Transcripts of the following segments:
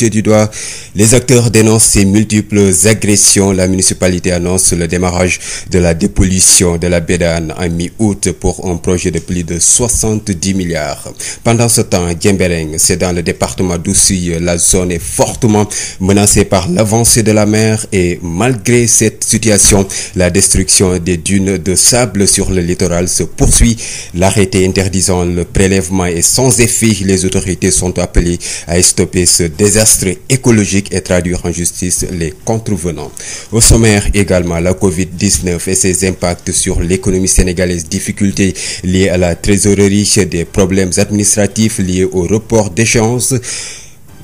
pointé du doigt. Les acteurs dénoncent ces multiples de la dépollution de projet de plus de 70 milliards. Pendant ce temps, Diembering, c'est dans le département d'Oussouye. La zone est fortement menacée par l'avancée de la mer et de sable sur le littoral se poursuit. L'arrêté interdisant le prélèvement est sans effet. Les désastre écologique et traduire en justice les contrevenants. Au sommaire également, la Covid-19 et ses impacts sur l'économie sénégalaise, difficultés liées à la trésorerie, des problèmes administratifs liés au report d'échéances.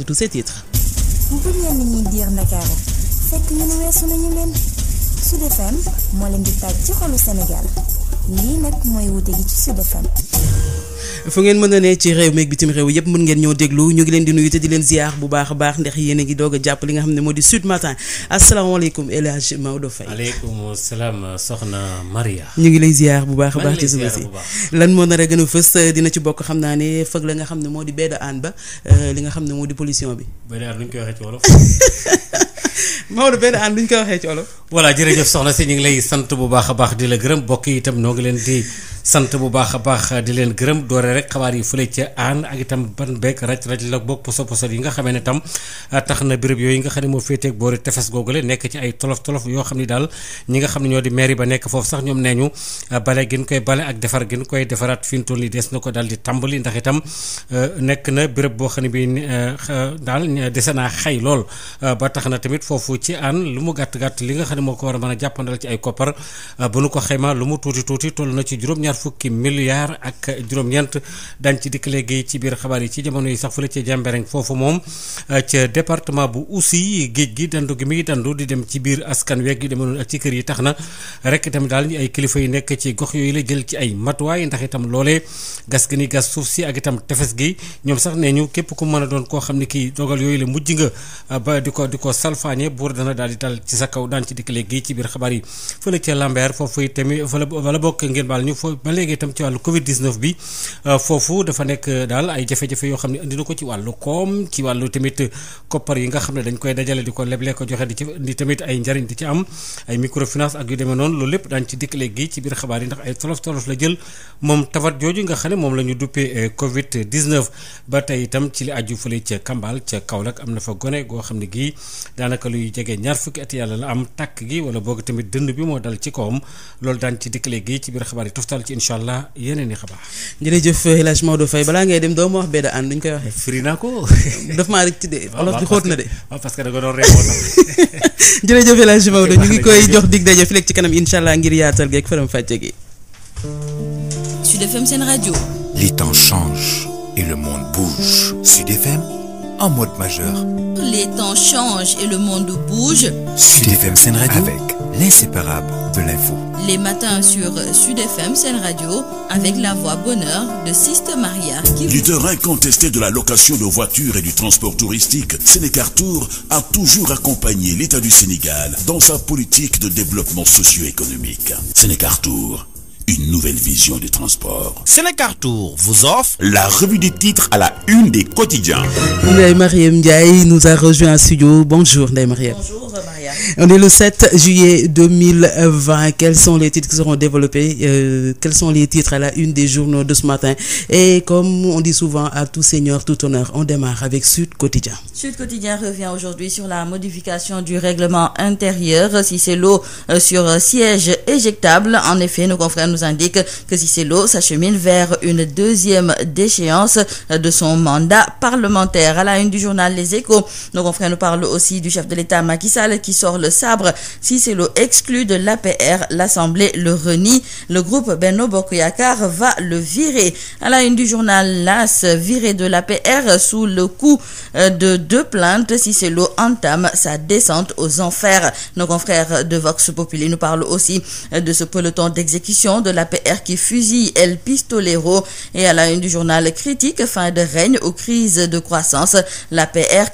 de tous ces titres. ni diir Ndakaaru fekk ñu ne weesu nañu leen Sud FM moo leen di taaj ci xolu Sénégal lii nag mooy wute gi ci Sud FM. fu ngeen mën a ne ci réew meeg bitim réew yëpp mën ngeen ñoo déglu ñu ngi leen di nuyu te di leen ziar bu baax a baax ndax yéen a ngi a jàpp li nga xam ne moo di Sud Matin asalaamaaleykum El Maodo Faye. maaleykum salaam soxna Maria. ñu ngi lay ziar bu baax a baax ci suba si lan moo nar gën a fës dina ci bokk xam naa ne fëg la nga xam ne moo di beeda aan ba euh, li nga xam ne moo di pollution bi. Maodo benn ànd lu ñu koy waxee ci olof. voilà jërëjëf soxna si ñu ngi lay sant bu baax a baax di la gërëm bokk yi itam noo ngi leen di. sant bu baax a baax di leen gërëm doore rek xabaar yi fële ca aan ak itam ban beeg raj-raj la boog poso poso yi nga xamee ne tam ah, tax na béréb yooyu nga xam ne moo féeteeg boori tefes googale nekk ci ay tolof tolof yoo xam ni daal ñi nga xam ne ñoo di mairie ba nekk foofu sax ñoom nee ñu ah, bale gën koy bale ak defaraat fi mu toll nii des na ko daal di tàmbali ndax itam ah, nekk na béréb boo xam ne bi daal dese naa xay lool ba tax na tamit foofu ci aan lu mu gàtt-gàtt li nga xam ne moo ko a a jàppandal ci ay koppar bu mu tuuti tuuti toll na ci juróom-ñaar fukki milliards ak juróom-ñeent dañ ci dikk léegi ci biir xabaar yi ci jamono yi sax fële ci Jàmbereng foofu moom euh, ca département bu Oussouye géej gi dandu gi muy dandu di dem ci biir askan weeg yu demee noonu ci kër yi tax na rek tamit daal ay kilifa yu nekk ci gox yooyu la jël ci ay matuwaay ndax itam loolee gas gi ni gas suuf si ak itam tefes gi ñoom sax nee ñu képp ku mën a doon koo xam ne kii dogal yooyu la mujj nga euh, ba di ko di ko salfaañe buur dana daal di dal ci sa kaw daan ci dikk léegi ci biir xabaar yi bokk ngeen baal ñu fo ba léegi itam ci wàllu Covid 19 bi euh, foofu dafa nekk euh, daal ay jafe-jafe yoo xam ne indi na ko ci wàllu koom ci wàllu tamit koppar yi nga xam ne dañ koy dajale di ko leble ko joxe di ci di tamit ay njariñ di ci am ay microfinance ak yu demee noonu loolu lépp daañu ci dikk léegi ci biir xabaar yi ndax ay tolof tolof la jël moom tawat jooju nga xam ne moom la ñu duppee euh, Covid 19 ba tey itam ci li aju fële ca Kambal ca am na fa gone goo xam ne gii daanaka luy jege ñaar fukki at yàlla la am tàkk gi wala boog tamit dënd bi moo dal ci kawam loolu daañu ci dikk léegi ci biir xabaar ci incha allah yeneen i xabaar. jërëjëf El Hadj Maodo Faye balaa ngay dem doo wax bee da ànd duñ koy waxee. firi ko. daf maa rek ci de olof bi xóot na de. waaw parce que da nga doon réewoon nag. jërëjëf ñu ngi koy jox dig daje fileeg ci kanam incha ngir yaatal gi ak faram fàcce gi. Sud FM seen rajo. Les temps changent et le monde bouge. Sud FM en mode majeur. l'inséparable de l'info. Les matins sur Sud FM Sen Radio avec la voix bonheur de Siste Maria. Qui... Leader incontesté de la location de voitures et du transport touristique, Sénécartour a toujours accompagné l'État du Sénégal dans sa politique de développement socio-économique. une nouvelle vision des transports. Sénécartour vous offre la revue des titres à la une des quotidiens. Ndeye Mariam Ndiaye nous a rejoint en studio. Bonjour Ndeye Mariam. Bonjour Maria. On est le juillet Quels sont les titres qui seront développés? Euh, quels sont les titres à la une des journaux de ce matin? Et comme on dit souvent à tout seigneur, tout honneur, on démarre avec Sud Quotidien. Sud Quotidien revient aujourd'hui sur la modification du règlement intérieur. Si c'est l'eau euh, euh, nous indique que Cissé Lo s'achemine vers une deuxième déchéance de son mandat parlementaire. À la une du journal Les Échos, nos confrères nous parlent aussi du chef de l'État Macky Sall qui sort le sabre. Cissé Lo exclu de l'APR, l'Assemblée le renie. Le groupe Benno Bokk Yakaar va le virer. À la une du journal LAS, viré de l'APR sous le coup euh, de deux plaintes, Cissé Lo entame sa descente aux enfers. Nos confrères de Vox Populi nous parlent aussi euh, de ce peloton de la PR qui fusille El Pistolero et à la une du journal critique fin de règne aux crises de croissance la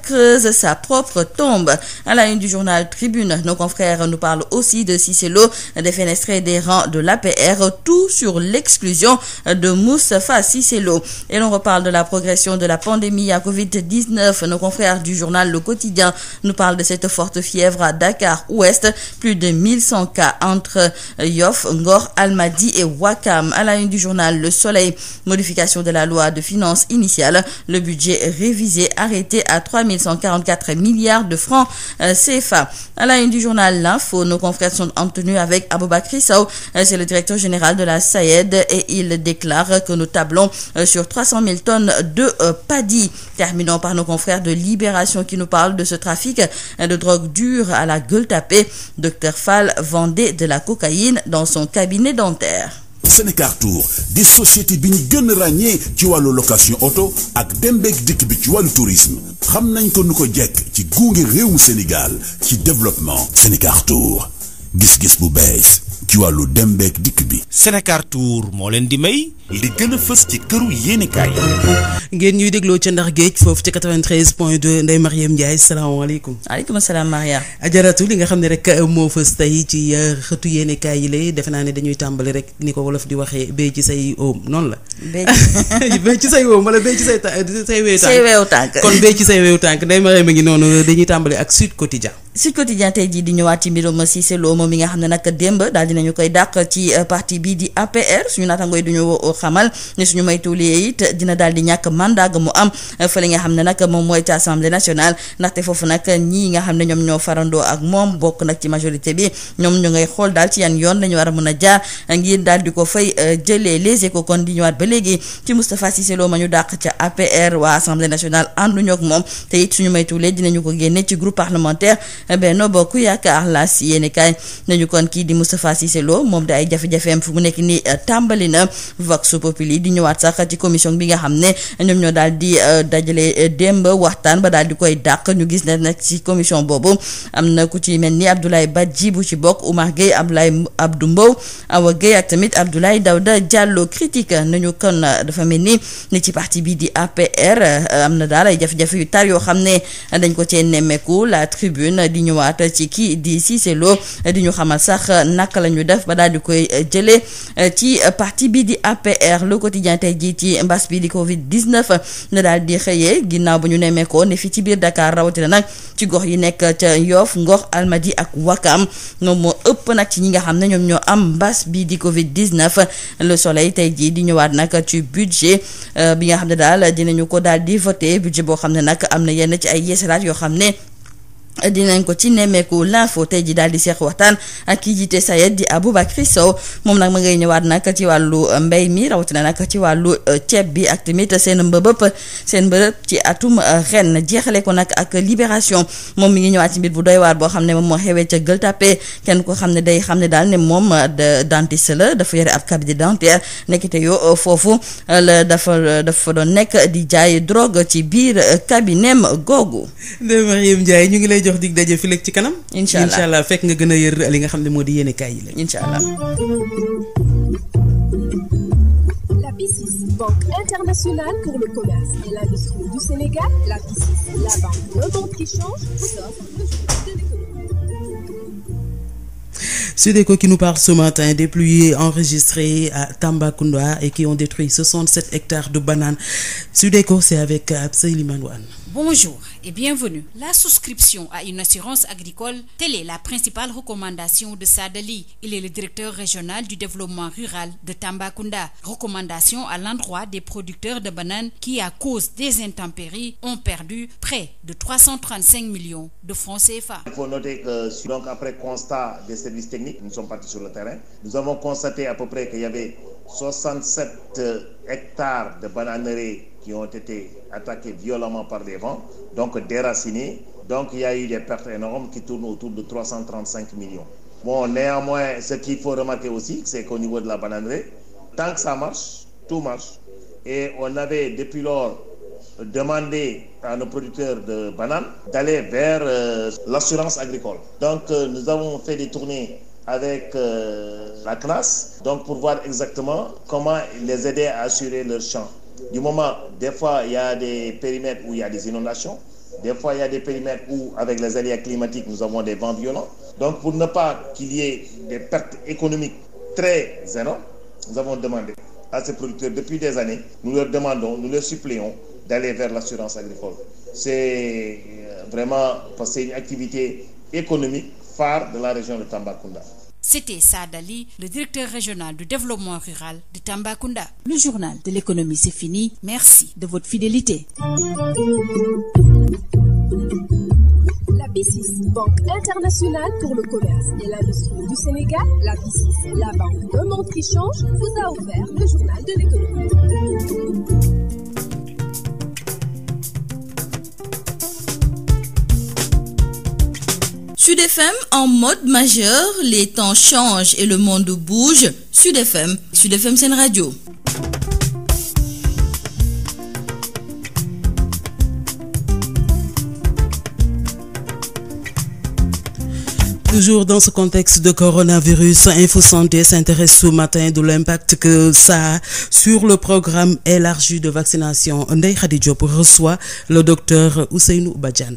creuse sa propre tombe à la une du journal Tribune nos confrères nous parlent aussi de Cissé Lo défenestré des rangs de l'APR tout sur l'exclusion de Moustapha Cissé et l'on reparle de la progression de la pandémie à Covid-19 nos confrères du journal Le Quotidien nous parlent de cette forte fièvre à Dakar Ouest plus de cas entre Yoff Ngor Maradi et Wakam. À la une du journal Le Soleil, modification de la loi de finances initiale, le budget révisé arrêté à 3144 milliards de francs euh, CFA. À la une du journal L'Info, nos confrères sont en tenue avec Aboubakry Sow, euh, c'est le directeur général de la SAED et il déclare que nous tablons euh, sur tonnes de paddy. Terminons par nos confrères de Libération qui nous parlent de ce trafic de drogue dure à la gueule tapée. Dr Fall vendait de la cocaïne dans son cabinet Dakar. Sénécartour di société bi ñu gën ràññee ci wàllu location oto ak dem beeg dikk bi ci wàllu tourisme xam nañ ko nu ko jekk ci gunge réewum Sénégal ci développement Sénécartour gis-gis bu bees. ci wàllu dem beek dikk bi. Sénécar Tour moo leen di may. li gën a fës ci këru yéenekaay yi. ngeen ñuy dégloo ca ndax géej foofu ci 93 point 2 Ndeye Mariam Ndiaye salaamaaleykum. waaleykum salaam Maria. ajaratu li nga xam ne rek euh, moo fës tey ci euh, xëtu yéenekaay yi lay defe naa ne dañuy tàmbali rek ni ko wolof di waxee béy ci say oom noonu la. béy ci say oom wala béy ci say ta say weewu tànk. kon béy ci say weewu tànk Ndeye Mariam ngi noonu dañuy tàmbali ak Sud Quotidien. si Quotidien tey jii di ñëwaat ci mbirum Cissé Lo moom mi nga xam ne nag démb daal dinañu koy dàq ci euh, parti bi di APR suñu naatangooy duñu euh, xamal ne suñu maytuwulee it dina daal di ñàkk mandat ga mu am euh, fële nga xam ne nag moom mooy ci assemblée nationale ndaxte foofu nag ñii nga xam ne ñoom ñoo farandoo ak moom bokk nag ci majorité bi ñoom ñu ngay xool daal ci yan yoon lañu war a mën a jaar ngir daal di ko fay jëlee les échos kon di ñëwaat ba léegi ci Moustapha Cissé Lo dàq ca APR waa assemblée nationale ànduñu moom te it suñu maytuwulee dinañu ko génne ci groupe parlementaire Eh Benno Bokk Yaakaar laas yéeni kaay nañu kon kii di Moustapha Cissé Lo moom da ay jafe-jafeem fu mu nekk nii eh, tàmbali na vox populi di ñëwaat sax ci commission bi nga xam ne ñoom ñoo daal di eh, dajale démb waxtaan ba daal di koy dàq ñu gis ne nag ci commission boobu am na ku ci mel ni Abdoulaye Badji bu ci bokk Oumar Gueye Abdoulaye Abdou Mbow Awa Gueye ak tamit Abdoulaye Daouda Diallo critique nañu kon dafa mel ni ni ci partie bi di APR am na daal ay jafe-jafe yu tar yoo xam ne dañ ko cee nemmeeku la di ñëwaat ci kii di Cissé Lo di ñu xamal sax naka la ñu def ba daal di koy jëlee ci parti bi di APR le quotidien tey jii ci mbas bi di Covid 19 na daal di xëyee ginnaaw ba ñu nemmeekoo ne fii ci biir Dakar rawatina nag ci gox yi nekk ca Yoff Ngor Almadi ak Wakam ñoom moo ëpp nag ci ñi nga xam ne ñoom ñoo am mbas bi di Covid 19 le soleil tey jii di ñëwaat nag ci budget euh, bi nga xam ne daal dinañu ko daal di voté budget boo xam ne nag am na yenn ci ay yeesalaat yoo xam ne dinañ ko ci nemmeeku l'info tey ji daal di seex waxtaan ak ki jiite sayet di Aboubacry Sow moom nag ma ngay ñëwaat nag ci wàllu euh, mbéy mi rawatina nag ci wàllu euh, ceeb bi ak tamit seen mbëbëp seen mbërëb ci atum euh, ren jeexale ko nag ak libération moom mi ngi ñëwaat ci mbir bu doy waar boo xam ne moom moo xewee ca Gueule Tapée kenn ko xam ne day xam ne daal ne moom dentiste la dafa yore ab cabinet dentaire nekkite yoo foofu la dafa dafa doon nekk di jaay drogue ci biir cabinetam googu. Ndeye jox dig daje fi ci kanam. incha allah incha fekk nga gën a li nga xam ne moo di yéene kaay et l'industrie du Sénégal, la BICIS, la banque non-banque qui de l'économie. Sudeco qui nous parle ce matin des pluies à Tambacounda et qui ont détruit hectares de bananes. Sudeco, c'est avec Abdoulaye Mawane. Bonjour et bienvenue. La souscription à une assurance agricole, telle est la principale de Sadali. Il est directeur régional du développement rural de Tambacounda. Recommandation à l'endroit des producteurs de bananes qui, à cause des intempéries, ont perdu près de 335 millions de francs CFA. Il faut noter que, donc après constat des services techniques, nous sommes qui ont été attaqués violemment par les vents, donc déracinés. Donc il y a eu des pertes énormes qui tournent autour de 335 millions. Bon, néanmoins, ce qu'il faut remarquer aussi, c'est qu'au niveau de tout marche. Et on avait depuis producteurs de bananes d'aller vers euh, l'assurance agricole. Donc euh, nous avons fait euh, donc pour voir comment les aider à Du moment, des fois, il y a des périmètres où il y a des inondations, des fois, il y a des périmètres où, avec les aléas climatiques, nous avons des vents violents. Donc, pour ne pas qu'il y ait des pertes économiques très énormes, nous avons demandé à ces producteurs depuis des années, nous leur demandons, nous leur supplions d'aller vers l'assurance agricole. C'est euh, vraiment, parce que une activité économique phare de la région de Tambacounda. C'était Sada Ly, le directeur régional du développement rural de Tambacounda. Le journal de l'économie, c'est fini. Merci de votre fidélité. La b Banque internationale pour le commerce et l'industrie du Sénégal, la b la banque de Montrichange, vous a offert le journal de l'économie. Sud FM en mode majeur, les temps changent et le monde bouge. Sud FM, Sud FM Sen Radio. Toujours dans ce contexte de coronavirus, Info Santé s'intéresse ce matin de l'impact que ça sur le programme élargi de vaccination. Ndeye Khady Diop reçoit le docteur Ousseynou Badiane.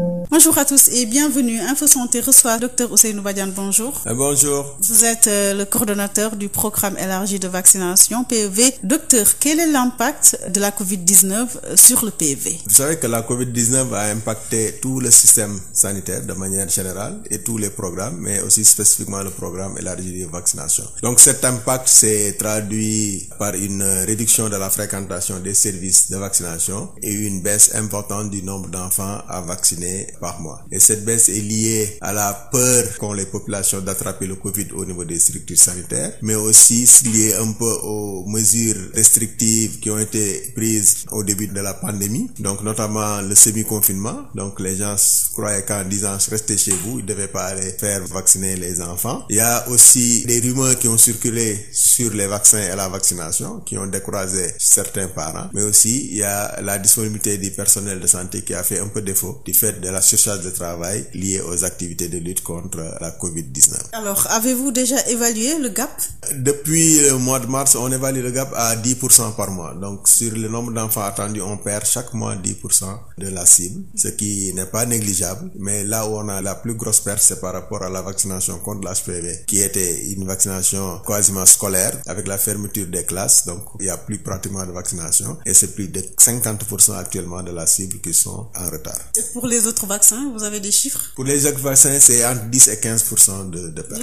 Bonjour à tous et bienvenue. Info Santé reçoit docteur Ousseynou Badiane. Bonjour. Et euh, euh, de vaccination PEV. Docteur, quel est la Covid-19 euh, sur le PEV? Vous savez que la Covid-19 a impacté tout le système sanitaire de manière générale et tous les programmes, mais aussi spécifiquement le programme élargi de vaccination. Donc cet impact s'est traduit par une réduction de la fréquentation des services de vaccination et une baisse importante du nombre par mois. Et cette baisse est liée à la peur qu'ont les populations d'attraper le Covid au niveau des structures sanitaires, mais aussi liée un peu aux mesures restrictives qui ont été prises au début de la pandémie, donc notamment le semi-confinement. Donc les gens croyaient qu'en disant restez chez vous, ils devaient pas aller faire vacciner les enfants. Il y a aussi des rumeurs qui ont circulé sur les vaccins et la vaccination, qui ont décroisé certains parents, mais aussi il y a la surcharge de travail liée de lutte contre la COVID-19. Alors, avez-vous de mars, on évalue le pour cent par mois. Donc, sur le nombre d'enfants attendus, on pour cent de la cible, ce qui Mais la plus grosse perte, c'est par rapport à la vaccination contre l'HPV, qui était une la fermeture des classes. Donc, a plus pratiquement de vaccination et c'est pour cent de la cible vaccins vous avez des chiffres. pour les vaccins c'est entre et de de perte.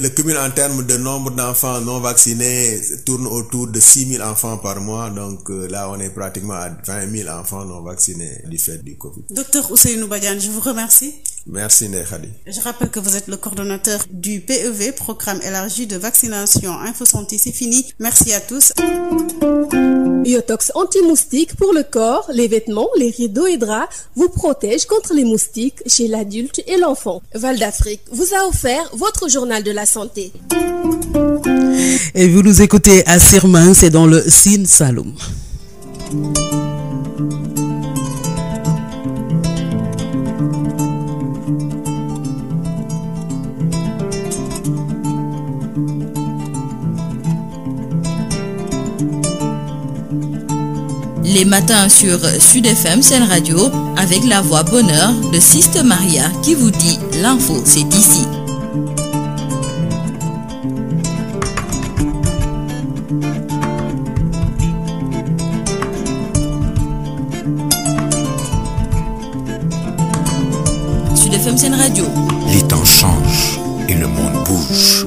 le cumul le en termes de nombre d'enfants non vaccinés tourne autour de mille enfants par mois donc euh, là on est pratiquement à vingt mille enfants non vaccinés du fait du Covid. docteur Ousseynou Badiane je vous remercie. Merci Ndeye Khady. Je rappelle que vous êtes le coordonnateur du PEV, programme élargi de vaccination. Info Santé, c'est fini. Merci à tous. Biotox anti pour le corps, les vêtements, les rideaux et draps vous protège contre les moustiques chez l'adulte et l'enfant. Val d'Afrique vous a offert votre journal de la santé. Et vous nous écoutez à Sermin, c'est dans le Sine Saloum. les matins sur Sud FM Radio avec la voix bonheur de Siste Maria qui vous dit l'info, c'est ici. Les temps changent et le monde bouge.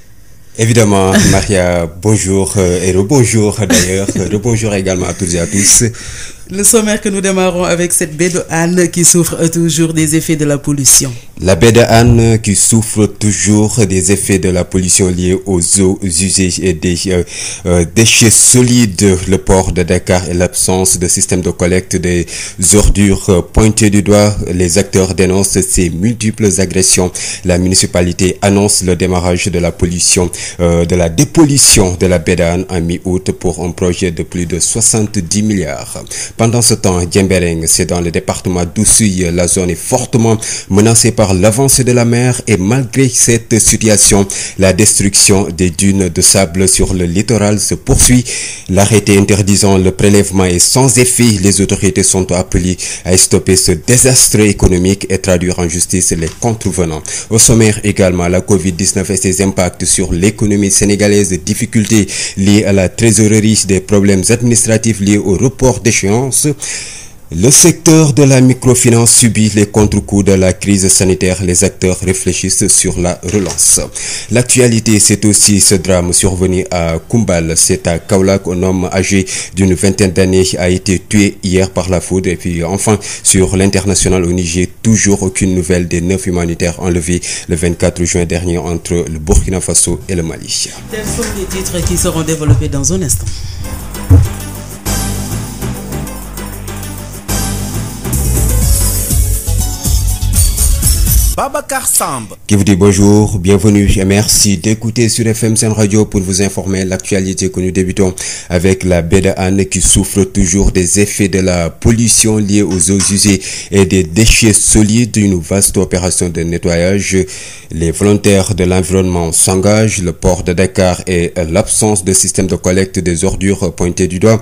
Évidemment, Maria, bonjour euh, et rebonjour d'ailleurs, euh, rebonjour également à toutes et à tous. Le sommaire que nous démarrons avec cette baie de Hann qui souffre toujours des effets de la pollution. La baie de Hann qui souffre toujours des effets de la pollution liée aux et des euh, euh, déchets solides. Le port de Dakar et l'absence de système de collecte des ordures pointés du doigt. Les acteurs dénoncent ces multiples agressions. La municipalité annonce le démarrage de la pollution, euh, de la dépollution de la Bédane en projet de plus de 70 milliards. Pendant ce temps, Djembering, c'est dans le La zone cette situation. La destruction des dunes de sable sur le littoral se poursuit. L'arrêté interdisant le prélèvement est sans effet. sont appelées à stopper et traduire les contrevenants. Au sommaire également, la Covid-19 et ses impacts sur l'économie sénégalaise, difficultés à la trésorerie, des problèmes administratifs liés au report d'échéance. Le secteur de la microfinance subit les contre-coups de la crise sanitaire. Les acteurs réfléchissent sur la relance. L'actualité, c'est aussi ce drame survenu à Koumbal. C'est à Kaolack, un homme âgé d'une vingtaine d'années a été tué hier par la foudre. Et puis enfin, sur l'international au Niger, toujours aucune nouvelle des neuf humanitaires enlevés le 24 juin dernier entre le Burkina Faso et le Mali. Tels sont les titres qui Babacar Samb. Qui vous dit bonjour, bienvenue et merci d'écouter sur FM Sen Radio pour vous informer l'actualité que nous débutons avec la baie de Hann qui souffre toujours des effets de la pollution liée aux eaux usées et des déchets solides. Une vaste opération de nettoyage. Les volontaires de l'environnement s'engagent. Le port de Dakar et l'absence de système de collecte des ordures pointés du doigt.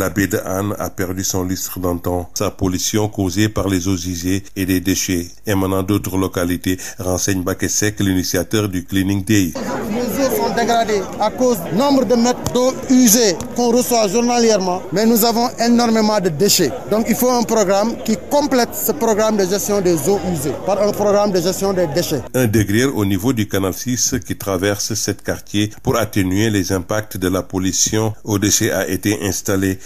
La de Anne a perdu son lustre d'antan. Sa pollution causée par les eaux usées et des déchets émanant d'autres localités renseigne Bakesek, l'initiateur du Cleaning Day. Les eaux sont dégradées à cause du nombre de mètres d'eau usée qu'on reçoit journalièrement, mais nous avons énormément de déchets. il faut un programme qui complète ce programme de gestion des eaux usées par un programme de gestion des déchets. Un degré au niveau du canal 6 de la pollution aux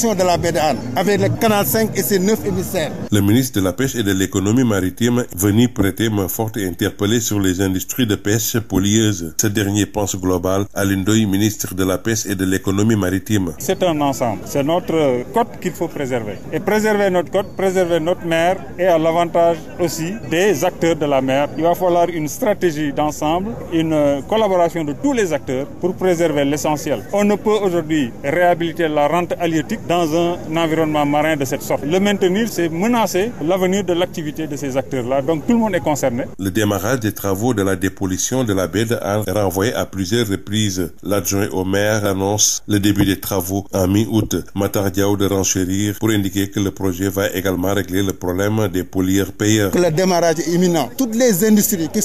protection de la baie de Hann avec le canal 5 et ses neuf émissaires. Le ministre de la Pêche et de l'économie maritime venu prêter main forte et sur les industries de pêche pollueuses. Ce dernier pense global à ministre de la Pêche et de l'économie maritime. C'est un ensemble, c'est notre côte qu'il faut préserver. notre côte, préserver notre mer et à l'avantage des acteurs de la mer. Il va falloir une stratégie d'ensemble, une collaboration de tous les acteurs pour préserver l'essentiel. On la dans un environnement marin de cette sorte. Le maintenir, c'est menacer l'avenir de l'activité de ces acteurs-là. Donc tout le monde est concerné. Le démarrage des travaux de la dépollution de la baie de Anne est à plusieurs reprises. L'adjoint au annonce le début des travaux en mi-août. Matar Diaw de renchérir pour indiquer que le projet va également régler le problème des pollueurs-payeurs. Le démarrage est imminent. Toutes les industries qui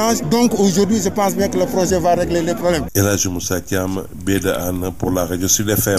mélange. Donc aujourd'hui, je pense bien que le projet va régler les problèmes. Et là, je Moussa Kiam, pour la radio Sud FM.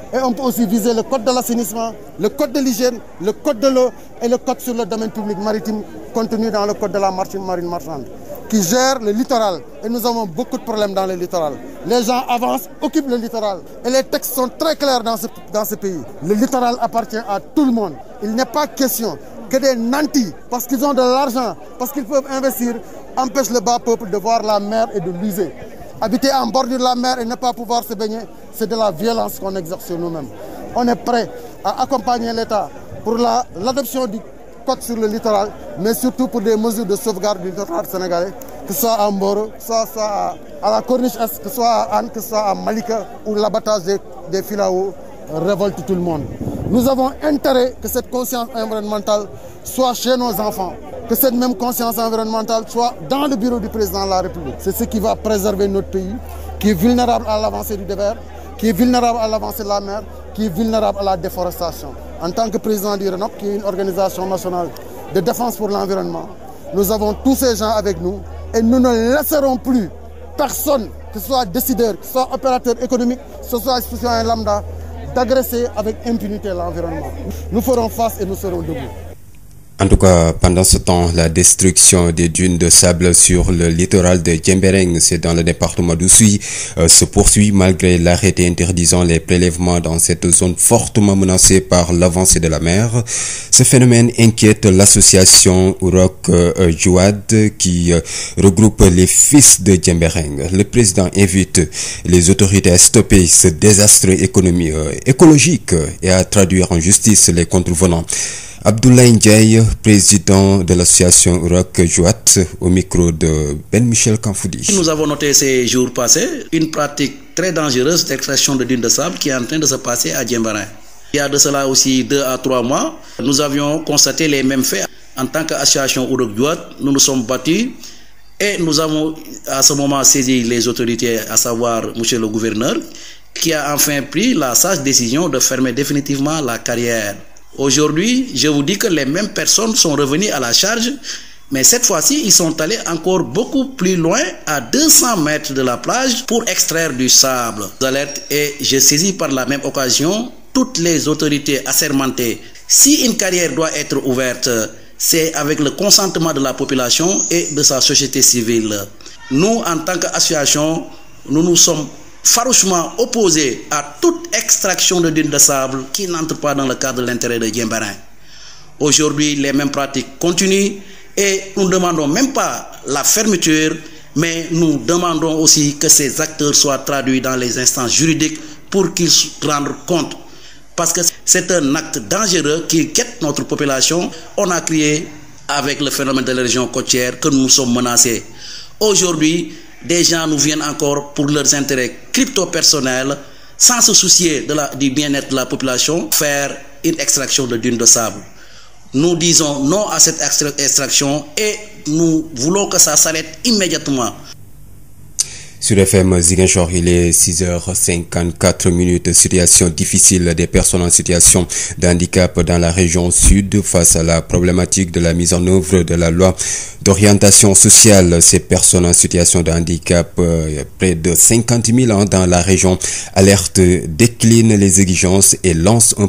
et on peut aussi viser le code de l'assainissement, le code de l'hygiène, le code de l'eau et le code sur le domaine public maritime contenu dans le code de la marine marine marchande qui gère le littoral et nous avons beaucoup de problèmes dans le littoral. Les gens avancent, occupent le littoral et les textes sont très clairs dans ce dans ce pays. Le littoral appartient à tout le monde. Il n'est pas question que des nantis parce qu'ils ont de l'argent, parce qu'ils peuvent investir, empêchent le bas peuple de voir la mer et de l'user. Habiter en bordure de la mer et ne pas pouvoir se baigner, c'est de la violence qu'on exerce sur nous-mêmes. On est prêt à accompagner l'État pour l'adoption du code sur le littoral, mais surtout pour des mesures de sauvegarde du littoral sénégalais, que ce soit à Mboro, que soit à, à la Corniche Est, que ce soit à Anne, que ou l'abattage des, des révolte tout le monde. Nous avons intérêt que cette conscience environnementale soit chez nos enfants, que cette même conscience environnementale soit dans le bureau du président de la République. C'est ce qui va préserver notre pays, qui est vulnérable à l'avancée du désert, qui est vulnérable à l'avancée la mer, qui est vulnérable déforestation. En tant que président du RENOP, qui est une organisation nationale de défense pour l'environnement, nous avons tous ces gens avec nous et opérateur économique, que ce d'agresser avec impunité l'environnement. Nous ferons face et nous serons debout. En tout cas, pendant ce temps, la destruction des dunes de sable sur le littoral de Djembering, c'est dans le département d'Oussouye, euh, se poursuit malgré l'arrêté interdisant les prélèvements dans cette zone fortement menacée par l'avancée de la mer. Ce phénomène inquiète l'association Urok euh, Jouad qui euh, regroupe les fils de Djembering. Le président invite les autorités à stopper ce désastre économique, euh, écologique et à traduire en justice les contrevenants. Abdoulaye Ndiaye président de l'association Rock Joat au micro de Ben Michel Kanfoudi. Nous avons noté ces jours passés une pratique très dangereuse d'extraction de dunes de sable qui est en train de se passer à Diembarin. Il y a de cela aussi deux à trois mois, nous avions constaté les mêmes faits. En tant qu'association Rock Joat, nous nous sommes battus et nous avons à ce moment saisi les autorités, à savoir monsieur le gouverneur, qui a enfin pris la sage décision de fermer définitivement la carrière Aujourd'hui, je vous dis que les mêmes personnes sont revenues à la charge, mais cette fois-ci, ils sont allés encore beaucoup plus loin, à 200 mètres de la plage, pour extraire du sable. Alerte et je saisis par la même occasion toutes les autorités assermentées. Si une carrière doit être ouverte, c'est avec le consentement de la population et de sa société civile. Nous, en tant qu'association, nous nous sommes farouchement opposé à toute extraction de dune de sable qui n'entre pas dans le cadre de l'intérêt de Diembéring. Aujourd'hui, les mêmes pratiques continuent et nous ne demandons même pas la fermeture, mais nous demandons aussi que ces acteurs soient traduits dans les instances juridiques pour qu'ils se rendent compte. Parce que c'est un acte dangereux qui guette notre population. On a crié avec le phénomène de la région côtière que nous sommes menacés. des gens nous viennent encore pour leurs intérêts crypto-personnels sans se soucier de la, du bien-être de la population, faire une extraction de dunes de sable. Nous disons non à cette extraction et nous voulons que ça s'arrête immédiatement. Sud FM Ziguinchor il est 6h54 minutes situation difficile des personnes en situation de handicap dans la région sud face la problématique de la mise en de la loi d'orientation sociale ces personnes en situation de handicap euh, près de 50 000 ans dans la région alerte décline les exigences et lance un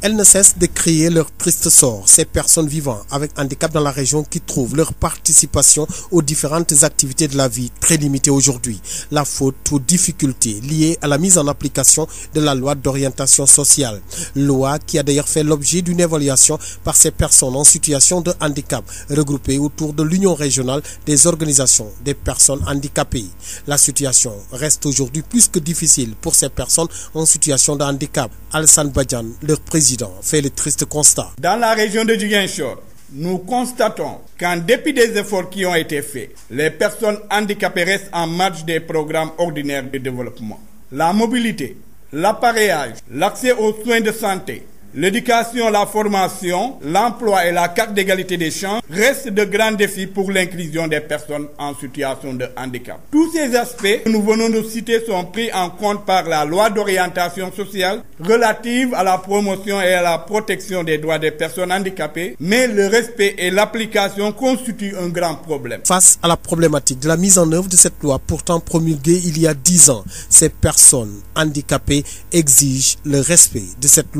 Elles ne cessent de crier leur triste sort, ces personnes vivant avec handicap dans la région qui trouvent leur participation aux différentes activités de la vie très limitée aujourd'hui. La faute aux difficultés liées à la mise en application de la loi d'orientation sociale, loi qui a d'ailleurs fait l'objet d'une évaluation par ces personnes en situation de handicap regroupées autour de l'Union régionale des organisations des personnes handicapées. La situation reste aujourd'hui plus que difficile pour ces personnes en situation de handicap. président fait le triste constat. Dans la région de Ziguinchor, nous constatons qu'en dépit des efforts qui ont été faits, les personnes handicapées restent en marge des programmes ordinaires de développement. La mobilité, l'appareillage, l'accès aux soins de santé L'éducation, la formation, l'emploi et la carte d'égalité des chances restent de grands défis pour l'inclusion des personnes en situation de handicap. Tous ces aspects que nous venons de citer sont pris en compte par la loi d'orientation sociale relative à la promotion et à la protection des droits des personnes handicapées, mais le respect et l'application constituent un grand problème. Face à la problématique de la mise en œuvre de cette loi pourtant promulguée il y a dix ans, ces le respect de cette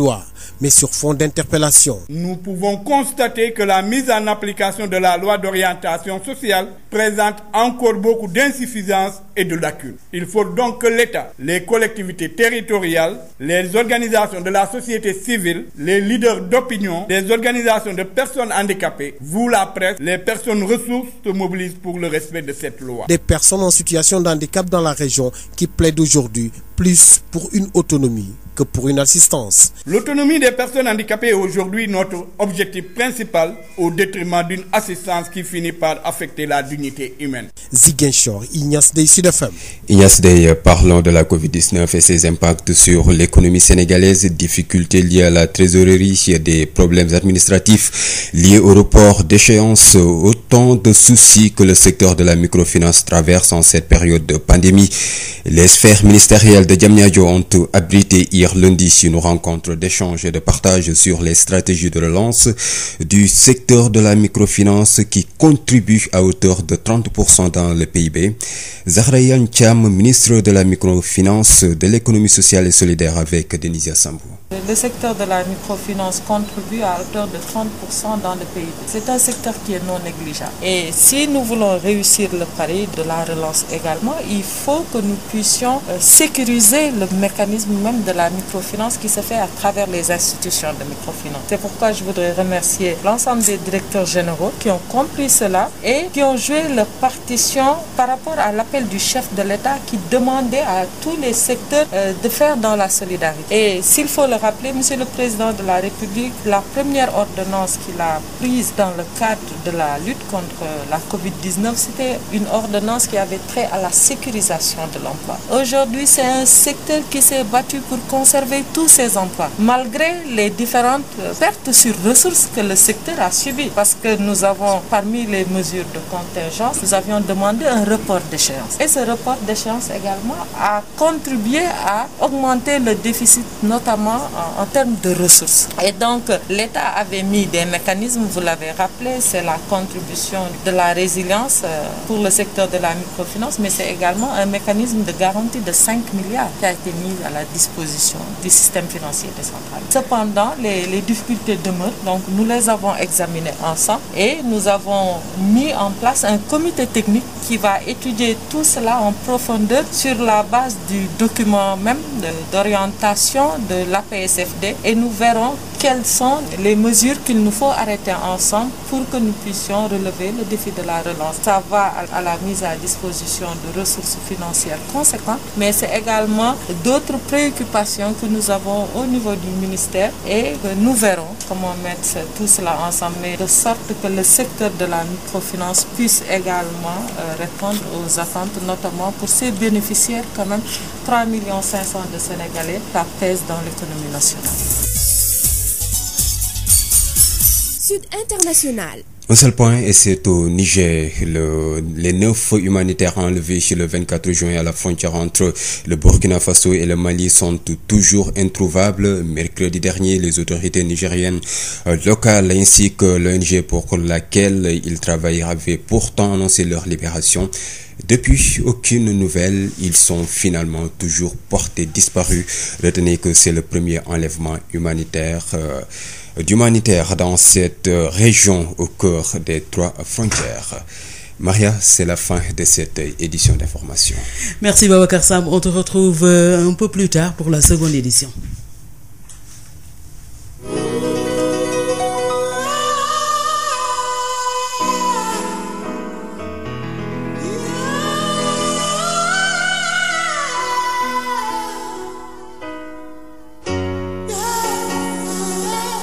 mais sur fond d'interpellation. Nous pouvons constater que la mise en application de la loi d'orientation sociale présente encore beaucoup d'insuffisances et de lacunes. Il faut donc que l'État, les collectivités territoriales, les organisations de la société civile, les leaders d'opinion, des organisations de personnes handicapées, vous la presse, les personnes ressources se mobilisent pour le respect de cette loi. Des personnes en situation de handicap dans la région qui plaident aujourd'hui plus pour une autonomie que pour une assistance. L'autonomie des personnes handicapées est aujourd'hui notre objectif principal au détriment d'une assistance qui finit par affecter la dignité humaine. Ziguinchor, FM. Ignace Dey, parlons de la Covid-19 et ses impacts sur l'économie sénégalaise, difficultés liées à la trésorerie, des problèmes administratifs liés au report d'échéance, de soucis que de la microfinance traverse en cette période de pandémie. Les sphères ministérielles de Diamniadio ont abrité hier lundi une rencontre d'échange et de partage sur les stratégies de relance du secteur de la microfinance qui contribue à hauteur de 30% le PIB. Bara Yane Thiam ministre de la microfinance de l'économie sociale et solidaire avec Denisia Sambou. Le secteur de la microfinance contribue à hauteur de 30% dans le pays. C'est un secteur qui est non négligeable. Et si nous voulons réussir le pari de la relance également, il faut que nous puissions euh, sécuriser le mécanisme de la microfinance qui se fait à travers les institutions de microfinance. C'est pourquoi je voudrais remercier l'ensemble des directeurs généraux chef de l'État qui demandait à tous les secteurs euh, de faire dans Et s'il faut le le Président de la République, la première ordonnance qu'il a prise dans le cadre de la lutte contre la Covid-19, c'était une ordonnance qui avait trait à la sécurisation de l'emploi. Aujourd'hui, c'est un secteur qui s'est battu pour conserver tous ses emplois, malgré les différentes pertes sur ressources que le secteur a subies. Parce que nous avons, parmi les mesures de contingence, nous avions demandé un report ce report d'échéance également a contribué à augmenter le déficit, notamment en, en termes de ressources. Et donc, l'État avait mis des mécanismes, vous l'avez rappelé, c'est la contribution de la résilience euh, pour le secteur de la microfinance, mais c'est également un mécanisme de garantie de 5 milliards qui a été mis à la disposition du système financier décentralisé. Cependant, les, les difficultés demeurent, donc nous les avons examinées ensemble et nous avons mis en place un comité technique qui va étudier cela en profondeur sur la base du document même d'orientation de l'APSFD et nous verrons quelles sont les mesures qu'il nous faut arrêter ensemble pour que nous puissions relever le défi de la relance. Ça va à la mise à disposition de ressources financières conséquentes, mais c'est également d'autres préoccupations que nous avons au niveau du ministère et que nous verrons comment mettre tout cela ensemble, mais de sorte que le secteur de la microfinance puisse également euh, répondre aux attentes, notamment pour ses bénéficiaires quand même, 3 500 de Sénégalais, ça dans l'économie nationale. Sud International. Un seul point et c'est au Niger. Le, les neuf humanitaires enlevés le 24 juin à la frontière entre le Burkina Faso et le Mali sont toujours introuvables. Mercredi dernier, les autorités nigériennes euh, locales ainsi que l'ONG pour laquelle ils travaillent avaient pourtant annoncé leur libération. Depuis, nouvelle. Ils finalement toujours portés disparus. Retenez que c'est le premier enlèvement humanitaire. Euh, d'humanitaire dans cette euh, région au cœur des trois frontières. Maria, c'est la fin de cette édition d'information. Merci Babacar Samb, on te retrouve euh, un peu plus tard pour la seconde édition.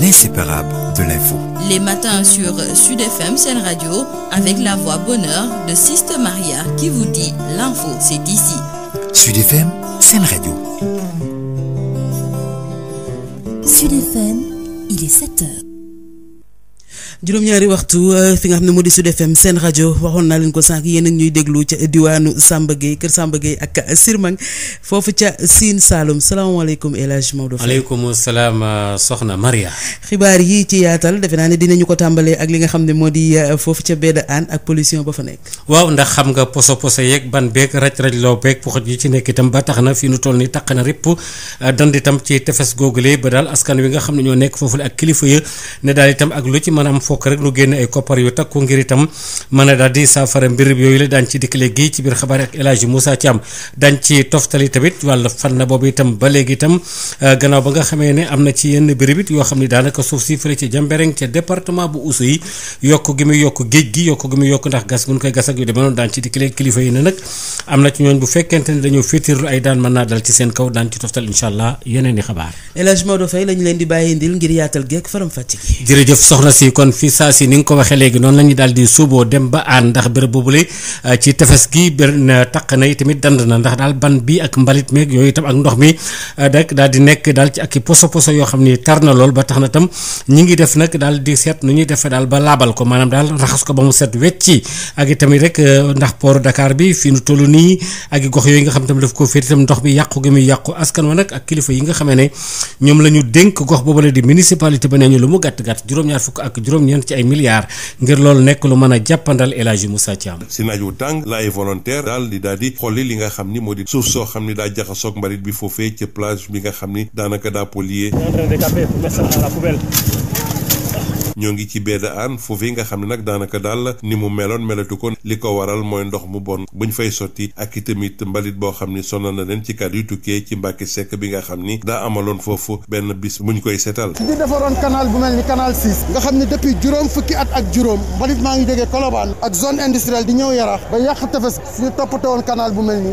l'inséparable de l'info. Les matins sur Sud FM Sen Radio avec la voix bonheur de Siste Maria qui vous dit l'info, c'est ici. Sud FM Sen Radio. juróom-ñaari waxtu euh, fi nga xam ne moo di Sud FM seen rajo waxoon naa leen ko sànq yéen a ngi ñuy déglu ca diwaanu Samba Gueye kër Samba Gueye ak Sirmang foofu ca siin Saloum salaamaaleykum El Hadj Maodo. maaleykum salaam euh, soxna Maria. xibaar yi ci yaatal defe naa ne ñu ko tàmbalee ak li nga xam ne moo di euh, foofu ca Baie de ak pollution ba fa nekk. waaw ndax xam nga poso poso yeeg ban beeg raj raj loo beeg poxot yi ci nekk itam ba tax na fi nu toll nii taq na ripp dand itam ci tefes googule ba daal askan wi nga xam ne ñoo nekk foofu ak kilifa yi fokk rek yu takku ngir itam mën a daal di saafara mbir yooyu ba euh, na ci yenn béréb it yoo xam ne daanaka suuf si fële ci Jàmbereng ca département bu Oussouye yokk i xabaar El Hadji Maodo lañu di bàyyi ndil ngir yaatal geek faram fàcc gi soxna si kon fi saa si ni nga ko waxee léegi noonu la ñuy daal di suuboo dem ba aan ndax béréb boobule euh, ci tefes gi benn taq na itamit dand na ndax daal ban bi ak mbalit meeg yooyu itam ak ndox mi rek euh, daal di nekk daal ci ak i poso poso yoo xam ni tar na lool ba tax na tam ñi ngi def nag daal di seet nu ñuy defee daal ba laabal ko maanaam daal raxas ko ba mu set wecci ak itamit rek euh, ndax port Dakar bi fi nu toll nii ak gox yooyu nga xam tam daf ko féet itam ndox mi yàqu gi muy yàqu askan wa nag ak kilifa yi nga xamee ne ñoom la ñu dénk gox boobale di municipalité ba nee ñu lu mu gàtt gàtt juróom-ñaar fukk ak juróom juróom ci ay milliards ngir loolu nekk lu mën a jàppandal El Hadji Moussa Thiam si naaj wu tàng la ay volontaire daal di daal di xolli li nga xam ni moo di suuf soo xam ni daa jaxasoog mbalit bi foofee ca plage bi nga xam ni daanaka daa pollué ñoo ngi ci beeda aan foofu nga xam ne nag daanaka daal ni mu meloon melatu ko li ko waral mooy ndox mu bon buñ fay sotti ak itamit mbalit boo xam ni sonn na leen ci kàddu yu tukkee ci Mbàkke Sekk bi nga xam ni daa amaloon foofu benn bis buñ koy seetal bi defaroon canal bu mel ni canal 6 nga xam ne depuis juróom fukki at ak juróom mbalit maa ngi jógee Colobane ak zone industrielle di ñëw Yarax ba yàq tefes suñu toppatewoon canal bu mel ni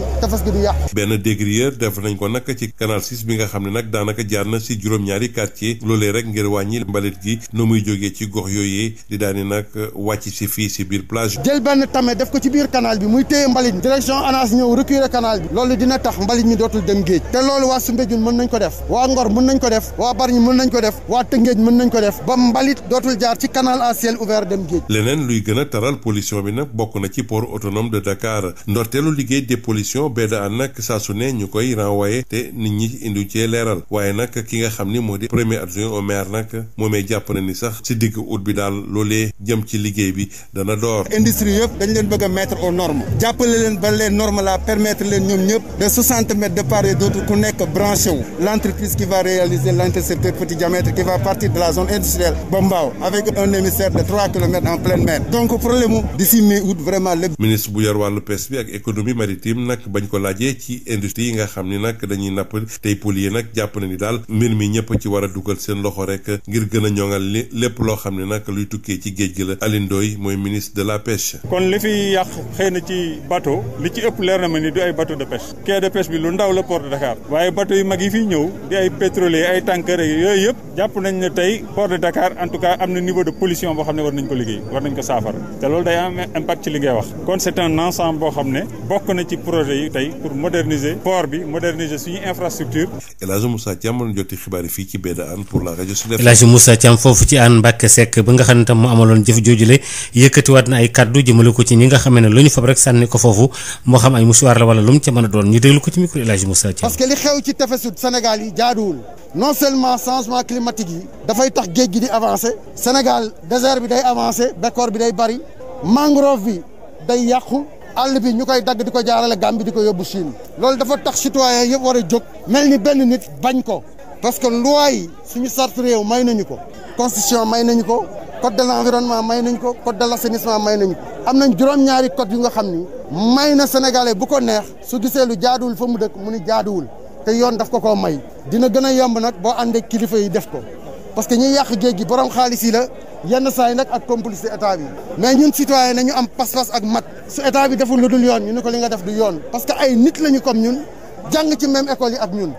def nañ ko nag ci canal bi nga xam ne nag daanaka jaar na si juróom-ñaari quartier loolee rek ngir wàññi mbalit gi nu muy jógee jóge ci gox yooyu di daal di nag euh, wàcc si fii si biir plage. jël benn tame def ko ci biir canal bi muy téye mbalit direction ANAS ñëw reculer canal bi loolu dina tax mbalit mi dootul dem géej te loolu waa Soumbédioune mën nañ ko def waa Ngor mën nañ ko def waa Bargny ko def waa Tëngéej mën nañ ko def ba mbalit dootul jaar ci canal à ciel ouvert dem géej. leneen luy gën taral pollution bi nag bokk na ci port autonome de Dakar ndorteelu liggéey dépollution bee da an nag saa su ne ñu koy renvoyé te nit ñi ki nga xam ni moo di premier digg ut bi daal loolee jëm ci liggéey bi dana door. industrie yëpp dañ leen bëgg a mettre aux jàppale leen ba les normes la permettre leen ñoom ñëpp de mètres de part d'autre ku nekk branché wu l' qui va réaliser l' intercepteur petit diamètre qui va partir de la zone industrielle ba Mbao avec un émissaire de 3 kilomètres en pleine mer donc problème mu d'ici mai août vraiment lépp. ministre bu yor wàllu ak économie maritime nag bañ yi nga xam ni nag dañuy napp tey polier nag jàpp na ni daal mbir mi a dugal loo xam ne nag luy tukkee ci géej gi la Alioune mooy ministre de la pêche. kon li fi yàq xëy na ci bateau li ci ëpp leer na ma ni du ay bateau de pêche. quai de pêche bi lu ndaw la port de Dakar. waaye bateau yu mag yi fiy ñëw di ay pétrolier ay tanker yooyu yëpp jàpp nañ ne tey port de Dakar en am na niveau de pollution boo xam ne war nañ ko liggéey war nañ ko saafara te loolu day am impact ci li ngay wax. kon c'est boo xam yi tey pour moderniser bi moderniser suñu infrastructure. El Hadj Mbacke Seck ba nga xam ne tam mu amaloon jëf joojule yëkkatiwaat na ay kàddu jëmale ko ci ñi nga xam ne lu ñu fab rek sànni ko foofu moo xam ay musuwaar la wala lu mu ca mën a doon ñu déglu ko ci micro El Hadji Moussa parce que li xew ci tefesu Sénégal yi jaaduwul non seulement changement climatique yi dafay tax géej gi di avancé Sénégal désert bi day avancé bekkoor bi day bari mangrove bi day yàqu àll bi ñu koy dagg di ko jaarale Gambie di ko yóbbu Chine loolu dafa tax citoyen yëpp war a jóg mel ni benn nit bañ ko parce que loi yi suñu sart may nañu ko constitution may nañu ko code de l'environnement may nañu ko code de l'assainissement may nañu ko am nañ juróom-ñaari code yu nga xam ni may na sénégalais bu ko neex su gisee lu jaaduwul fa mu dëkk mu ni jaaduwul te yoon daf ko ko may dina gën a yomb nag boo àndee kilifa yi def ko parce que ñuy yàq géej gi borom xaalis yi la yenn saa yi nag ak complice état bi mais ñun citoyen nañu am pas-pas ak mat su état bi deful lu dul yoon ñu ni ko li nga def du yoon parce que ay nit lañu comme ñun jàng ci même école yi ak ñun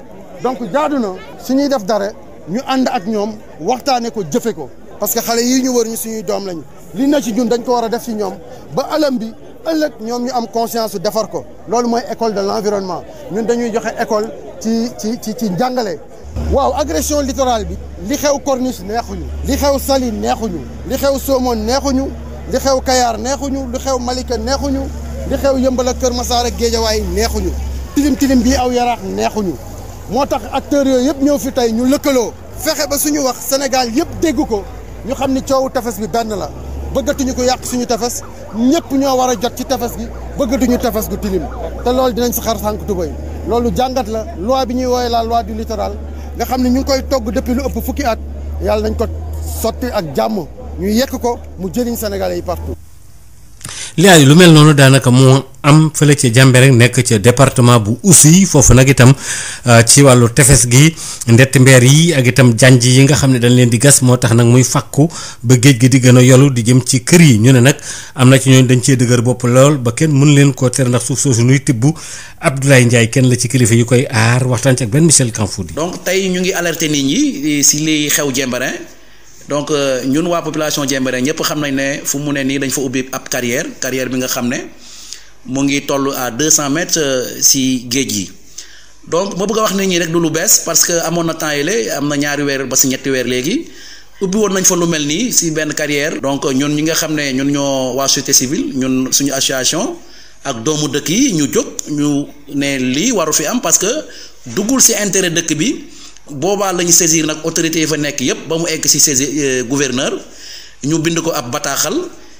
donc jaadu na su ñuy def dara ñu ànd ak ñoom waxtaanee ko jëfe ko parce que xale yii ñu wër ñu suñuy doom lañu li na ci ñun dañ ko war a def ci ñoom ba alam bi ëllëg ñoom ñu am conscience defar ko loolu mooy école de l'environnement ñun dañuy joxe école ci ci ci ci njàngale. waaw agression littorale bi li xew Corniche neexuñu li xew sali neexuñu li xew Somone neexuñu li xew Kayar neexuñu li xew Malika neexuñu li xew Yëmbal ak Kër Massar ak Géejawaay neexuñu tilim tilim bii aw yaraax neexuñu moo tax acteur yooyu yëpp ñëw fi tey ñu lëkkaloo fexe ba suñu wax Sénégal yëpp dégg ko ñu xam ni coowu tefes bi benn la bëggatuñu ko yàq suñu tefes ñëpp ñoo war a jot ci tefes gi bëggatuñu tefes gu tilim te loolu dinañ si xar sànq tubay loolu jàngat la loi bi ñuy wooye la loi du littoral nga xam ne ñu ngi koy togg depuis lu ëpp fukki at yàlla nañ ko sotti ak jàmm ñu yekk ko mu jëriñ Sénégalais yi partout li lu mel noonu daanaka moo am fële ca Jàmbereng nekk ca département bu ussi foofu nag itam euh, ci wàllu tefes gi ndett mbeer yi ak itam jànj yi nga xam ne dañ leen di gas moo tax nag muy fàkku ba géej gi di gën a yolu di jëm ci kër yi ñu ne nag am na ci ñooñ dañ cee dëgër bopp lool ba kenn mën leen koo tere ndax suuf soosu nuy tibb Abdoulaye Ndiaye kenn la ci kilifa yi koy aar waxtaan ci ak benn Michel Kanfoudi donc tey ñu ngi alerter nit ñi si donc euh, ñun waa population Diembéring ñëpp xam nañ ne fu mu ne nii dañ fa ubbi ab carrière carrière bi nga xam ne mu ngi toll à deux cent mètres euh, si géej gi donc ma bëgg a wax nit ñi rek du lu bees parce que amoon na temps yële am na ñaari weer ba si ñetti weer léegi ubbi woon nañ fa lu mel nii si benn carrière. donc ñun ñi nga xam ne ñun ñoo waa société civile ñun suñu association ak doomu dëkk yi ñu jóg ñu ne lii waru fi am parce que duggul si intérêt dëkk bi. boobaa lañu ñu saisir nag autorité yi fa nekk yépp ba mu egg ci saisir euh, gouverneur ñu bind ko ab bataaxal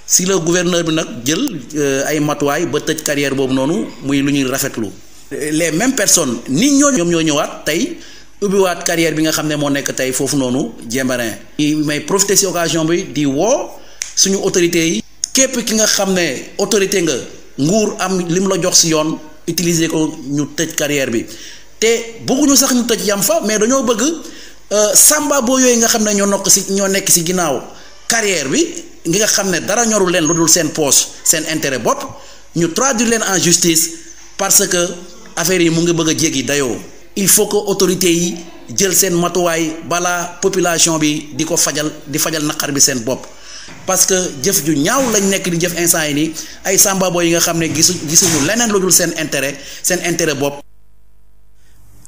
si la gouverneur bi nag jël euh, ay matuwaay ba tëj carrière boobu noonu muy lu ñuy rafetlu les mêmes personnes nit ñoo ñoom ñoo ñëwaat tey ubbiwaat carrière bi nga xam ne moo nekk tey foofu noonu Diembéring may profiter ci occasion bi di woo suñu autorités yi képp ki nga xam ne autorité nga nguur am li mu la jox si yoon utiliser ko ñu tëj carrière bi te bëgguñu sax ñu tëj yam fa mais dañoo bëgg euh, samba boo yooyu nga xam ne ñoo nokk si ñoo nekk si ginnaaw carrière bi ngi nga xam ne dara ñorul leen lu dul seen poche seen intérêt bopp ñu traduire leen en justice parce que affaire yi mu ngi bëgg a jéggi dayoo il faut que autorités yi jël seen matuwaay balaa population bi di ko fajal di fajal naqar bi seen bopp parce que jëf ju ñaaw lañ nekk di jëf instant yi nii ay sambabo yi nga xam ne gisu gisuñu leneen lu dul seen intérêt seen intérêt bopp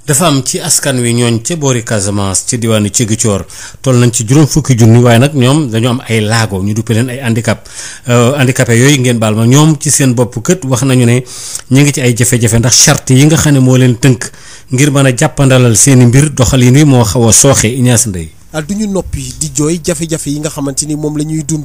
dafa am ci askan wi ñooñ ca boori Casamance ci diwaanu Ziguinchor toll nañ ci juróom fukki junni waaye nag ñoom dañoo am ay laago ñu duppe leen ay handicap euh, handicapé yooyu ngeen baal ma ñoom ci seen bopp kët wax nañu ne ñu ngi ci ay jafe-jafe ndax charte yi nga xam ne moo leen tënk ngir mën a jàppandalal seen i mbir doxalin wi moo xaw a sooxe Ignace Ndeye duñu ñu noppi di jooy jafe-jafe yi nga xamante ni moom la ñuy dund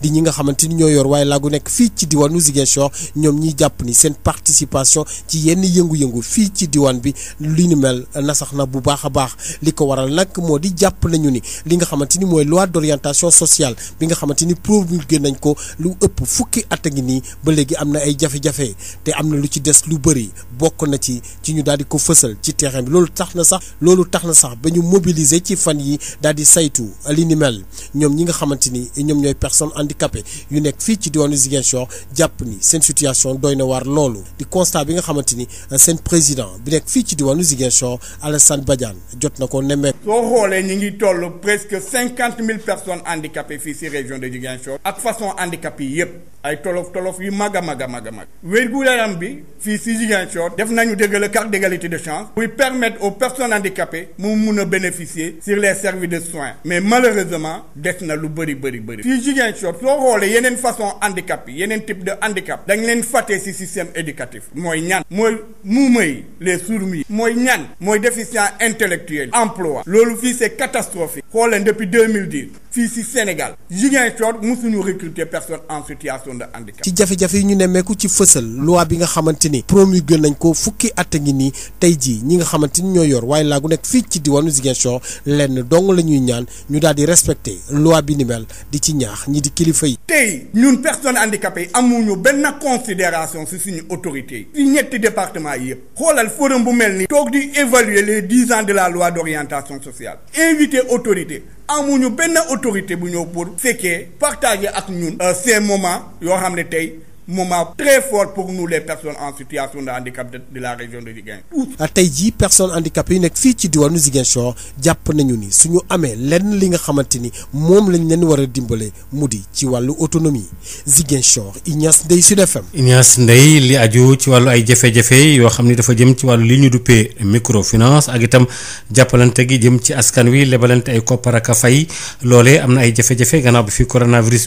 di ñi nga xamante ni ñoo yor waaye laa gu nekk fii ci diwaanu Ziguinchor ñoom ñiy jàpp ni seen participation ci yenn yëngu-yëngu fii ci diwaan bi li ni mel sax na bu baax a baax li ko waral nag moo di jàpp nañu ni li nga xamante ni mooy loi d'orientation sociale bi nga xamante ni promulgué nañ ko lu ëpp fukki at a ngi nii ba léegi am na ay jafe-jafe te am na lu ci des lu bëri bokk na ci ci ñu daal di ko fësal ci terrain loolu tax na sax loolu tax na sax ba ñu mobiliser ci fan yi daal di saytu li ni mel ñoom ñi nga xamante ni ñoom ñooy personnes handicapées yu nekk fii ci diwaanu Ziguinchor jàpp ni seen situation doy na waar loolu di constat bi nga xamante ni seen président bi nekk fii ci diwaanu Ziguinchor Alassane Badiane jot na ko nemmeek. soo xoolee ñu ngi toll presque personnes handicapées fii si région de Ziguinchor. ak façon handicapées yi ay tolof tolof yu mag a mag a mag a mag. wérgu yaram bi fii si Ziguinchor. def a bénéficier de de soins mais malheureusement des na lu bëri bëri bëri fii Ziguinchor soo xoolee yeneen façon handicap yi yeneen type de handicap dañ leen fàtte ci système éducatif mooy ñan mooy muuma yi les sourds yi mooy ñan mooy déficient intellectuel emploi loolu fii c'est catastrophique xooleen depuis 2010 fii ci Sénégal Ziguinchor musuñu recruter personne en situation de handicap ci jafe-jafe yi ñu nemmeeku ci fësal loi bi nga xamante ni promulgué nañ ko fukki at ngi nii ni ñoo yor waaye laa gu nekk fii ñuy ñaan ñu daal di respecté loi bi ni di ci ñaax ñi di kilifa yi. tey ñun personnes handicapées yi amuñu benn considération si suñu autorité yi. ñetti département yi yëpp. xoolal forum bu mel ni. toog di évaluer les dix ans de la loi d'orientation sociale. invité autorité. amuñu benn autorité bu ñëw pour fekkee yi ak ñun. Euh, ces moment yoo xam ne tey. moment très fort pour nous les personnes en situation de handicap de, de la région de Ziguinchor. Ah, tey jii personne handicapées yi nekk fii ci diwaanu Ziguinchor jàpp nañu ni suñu amee lenn li nga xamante ni moom lañ leen war a dimbale mu di ci wàllu autonomie Ziguinchor Ignace Ndeye si FM. Ignace ndey li aju ci wàllu ay jafe-jafe yoo xam ni dafa jëm ci wàllu li ñu duppee microfinance ak itam jàppalante gi jëm ci askan wi lebalante ay koppar ak fay loole am na ay jafe-jafe gannaaw bi fi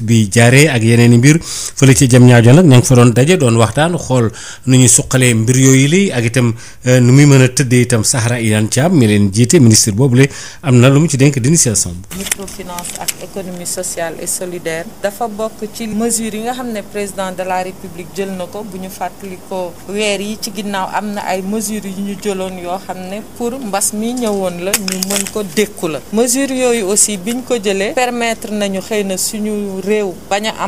bi jaaree ak yeneen i mbir fële ci jëm ñaajo nag ña ngi fa doon daje doon waxtaan xool nu ñuy suqalee mbir yooyu lii ak itam euh, nu muy mën a tëddee itam Sahara Iyane Thiam mi leen jiite ministre boobule am na lu mu ci dénk dina seen somb. microfinance ak économie sociale et solidaire dafa bokk ci mesures yi nga xam ne président de la république jël na ko bu ñu fàttali ko weer yi ci ginnaaw am na ay mesures yu ñu jëloon yoo xam ne pour mbas mi ñëwoon la ñu mën ko dékku la mesures yooyu aussi biñ ko jëlee permettre nañu xëy na suñu réew bañ a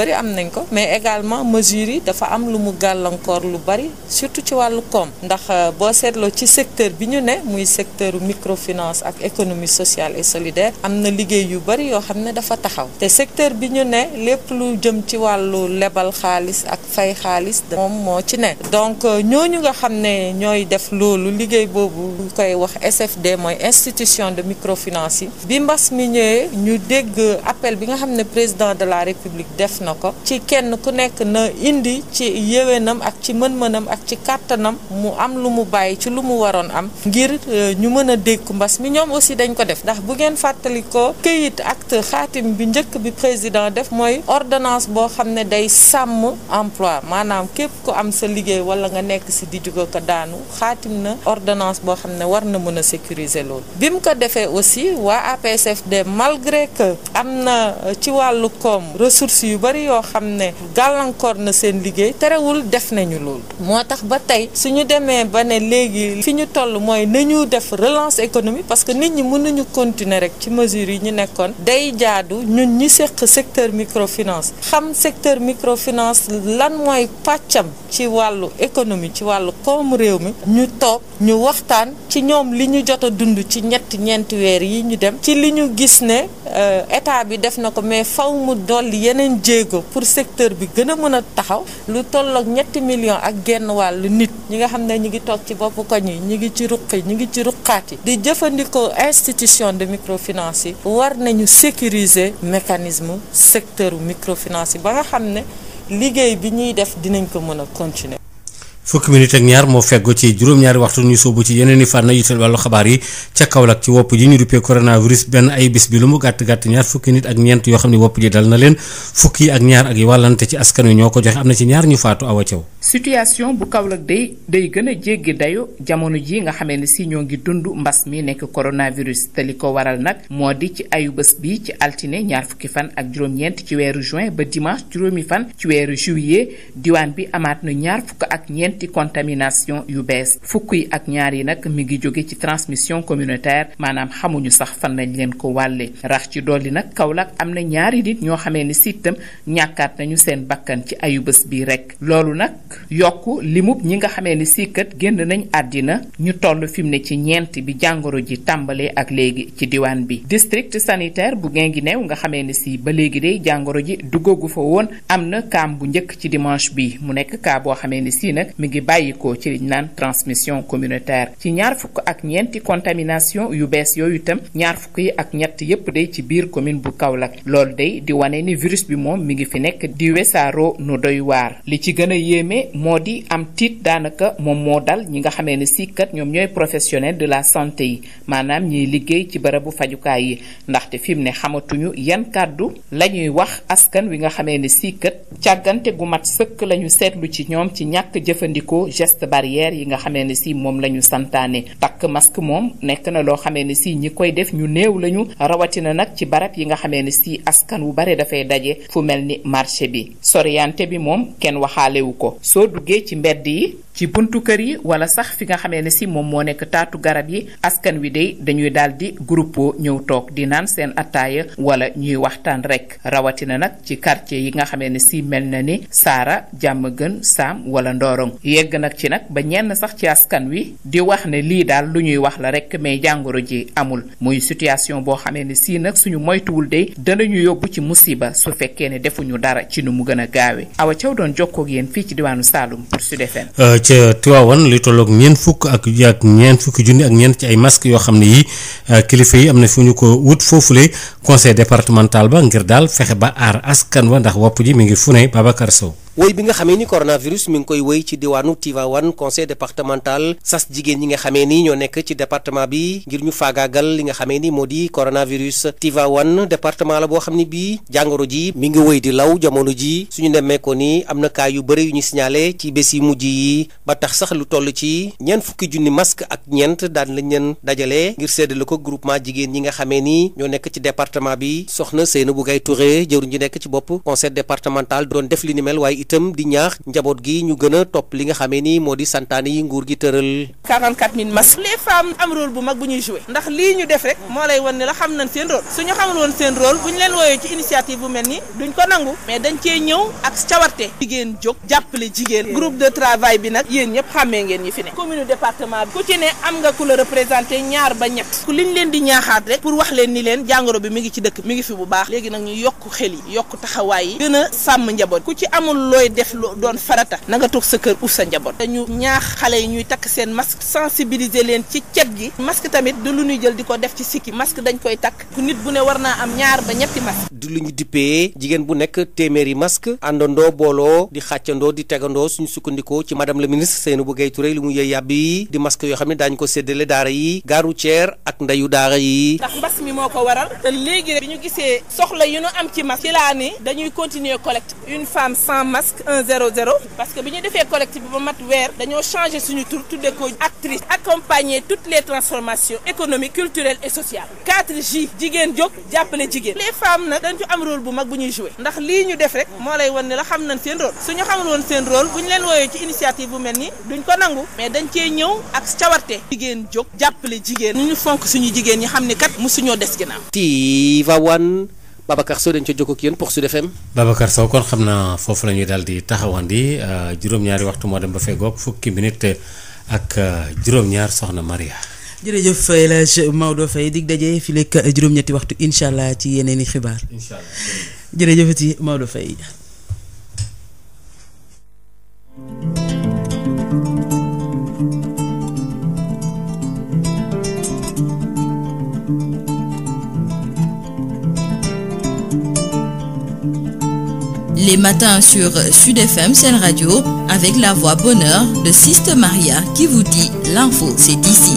bëri am nañ ko mais également mesures yi dafa am lu mu gàllankoor lu bari surtout ci wàllu kom ndax euh, boo seetloo ci secteur bi ñu ne muy secteur microfinance ak économie sociale et solidaire am na liggéey yu bari yoo xam ne dafa taxaw te secteur bi ñu ne lépp lu jëm ci wàllu lebal xaalis ak fay xaalis moom moo ci ne donc euh, ñooñu nga xam ne ñooy def loolu liggéey boobu koy wax SFD mooy institution de microfinance yi bi mbas mi ñëwee ñu dégg appel bi nga xam ne président de la république def na na ko ci kenn ku nekk na indi ci yéwénam ak ci mën-mënam ak ci kàttanam mu am lu mu bàyyi ci lu mu waroon am ngir euh, ñu mën a dékku mbas mi ñoom aussi dañ ko def ndax bu ngeen fàttali ko këyit acte xaatim bi njëkk bi président def mooy ordonnance boo xam ne day sàmm emploi maanaam képp ku am sa liggéey wala nga nekk si di juga ko daanu xaatim na ordonnance boo xam ne war na mën a sécuriser loolu bi mu ko defee aussi waa APSFD malgré que am na ci wàllu koom bëri yoo xam ne gàllankoor na seen liggéey terewul def nañu loolu moo tax ba tey suñu demee ba ne léegi fi ñu toll mooy nañu def relance économique parce que nit ñi mënuñu continuer rek ci mesure yi ñu nekkoon day jaadu ñun ñi seq secteur microfinance xam secteur microfinance lan mooy pàccam ci wàllu économie ci wàllu koom réew mi ñu toog ñu waxtaan ci ñoom li ñu jot a dund ci ñetti ñeenti weer yi ñu dem ci li ñu gis ne euh, état bi def na ko mais faw mu pour secteur bi gën a mën a taxaw lu tolloog ñetti million ak genn wàll nit ñi nga xam ne ñi ngi toog ci boppu koñ yi ñi ngi ci ruq yi ñi ngi ci ruqaat yi di jëfandikoo institution de microfinance yi war nañu sécuriser mécanisme secteur microfinance yi ba nga xam ne liggéey bi ñuy def dinañ ko mën a continuer fukki minute ak ñaar moo feggu ci juróom-ñaari waxtu ñu sóobu ci yeneen i fànn yitteel wàllu xabaar yi ca Kaolack ci wopp ji ñu duppee coronavirus benn ay bis bi lu mu gàtt gàtt ñaar fukki nit ak ñeent yoo xam ne wopp ji dal na leen fukki ak ñaar ak yi wàllante ci askan wi ñoo ko joxe am na ci ñaar ñu faatu awa caw situation bu Kaolack day day gën a jéggi dayo jamono ji nga xamee ne si ñoo ngi dund mbas mi nekk coronavirus te li ko waral nag moo di ci ayu bés bi ci altine ñaar fukki fan ak juróom ci weeru juin ba dimanche juróomi fan ci weeru juillet diwaan bi amaat na ñaar fukk ak ñeenti contamination yu bees fukk yi ak ñaar yi nag mi ngi jóge ci transmission communautaire maanaam xamuñu sax fan lañ leen ko wàlle rax ci dolli nag Kaolack am na ñaari nit ñoo xamee ni si itam ñàkkaat nañu seen bakkan ci ayu bés bi rek loolu nag yokk limub ñi nga xamee ni sii kat génn nañu àddina ñu toll fi mu ne ci ñeent bi jàngoro ji tàmbalee ak léegi ci diwaan bi district sanitaire bu ngi Guinguinéo nga xamee ni sii ba léegi de jàngoro ji duggagu fa woon am na kaam bu njëkk ci dimanche bi mu nekk kaa boo xamee ni sii nag mi ngi bàyyikoo ci naan transmission communautaire ci ñaar fukk ak ñeenti contamination yu bees yooyu itam ñaar fukk yi ak ñett yépp day ci biir commune bu Kaolack loolu day ngi fi nekk di ne moo di am tiit daanaka moom moo dal ñi nga xamee ne sikkat ñoom ñooy professionnel de la santé yi maanaam ñiy liggéey ci barabu fajukaay yi ndaxte fi mu ne xamatuñu yan kàddu la ñuy wax askan wi nga xamee ne sikkat càggante gu mat sëkk lañu seetlu ci ñoom ci ñàkk jëfandikoo geste barrière yi nga xamee ne si moom la ñu santaane takk masque moom nekk na loo xamee ne si ñi koy def ñu néew lañu rawatina nag ci barab yi nga xame ne si askan wu bare dafay daje fu mel ni marché bi soo duggee ci mbedd yi ci buntu kër yi wala sax fi nga xamee ne si moom moo nekk taatu garab yi askan wi dey dañuy daal di groupe ñëw toog di naan seen attaaya wala ñuy waxtaan rek rawatina nag ci quartier yi nga xamee ne si mel na ni Saara jàmm gën Saam wala Ndorong yegg nag ci nag ba ñenn sax ci askan wi di wax ne lii daal lu ñuy wax la rek mais jàngoro ji amul muy situation boo xamee ne sii nag suñu moytuwul dey ñu yóbbu ci musiba su fekkee ne defuñu dara ci nu mu gën a gaawe awa caw doon jokkoog yéen ci diwaan Lam Saloum pour Sud FM. Euh, ca Tivaouane li tolloog ñeent fukk ak ak ñeent fukki junni ak ñeent ci ay masques yoo xam ne yii euh, kilifa yi am na fu ñu ko wut foofu foofule conseil départemental ba ngir daal fexe ba aar askan wa ndax wopp ji mu ngi fu ne Babacar woy bi nga xamee ni coronavirus mu ngi koy woy ci diwaanu Tivaouane conseil départemental sas jigéen ñi nga xamee ni ñoo nekk ci département bi ngir ñu faagaagal li nga xamee ni moo di coronavirus Tivaouane département la boo xam ne bii jàngoro ji mi ngi woy di law jamono ji su nemmee ko ni am na kaa yu bëri yu ñu signalé ci bés yi mujj yi ba tax sax lu toll ci ñeent fukki junni masque ak ñeent daan lañ leen dajale ngir séddale ko groupement jigéen ñi nga xamee ni ñoo nekk ci département bi soxna Seynabou Gaye Touré jëwriñ ji nekk ci bopp conseil départemental doon def li ni mel itam di ñaax njaboot gi ñu gën a topp li nga xamee ni moo di santaane yi nguur gi tëral. 44 000 masques. les femmes am rôle bu mag bu ñuy joué. ndax lii ñu def rek moo lay wan ne la xam nañ seen rôle suñu xamul woon seen rôle bu ñu leen wooyee ci initiative bu mel nii duñ ko nangu mais dañ cee ñëw ak cawarte jigéen jóg jàppale jigéen groupe de travail bi nag yéen ñëpp xàmmee ngeen ñi fi ne commune département bi ku ci ne am nga ku la représenté ñaar ba ñett ku liñ di ñaaxaat rek pour wax leen ni leen jàngoro bi mi ngi ci dëkk mi ngi fi bu baax léegi ñu a looy def lu doon farata na nga toog sa kër uuf sa njaboot dañu ñaax xale yi ñuy takk seen masque sensibiliser leen ci cet gi masque tamit du lu ñu jël di ko def ci sikki masque dañ koy takk ku nit bu ne war naa am ñaar ba ñetti masque di lu ñu dippee jigéen bu nekk téeméeri masque àndandoo booloo di xàccandoo di tegandoo suñu sukkandikoo ci madame la ministre Seynabou Gaye Touré li mu yëy yàbb yi di masque yoo xam ne daañu ko séddale daara yi gaaru ceer ak ndeyu daara yi ndax mi moo ko waral te léegi ñu gisee soxla yu ñu am ci masque ci laa ni dañuy continuer collecte masque 100 parce que bi ñu defee collectif bi ba mat weer dañoo changé suñu tur tudde ko actrice accompagner toutes les transformations économiques culturelles et sociales 4J jigéen jóg jàppale jigéen les femmes na dañ ci am rôle bu mag bu ñuy joué ndax lii ñu def rek moo lay wan ne la xam na seen rôle suñu xamul woon seen rôle bu ñu leen wooyee ci initiative bu mel ni duñ ko nangu mais dañ cee ñëw ak cawarte jigéen jóg jàppale jigéen ñu fonk suñu jigéen ñi xam ne kat mosuñoo des ginnaaw Tivaouane Babacar Sow dañ ca jokkoo ak yéen pour Sud FM. Babacar Sow kon xam na foofu la ñuy daal di taxawandi euh, juróom-ñaari waxtu moo dem ba feggoog fukki minute ak euh, juróom-ñaar soxna Maria. jërëjëf El Hadj Maodo Faye dig daje fii lekk juróom-ñetti waxtu incha allah ci yeneen i xibaar. incha allah jërëjëf Maodo Faye. les matins sur Sud FM Sen Radio avec la voix bonheur de Siste Maria qui vous dit l'info, c'est ici.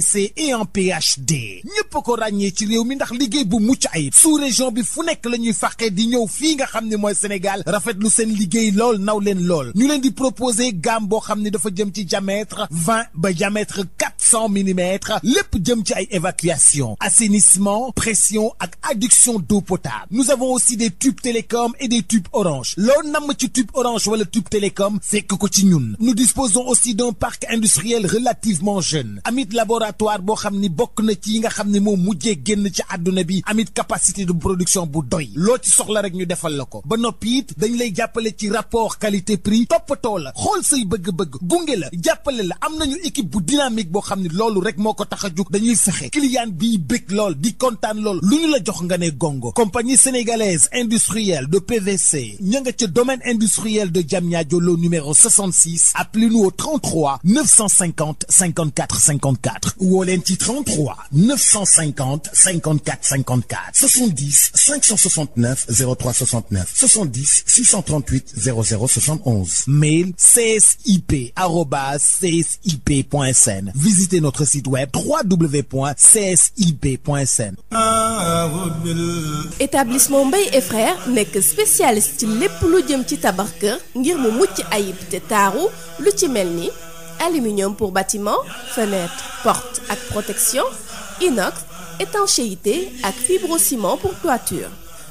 BC et en PhD ñëpp ko ràññee ci réew mi ndax liggéey bu mucc ayib sous région bi fu nekk la ñuy fàqee di ñëw fii nga xam ne mooy Sénégal rafetlu seen liggéey lool naw leen lool ñu leen di proposer gamme boo xam ne dafa jëm ci diamètre vingt ba diamètre quatre cent millimètres lépp jëm ci ay évacuation assainissement pression ak adduction d'eau potable nous avons aussi des tubes télécom et des tubes orange loo namm ci tube orange wala tube télécom fekk ko ci nous disposons aussi d'un parc industriel laboratoire boo xam ni bokk na ci yi nga xam ne moom mujjee génn ci àdduna bi amit capacité de production bu doy loo ci soxla rek ñu defal la ko ba noppi it dañ lay jàppale ci rapport qualité prix toppatoo la xool say bëgg-bëgg gunge la jàppale la am nañu équipe bu dynamique boo xam ne loolu rek moo ko tax a jug dañuy fexe client bi bëgg lool di kontaan lool lu ñu la jox nga ne gongo compagnie sénégalaise industrielle de PVC ña nga ca domaine industriel de Diamniadio lo numéro 66 appelez-nous au 33 950 54 54 woo leen ci 33 950 54 54 70 569 03 69 70 638 00 71 mail csip arroba csip.sn visitez notre site web www.csip.sn établissement Mbaye et frères nekk spécialiste ci lépp lu jëm ci tabax kër ngir mu mucc ayib te taaru lu ci mel ni aluminium pour bâtiment fenêtre porte ak protection inox étanchéité ak fibro fibrociment pour toiture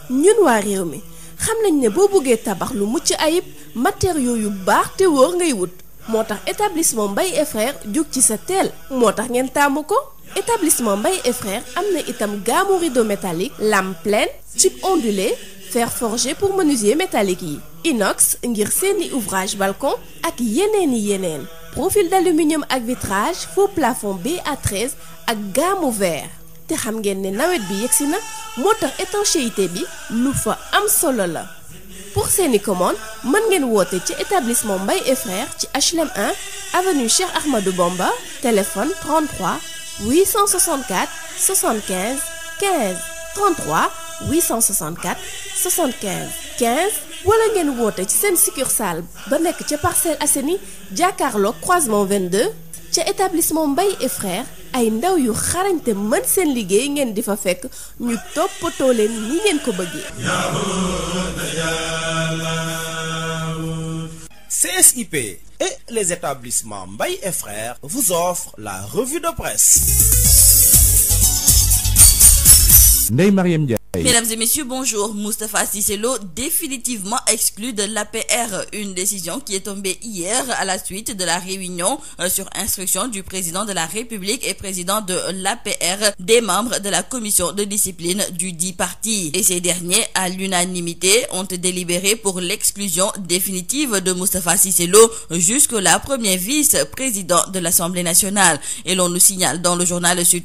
ñun waa réew mi xam nañ ne boo bëggee tabax lu mucc ayib matériaux yu baax te wóor ngay wut moo tax établissement Mbaye et frères jóg ci sa teel moo tax ngeen taamu ko établissement mbay et am na itam gamme rideau métallique lame pleine type ondulé fer forgé pour menuisier métallique yi inox ngir seeni ouvrage balcon ak yeneeni yeneen profil d'aluminium ak vitrage faux plafond ba ak gamme vert te xam ngeen ne nawet bi yegsi na moo tax étanchéité bi lu fa am solo la pour seeni common mën ngeen woote ci établissement Mbaye et ci HLM 1 avenue Cheikh Ahmadou bomba téléphone 33 864 75 15 33 864 75 15 wala ngeen woote ci seen succursale ba nekk ca Parcelles Assainies jàkkaarloog croisement 22 ca établissement Mbaye et Frères ay ndaw yu xarañte mën seen liggéey ngeen di fa fekk ñu toppatoo leen ni ngeen ko bëggee. CSIP et les établissements mbay et Frères vous offrent la revue de presse. Mesdames et messieurs, bonjour. Moustapha cissé définitivement exclu de l'APR, une décision qui est tombée hier à la suite de la réunion euh, sur instruction du président de la République et président de l'APR des membres de la commission de discipline du dit parti. Et ces derniers, à l'unanimité, ont délibéré pour l'exclusion définitive de Moustapha cissé jusque-là premier vice-président de l'Assemblée nationale. Et l'on nous signale dans le journal Sud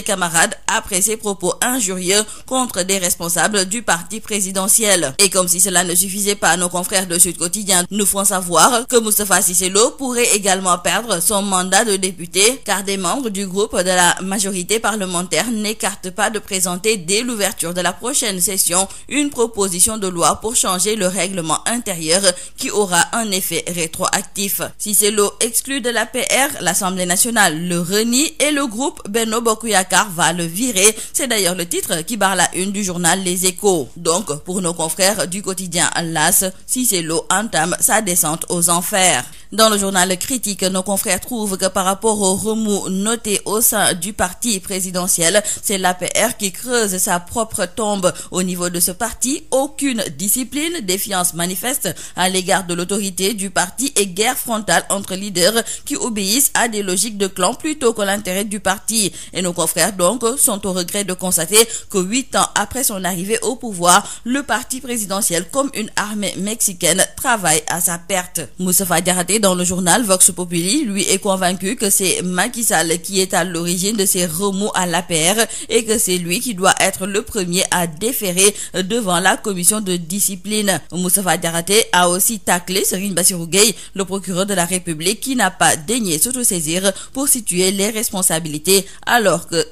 ses camarades après ses propos injurieux contre des responsables du parti présidentiel. Et comme si cela ne suffisait pas, nos confrères de Sud Quotidien nous font savoir que Moustapha Cissé pourrait également perdre son mandat de député car des membres du groupe de la majorité parlementaire n'écartent pas de présenter dès l'ouverture de la prochaine session une proposition de loi pour changer le règlement intérieur qui aura un effet rétroactif. Cissé Dakar va le virer. C'est d'ailleurs le titre qui barre la une du journal Les Échos. Donc, pour nos confrères du quotidien L'As, Cicelo entame sa descente aux enfers. Dans le journal Critique, nos confrères trouvent que par rapport aux remous notés au sein du parti présidentiel, c'est l'APR qui creuse sa propre tombe. Au niveau de ce parti, aucune discipline, défiance manifeste à l'égard de l'autorité du parti et guerre frontale entre leaders qui obéissent Dakar donc sont au regret de constater que huit ans après son arrivée au pouvoir, le parti présidentiel comme une armée mexicaine travaille à sa perte. Moustapha Diakhaté dans le journal Vox Populi lui est convaincu que c'est Macky qui est à l'origine de ces remous à l'APR et que c'est lui qui doit être le premier à déférer devant la commission de discipline. Moustapha Diakhaté a aussi taclé Serigne Bassirou le procureur de la République qui n'a pas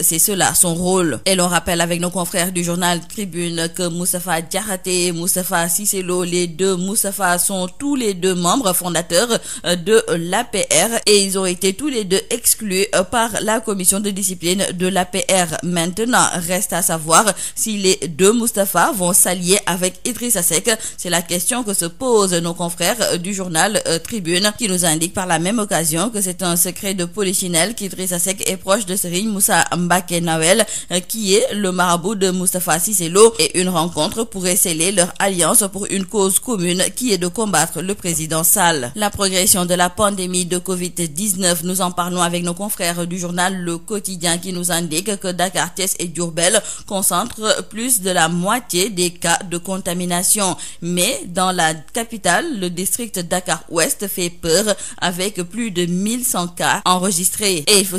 c'est cela son rôle. Et l'on rappelle avec nos confrères du journal Tribune que Moustapha Diakhaté, Moustapha Cissé les deux Moustapha sont tous les deux membres fondateurs euh, de l'APR et ils ont été tous les deux exclus euh, par la commission de discipline de l'APR. Maintenant, reste à savoir si les deux Moustapha vont s'allier avec Idrissa Seck. C'est la question que se posent nos confrères euh, du journal Tribune qui nous indique par la même occasion que c'est un secret de polichinelle Mbaké Nawel euh, qui est le marabout de Moustapha Cissé et une rencontre pourrait sceller leur alliance pour une cause commune qui est de combattre le président Sall. La progression de la pandémie de Covid-19, nous en parlons avec nos confrères du journal Le Quotidien qui nous indique que Dakar, Thiès et Diourbel concentrent plus de la moitié des cas de contamination. Mais dans la capitale, le district Dakar-Ouest fait peur avec plus de cas enregistrés. Et il faut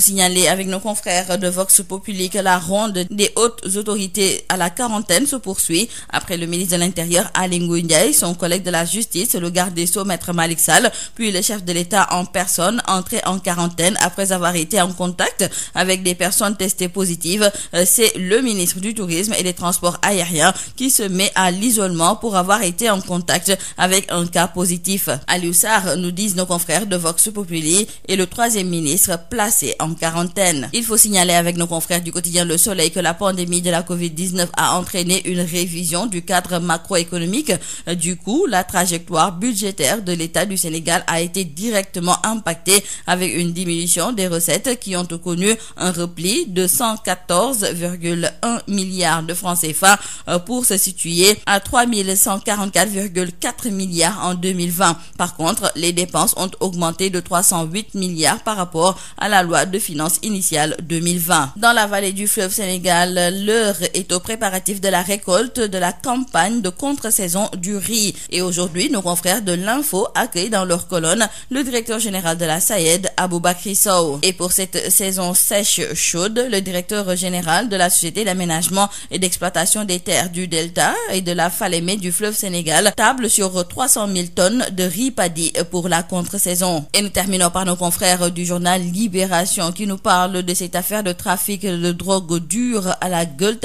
Vox Populi que la ronde des hautes autorités à la quarantaine se poursuit après le ministre de l'Intérieur Aly Ngouille son collègue de la justice, le garde des Sceaux Maître Malick puis le chef de l'État en personne entré en quarantaine après avoir été en contact avec des personnes testées positives. Euh, c'est le ministre du Tourisme et des Transports aériens qui se met à l'isolement pour avoir été en contact avec un cas positif. Aliou Sarr, nous disent nos confrères confrères du quotidien Le Soleil que la pandémie de la Covid-19 a entraîné une révision du cadre macroéconomique. Du coup, la trajectoire budgétaire de l'État du Sénégal a été directement impactée avec une diminution des recettes qui ont connu un repli de 114,1 milliards de francs CFA euh, pour se situer à milliards en Par contre, les dépenses ont augmenté de milliards par rapport à la loi de finances initiale Dans la vallée du fleuve Sénégal, l'heure est aux préparatifs de la récolte de la campagne de contre-saison du riz. Et aujourd'hui, nos confrères de l'info accueillent dans leur colonne le directeur général de la SAED, Aboubakry Sow. Et pour cette saison sèche chaude, le directeur général de la Société d'aménagement et d'exploitation des terres du Delta et de la Falémé du fleuve Sénégal table sur tonnes de riz paddy pour la contre Et nous terminons trafic de drogue dure à la gueule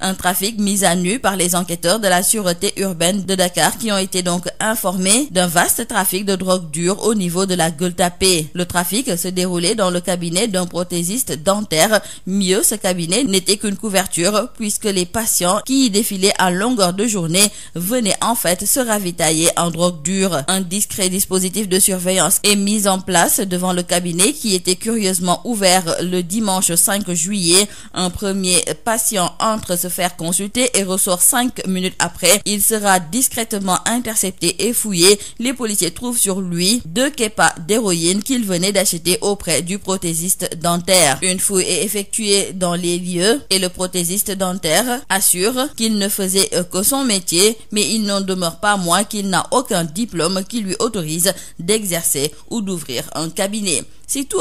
un trafic mis à nu par les enquêteurs de la sûreté urbaine de Dakar qui ont été donc informés d'un vaste trafic de drogue dure au niveau de la gueule Le trafic se déroulait dans le cabinet d'un prothésiste dentaire. Mieux, ce cabinet n'était qu'une couverture puisque les patients qui y défilaient à longueur de journée venaient en fait se ravitailler en drogue dure. Un discret dispositif de surveillance est mis en 5 juillet. Un premier patient entre se faire consulter et ressort 5 minutes après. Il sera discrètement intercepté et fouillé. Les policiers trouvent sur lui deux képas d'héroïne qu'il venait d'acheter auprès du prothésiste dentaire. Une fouille est effectuée dans les lieux et le prothésiste dentaire assure qu'il ne faisait que son métier, mais il n'en demeure pas moins qu'il n'a aucun diplôme qui lui autorise d'exercer ou d'ouvrir un cabinet. C'est tout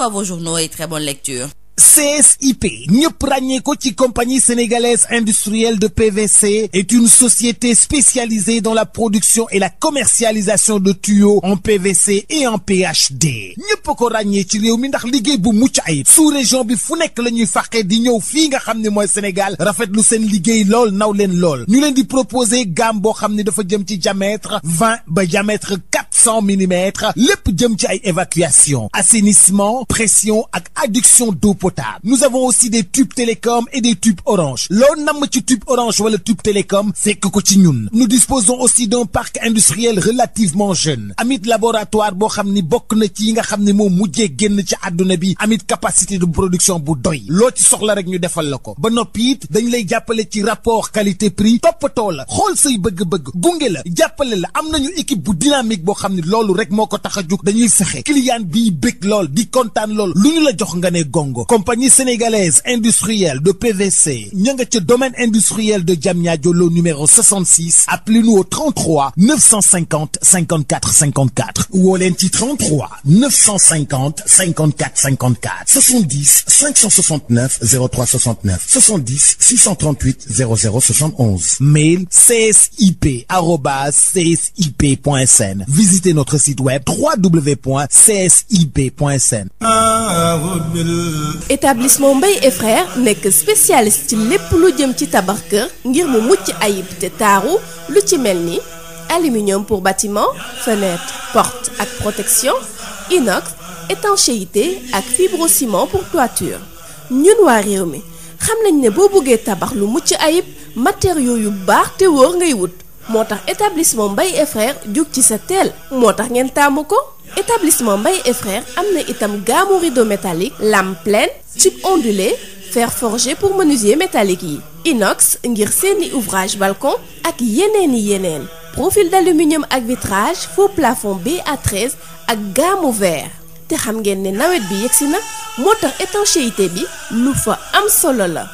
CSIP ñëpp ràññee ko ci compagnie sénégalaise industrielle de PVC est une société spécialisée dans la production et la commercialisation de tuyaux en PVC et en PHD ñëpp ko ràññee ci réew mi ndax liggéey bu mucc ayib sous-région bi fu nekk la ñuy fàqee di ñëw fii nga xam ne mooy Sénégal rafetlu seen liggéey lool naw leen lool ñu leen di proposer gamme boo xam ne dafa jëm ci diamètre vingt ba diamètre quatre cent millimètres lépp jëm ci ay évacuation assainissement pression ak adduction d'eau potable nous avons aussi des tubes télécom et des tubes orange loo namm ci tube orange wala tube télécom fekk ko ci ñun nous disposons aussi d'un parc industriel relativement jeune amit laboratoire boo xam ni bokk na ci yi nga xam ne moom mujjee génn ci àdduna bi amit capacité de production bu doy loo ci soxla rek ñu defal la ko ba noppi dañu lay jàppale ci rapport qualité prix toppatoo la xool say bëgg-bëgg gunge la jàppale la am nañu équipe bu dynamique boo xam ne loolu rek moo ko tax a jug dañuy fexe client bi bëgg lool di kontaan lool lu ñu la jox nga ne gongo compagnie sénégalaise industrielle de PVC ña nga ca domaine industriel de Diamniadio lo numéro 66 appelez-nous au 33 950 54 54 woo leen ci 33 950 54 54 70 569 03 69 70 638 00 71 mail csip arobase csip point sn visitez notre site web www.csip.sn établissement mbay et nekk spécialiste ci lépp lu jëm ci tabax kër ngir mu mucc ayib te taaru lu ci mel ni aluminium pour bâtiment fenêtre porte ak protection inox étanchéité ak fibrociment pour toiture ñun waa réew mi xam nañ ne boo bëggee tabax lu mucc ayib matériaux yu baax te wóor ngay wut moo tax établissement Mbaye et frères jóg ci sa teel moo tax ngeen taamu ko établissement Mbaye et frères am na itam gaamu rideau métallique lame pleine type ondulé fer forgé pour menuisier métallique yi inox ngir seeni ouvrage balcon ak yeneen i yeneen profil d'aluminium ak vitrage faux plafond ba ak gaamu vert te xam ngeen ne nawet bi yegsi na moo tax étanchéité bi lu fa am solo la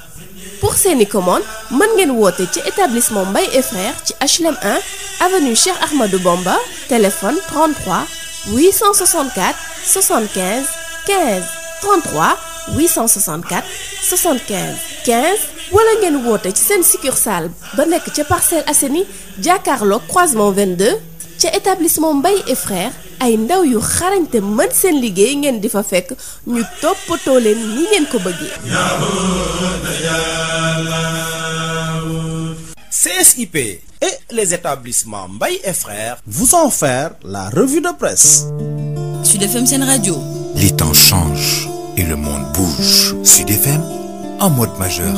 pour seeni commande mën ngeen woote ci établissement Mbaye et frères ci HLM 1 avenue Cheikh Ahmadou Bamba téléphone 33 864 75 15 33 864 75 15 wala ngeen woote ci seen succursale ba nekk ca Parcelles Assainies jàkkaarloog croisement 22 ca établissement Mbaye et frères. ay ndaw yu xarañte mën seen liggéey ngeen di fa fekk ñu toppatoo leen ni ngeen ko bëggee. CSIP et les établissements Mbaye et Frères vous en faire la revue de presse. Sud FM Sen Radio. Les temps changent et le monde bouge. en mode majeur.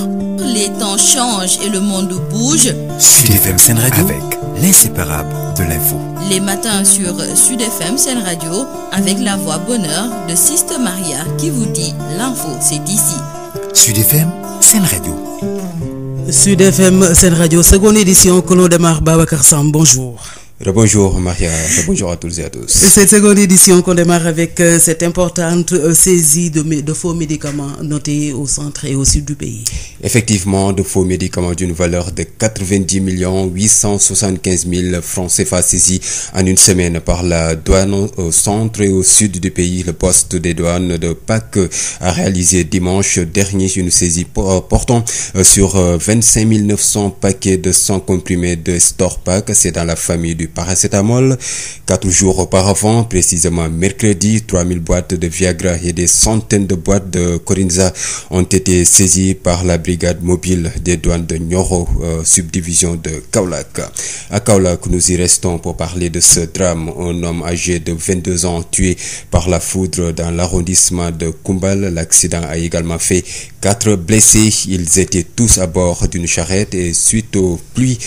Les temps changent et le monde bouge. Sud de l'info. Les matins sur Sud FM Scène Radio avec la voix bonheur de Siste qui vous dit l'info c'est d'ici. Sud FM Scène Radio. Sud FM Scène Radio, seconde édition que l'on démarre Babacar bonjour. Rebonjour Maria, rebonjour à tous et à euh, euh, au centre et de faux médicaments d'une valeur de 90 millions 875 000 francs CFA saisis en une semaine par la douane au centre et au sud du pays. Le poste des douanes de Pâques a réalisé dimanche dernier une saisie euh, portant sur 25 900 paquets de 100 comprimés de Storpak. C'est la famille du paracétamol. Quatre jours auparavant, précisément mercredi, 3000 boîtes de Viagra et des centaines de boîtes de Corinza ont été saisies par la brigade mobile des douanes de Nioro, euh, subdivision de Kaolack. À Kaolack, nous y restons pour parler de ce drame. Un homme âgé de ans tué par la foudre dans l'arrondissement de Koumbal. L'accident a également fait quatre blessés. Ils étaient tous à bord d'une charrette et suite aux pluies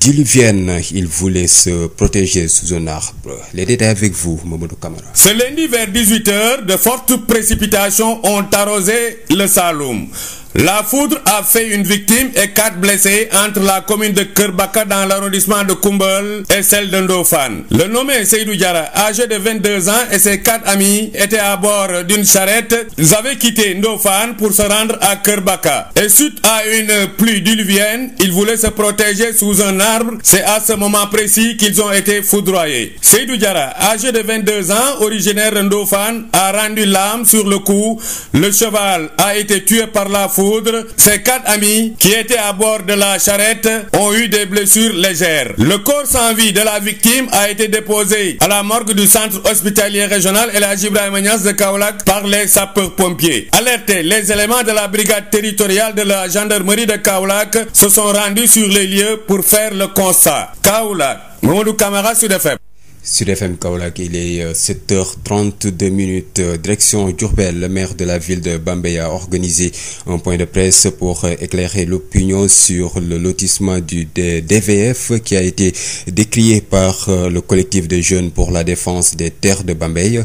diluviennes, ils voulaient se protéger sous un arbre. Les détails avec vous, Mamadou Camara. Ce lundi vers 18h, de fortes précipitations ont arrosé le Saloum. La foudre a fait une victime et quatre blessés entre la commune de Kerbaka dans l'arrondissement de Koumbel et celle de Ndofane. Le nommé Seydou Diara, âgé de 22 ans et ses quatre amis étaient à bord d'une charrette. Ils avaient quitté Ndofane pour se rendre à Kerbaka. Et suite à une pluie diluvienne, ils voulaient se protéger sous un arbre. C'est à ce moment précis qu'ils ont été foudroyés. Seydou Diara, âgé de 22 ans, originaire de a rendu l'âme sur le cou. foudre, ses quatre amis qui étaient à bord de la charrette ont eu des blessures légères. Le corps sans vie de la victime a été déposé à la morgue du centre hospitalier régional et la Ibrahima Niass de Kaolack par les sapeurs-pompiers. Alertés, les éléments de la brigade territoriale de la gendarmerie de Kaolack se sont rendus sur les lieux pour faire le constat. Kaolack, Mamadou Camara, Sud FM. Sud FM Kaolack il est 7h32 euh, minutes euh, direction Diourbel le maire de la ville de Bambey a organisé un point de presse pour euh, éclairer l'opinion sur le lotissement du DVF qui a été décrié par le collectif des jeunes pour la défense des terres de Bambey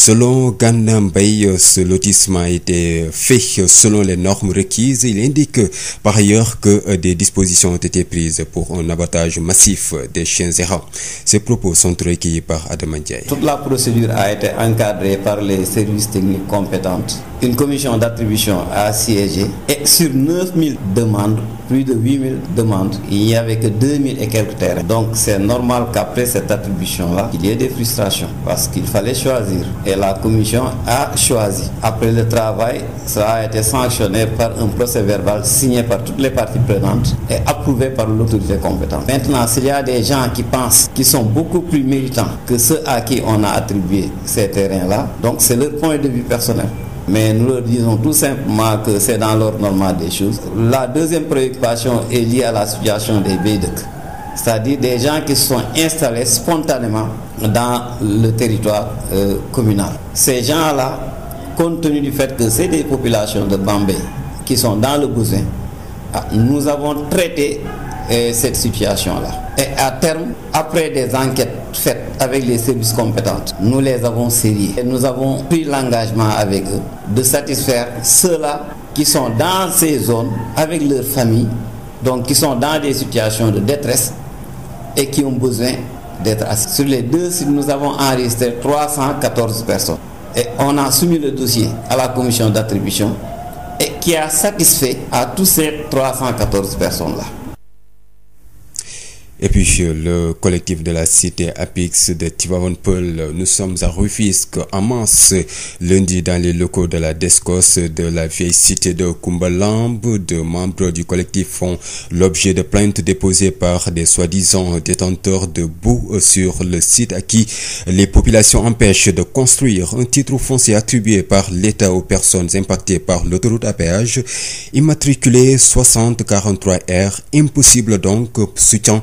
Selon Gana Mbaye, ce lotissement a été fait selon les normes requises. Il indique par ailleurs que euh, des dispositions ont été prises pour un abattage massif des chiens errants. Ces propos sont recueillis par Adama Ndiaye. Toute la procédure a été encadrée par les services techniques compétents. Une commission d'attribution a siégé et sur 9000 demandes, plus de 8000 demandes, il n'y avait que 2000 et quelques terrains. Donc c'est normal qu'après cette attribution-là, il Et la commission a choisi. Après le travail, ça a été sanctionné par un procès verbal signé par toutes les parties prenantes et approuvé par l'autorité compétente. Maintenant, s'il y a des gens qui pensent qu'ils sont beaucoup plus militants que ceux à qui on a attribué ces terrains-là, donc c'est leur point de vue personnel. Mais nous leur disons tout simplement que c'est dans l'ordre normal des choses. La deuxième préoccupation est liée à la situation des BIDEC. c'est-à-dire des gens qui sont installés spontanément dans le territoire euh, communal. Ces gens-là, compte tenu du fait que c'est des populations de Bambay qui sont dans le besoin, ah, nous avons traité euh, cette situation-là. Et à terme, après des enquêtes faites avec les services compétentes nous les avons séries et nous avons pris l'engagement avec eux de satisfaire ceux-là qui sont dans ces zones avec leurs familles donc qui sont dans des situations de détresse et qui ont besoin d'être assis. Sur les deux sites, nous avons enregistré 314 personnes. Et on a soumis le dossier à la commission d'attribution et qui a satisfait à tous ces 314 personnes-là. Et puis le de la cité Apix de Tivaouane Peulh, nous sommes à Rufisque en mars lundi dans de la Descos de la vieille cité de Koumbalamb. Deux membres du collectif font l'objet de plaintes déposées par des soi-disant détenteurs de baux sur le site à les populations empêchent de construire. Un titre foncier attribué par l'État aux personnes impactées par l'autoroute à péage immatriculée 6043R. Impossible donc soutien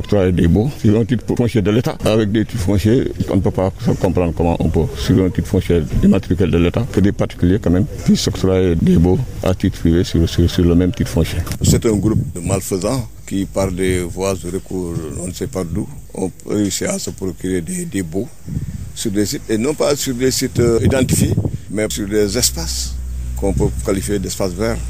octroyer des baux sur un titre foncier de l'État. Avec des titres fonciers, on ne peut pas comprendre comment on peut, sur un titre foncier de l'État, que des particuliers quand même puissent octroyer des baux à titre privé sur, le même titre foncier. C'est un groupe malfaisant qui, par des voies de recours, on ne sait pas d'où, ont réussi à se procurer des, des baux sur des sites, et non pas sur des sites euh, identifiés, mais sur des espaces qu'on peut qualifier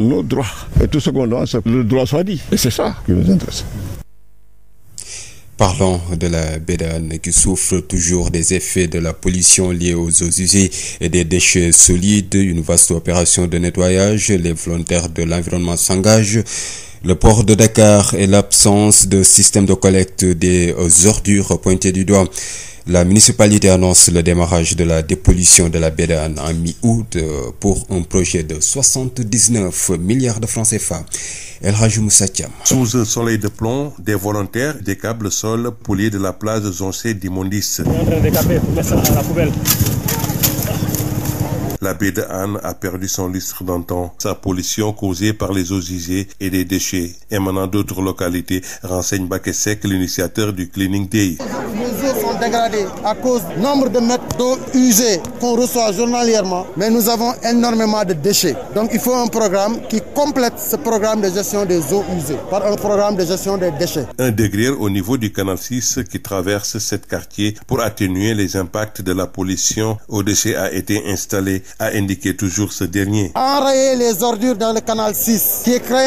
nos droits. Et tout ce qu'on doit, c'est que le droit soit dit. Et c'est ça qui nous intéresse. Parlons de la Bédane qui souffre toujours des effets de la pollution liée aux eaux usées et des déchets solides. Une vaste opération de nettoyage. Les volontaires de l'environnement s'engagent. Le port de Dakar et l'absence de système de collecte des ordures pointés du La municipalité annonce le démarrage de la dépollution de la en mi-août euh, pour un projet de 79 milliards de francs CFA. El Hadji Moussa Thiam. Sous un soleil de plomb, des volontaires décablent le sol pollué de la place de décaper, on la baie de Hann a perdu son lustre d'antan. Sa pollution causée par les eaux usées et des déchets émanant d'autres localités renseigne Mbacké Seck, l'initiateur du Cleaning Day. dégradé à cause de mètres d'eau usée qu'on reçoit journalièrement, mais nous de déchets. Donc il faut un programme qui complète ce programme de gestion des eaux usées par un des déchets. Un degré au niveau du canal 6 qui traverse cet quartier pour de la pollution aux déchets a été installé, a indiqué toujours ce dernier. Enrayer les ordures dans le canal 6 qui est créé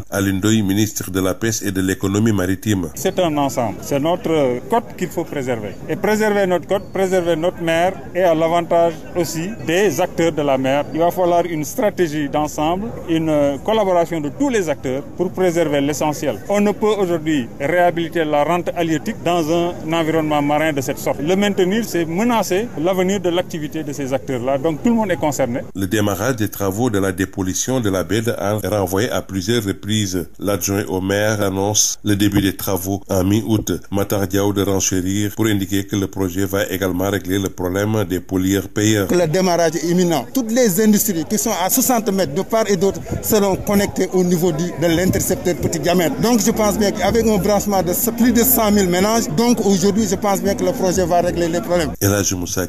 Fall ministre de la pêche et de l'économie maritime. C'est un ensemble, c'est notre côte qu'il faut préserver notre côte, préserver notre mer et à l'avantage aussi des acteurs de la mer. Il va falloir une stratégie d'ensemble, une collaboration de tous les acteurs pour préserver l'essentiel. On ne peut aujourd'hui réhabiliter la rente halieutique dans un environnement marin de cette sorte. Le maintenir, le démarrage des travaux de la dépollution reprises, l'adjoint au maire annonce le début des travaux en mi-août. Matar Diaw de renchérir pour indiquer que le projet va également régler le problème des pollueurs-payeurs. Le démarrage est imminent. Toutes les industries qui sont à 60 mètres de part et d'autre seront connectées au niveau du, de l'intercepteur petit diamètre. Donc je pense bien qu'avec un branchement de plus de 100 ménages, donc aujourd'hui je pense bien que le projet va régler les problèmes. El Hadj Moussa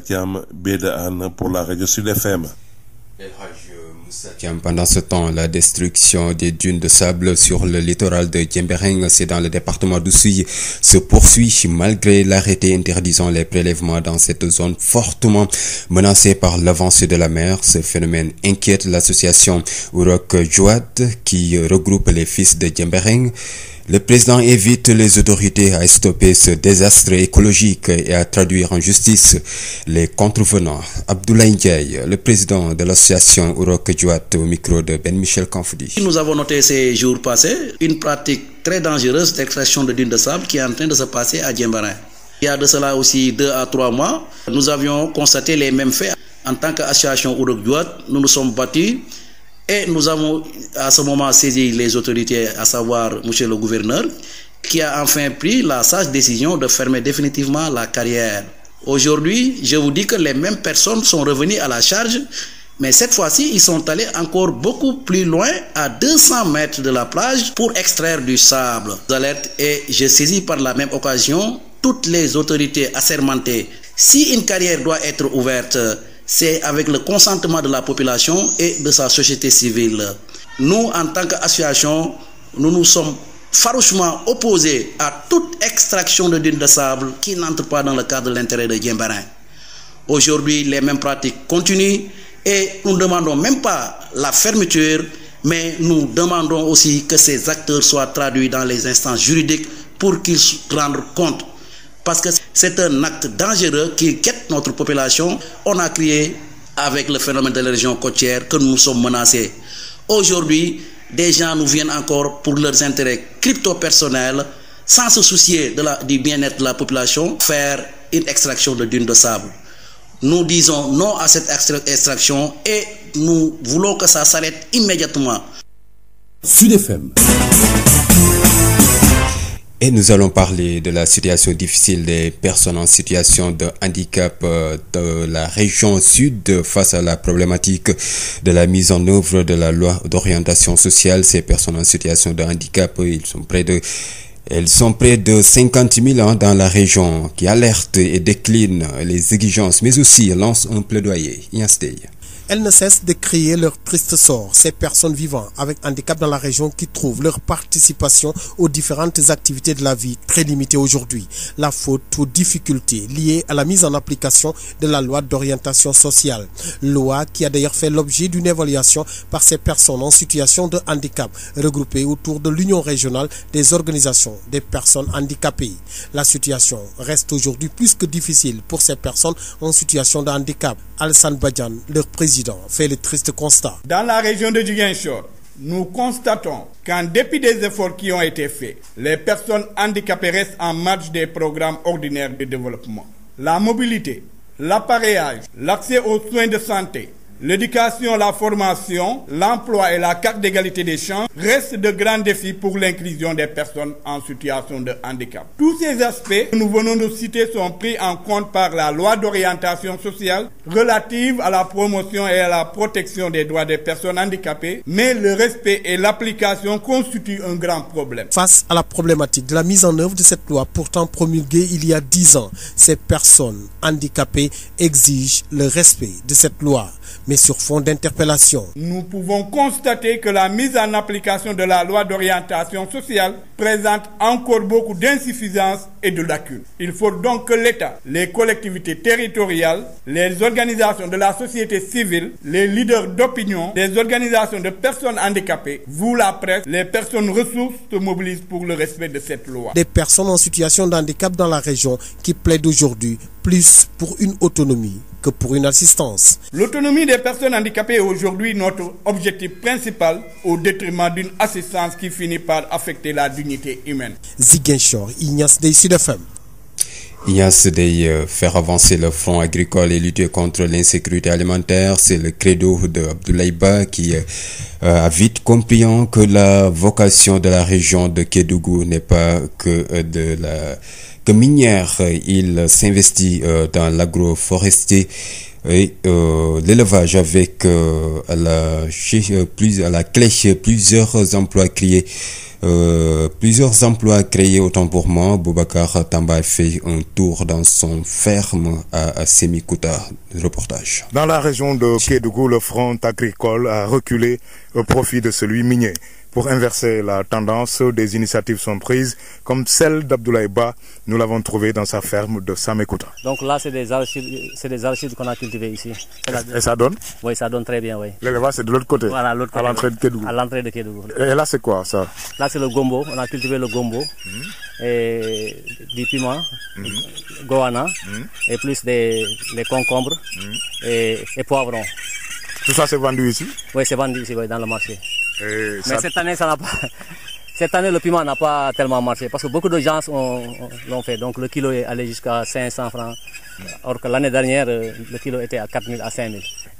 Tiam, pendant ce temps, la destruction des dunes de sable sur le littoral de Djembering, c'est dans le département d'Oussouye, se poursuit malgré l'arrêté interdisant les prélèvements dans cette zone fortement menacée par l'avancée de la mer. Ce phénomène inquiète l'association Ourok Jouad qui regroupe les fils de Djembering. Le président invite les autorités à stopper ce désastre écologique et à traduire en justice les contrevenants. Abdoulaye Ndiaye, le président de l'association Ourok Diouat au micro de Ben Michel Kanfoudi. Nous avons noté ces jours passés une pratique très dangereuse d'extraction de dunes de sable qui est en train de se passer à Djembarin. Il y a de cela aussi deux à trois mois, nous avions constaté les mêmes faits. En tant qu'association Ourok Diouat, nous nous Et nous avons à ce moment saisi les autorités, à savoir monsieur le gouverneur, qui a enfin pris la sage décision de fermer définitivement la carrière. Aujourd'hui, je vous dis que les mêmes personnes sont revenues à la charge, mais cette fois-ci, ils sont allés encore beaucoup plus loin, à 200 mètres de la plage, pour extraire du sable. Alerte et je saisis par la même occasion toutes les autorités assermentées. Si une carrière doit être ouverte, c'est avec le consentement de la population et de sa société civile. Nous, en tant qu'association, nous nous sommes farouchement opposés à toute extraction de dune de sable qui n'entre pas dans le cadre de l'intérêt de Djembarin. Aujourd'hui, les mêmes pratiques continuent et nous ne demandons même pas la fermeture, mais nous demandons aussi que ces acteurs soient traduits dans les instances juridiques pour qu'ils rendent compte parce que c'est un acte dangereux qui guette notre population. On a crié avec le phénomène de la région côtière que nous sommes menacés. Aujourd'hui, des gens nous viennent encore pour leurs intérêts crypto-personnels sans se soucier de la, du bien-être de la population, faire une extraction de dunes de sable. Nous disons non à cette extraction et nous voulons que ça s'arrête immédiatement. Sud FM. Et nous allons parler de la situation difficile des personnes en situation de handicap euh, de la région sud face à la problématique de la mise en œuvre de la loi d'orientation sociale. Ces personnes en situation de handicap, ils de elles sont près de 50 000 ans dans la région qui alertent et déclinent les exigences, mais aussi lancent un plaidoyer. Instey. Elles ne cessent de crier leur triste sort. Ces personnes vivant avec handicap dans la région qui trouvent leur participation aux différentes activités de la vie très limitée aujourd'hui. La faute aux difficultés liées à la mise en application de la loi d'orientation sociale. Loi qui a d'ailleurs fait l'objet d'une évaluation par ces personnes en situation de handicap regroupées autour de l'Union régionale des organisations des personnes handicapées. La situation reste aujourd'hui plus que difficile pour ces personnes en situation de handicap. président fait le triste constat. Dans la région de Ziguinchor, nous constatons qu'en dépit des efforts qui ont été faits, les personnes handicapées restent en marge des programmes ordinaires de développement. La mobilité, l'appareillage, l'accès aux soins de santé L'éducation, la formation, l'emploi et la carte d'égalité des chances restent de grands défis pour l'inclusion des personnes en situation de handicap. Tous ces aspects que nous venons de citer sont pris en compte par la loi d'orientation sociale relative à la promotion et à la protection des droits des personnes handicapées, mais le respect et l'application constituent un grand problème. Face à la problématique de la mise en œuvre de cette loi pourtant promulguée il y a dix ans, le respect de cette mais sur fond d'interpellation. Nous pouvons constater que la mise en application de la loi d'orientation sociale présente encore beaucoup d'insuffisances et de lacunes. Il faut donc que l'État, les collectivités territoriales, les organisations de la société civile, les leaders d'opinion, des organisations de personnes handicapées, vous la presse, les personnes ressources se mobilisent pour le respect de cette loi. Des personnes en situation de handicap dans la région qui plaident aujourd'hui plus pour une autonomie que pour une assistance. L'autonomie des personnes handicapées est aujourd'hui notre objectif principal au détriment d'une assistance qui finit par affecter la dignité humaine. Ziguinchor, Ignace Dey, a FM. Ignace Dey, euh, faire avancer le front agricole et lutter contre l'insécurité alimentaire, c'est le credo de Abdoulaye Ba qui euh, euh, a vite compris que la vocation de la région de Kédougou n'est pas que de la minière. Euh, il s'investit euh, dans l'agroforesterie et euh, l'élevage avec à la, plus, à la clé plusieurs emplois créés. Euh, plusieurs emplois créés autant pour moi Boubacar Tamba fait un tour dans son ferme à, à Sémikouta reportage dans la région de Kédougou le front agricole a reculé au profit de celui minier Pour inverser la tendance, des initiatives sont prises, comme celle d'Abdoulaye Ba, nous l'avons trouvé dans sa ferme de Samekouta. Donc là, c'est des arachides, qu'on a cultivées ici. Et ça donne très bien, c'est de l'autre côté À l'entrée de Kédougou. Et là, c'est quoi, ça Là, c'est le gombo. On a cultivé le gombo, hmm. du piment, hmm. goana, hmm. et plus des, des concombres et, poivrons. Tout ça, c'est vendu ici dans le marché. Et eh, Mais ça... cette année, le piment n'a pas tellement marché parce que beaucoup de gens l'ont fait. le kilo est allé jusqu'à 500 francs. Alors que l'année dernière, euh, le kilo était à 4000 à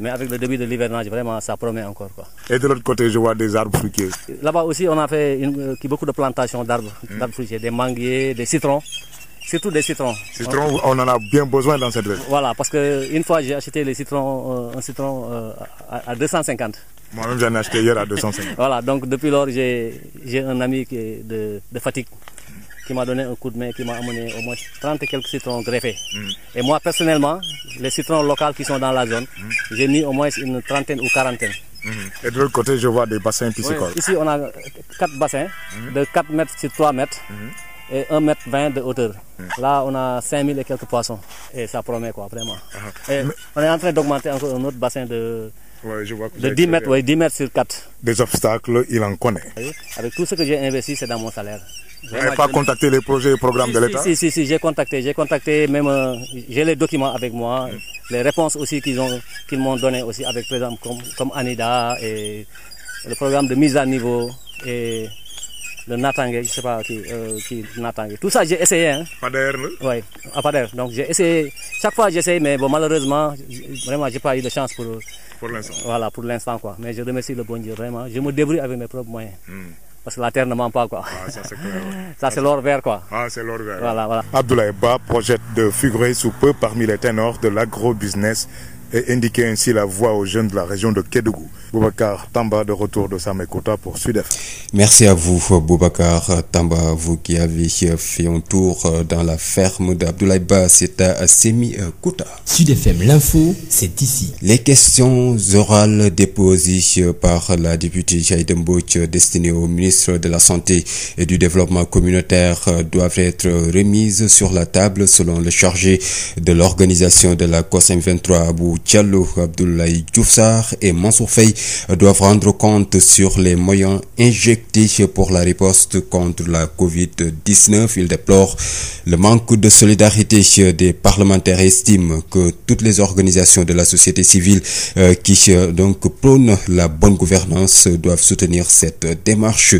Mais avec le début de l'hivernage, vraiment, ça promet encore. Quoi. Et de l'autre côté, je vois des arbres fruitiers. Là-bas aussi, on a fait euh, beaucoup de plantations d'arbres mmh. des manguiers, des citrons. Surtout des citrons. on, en a bien besoin dans cette région. Voilà, parce qu'une fois, j'ai acheté les citrons, euh, un citron euh, Moi-même, j'en ai acheté hier à 250. depuis lors, j'ai un ami de, de qui m'a donné un coup de main, qui m'a amené au moins 30 et quelques citrons greffés. Mm. Et moi, personnellement, les citrons locaux qui sont dans la zone, mm. j'ai mis au moins une trentaine ou quarantaine. Mm-hmm. Et de l'autre côté, je vois des bassins piscicoles. Ici, on a quatre bassins mm-hmm. de 4 mètres sur mètres mm-hmm. et 1 mètre de hauteur. Mm. Là, on a et quelques promet quoi, vraiment. Ah. on est en train d'augmenter encore Ouais, je vois que de 10 mètres, oui, 10 mètres sur j'ai contacté les j'ai contacté. J'ai contacté même, euh, j'ai les documents avec moi, les réponses aussi qu'ils m'ont donné aussi avec, par comme, comme et le programme de mise à niveau le Natangé, euh, Tout ça, j'ai essayé. Hein. Pader, Donc j'ai essayé. Chaque fois, j'essaye, malheureusement, j'ai pas eu de chance pour. l'instant. quoi. Mais je remercie le bon Dieu, Je me débrouille avec mes propres moyens. Hmm. Parce que la terre ne ment pas, quoi. Ah, ça, c'est clair. ça, c'est l'or vert, quoi. Ah, c'est projette de figurer sous peu parmi les ténors de l'agro-business et indiquer ainsi la voie aux la région de Kédougou. Boubacar Tamba de retour de Samekota pour Sudef. Merci à vous Boubacar Tamba, vous qui avez fait un la ferme d'Abdoulaye Ba, c'est à Sémikota. la députée ministre de la Santé du Développement communautaire doivent être remises sur la table selon le chargé de de la COSM Diallo, Abdoulaye Diouf Sarr et Mansour Faye doivent rendre compte sur les moyens injectés la riposte contre la Covid-19. Ils déplorent manque de solidarité des parlementaires et estiment que toutes les organisations de la société civile euh, qui donc prônent la bonne gouvernance doivent soutenir cette démarche.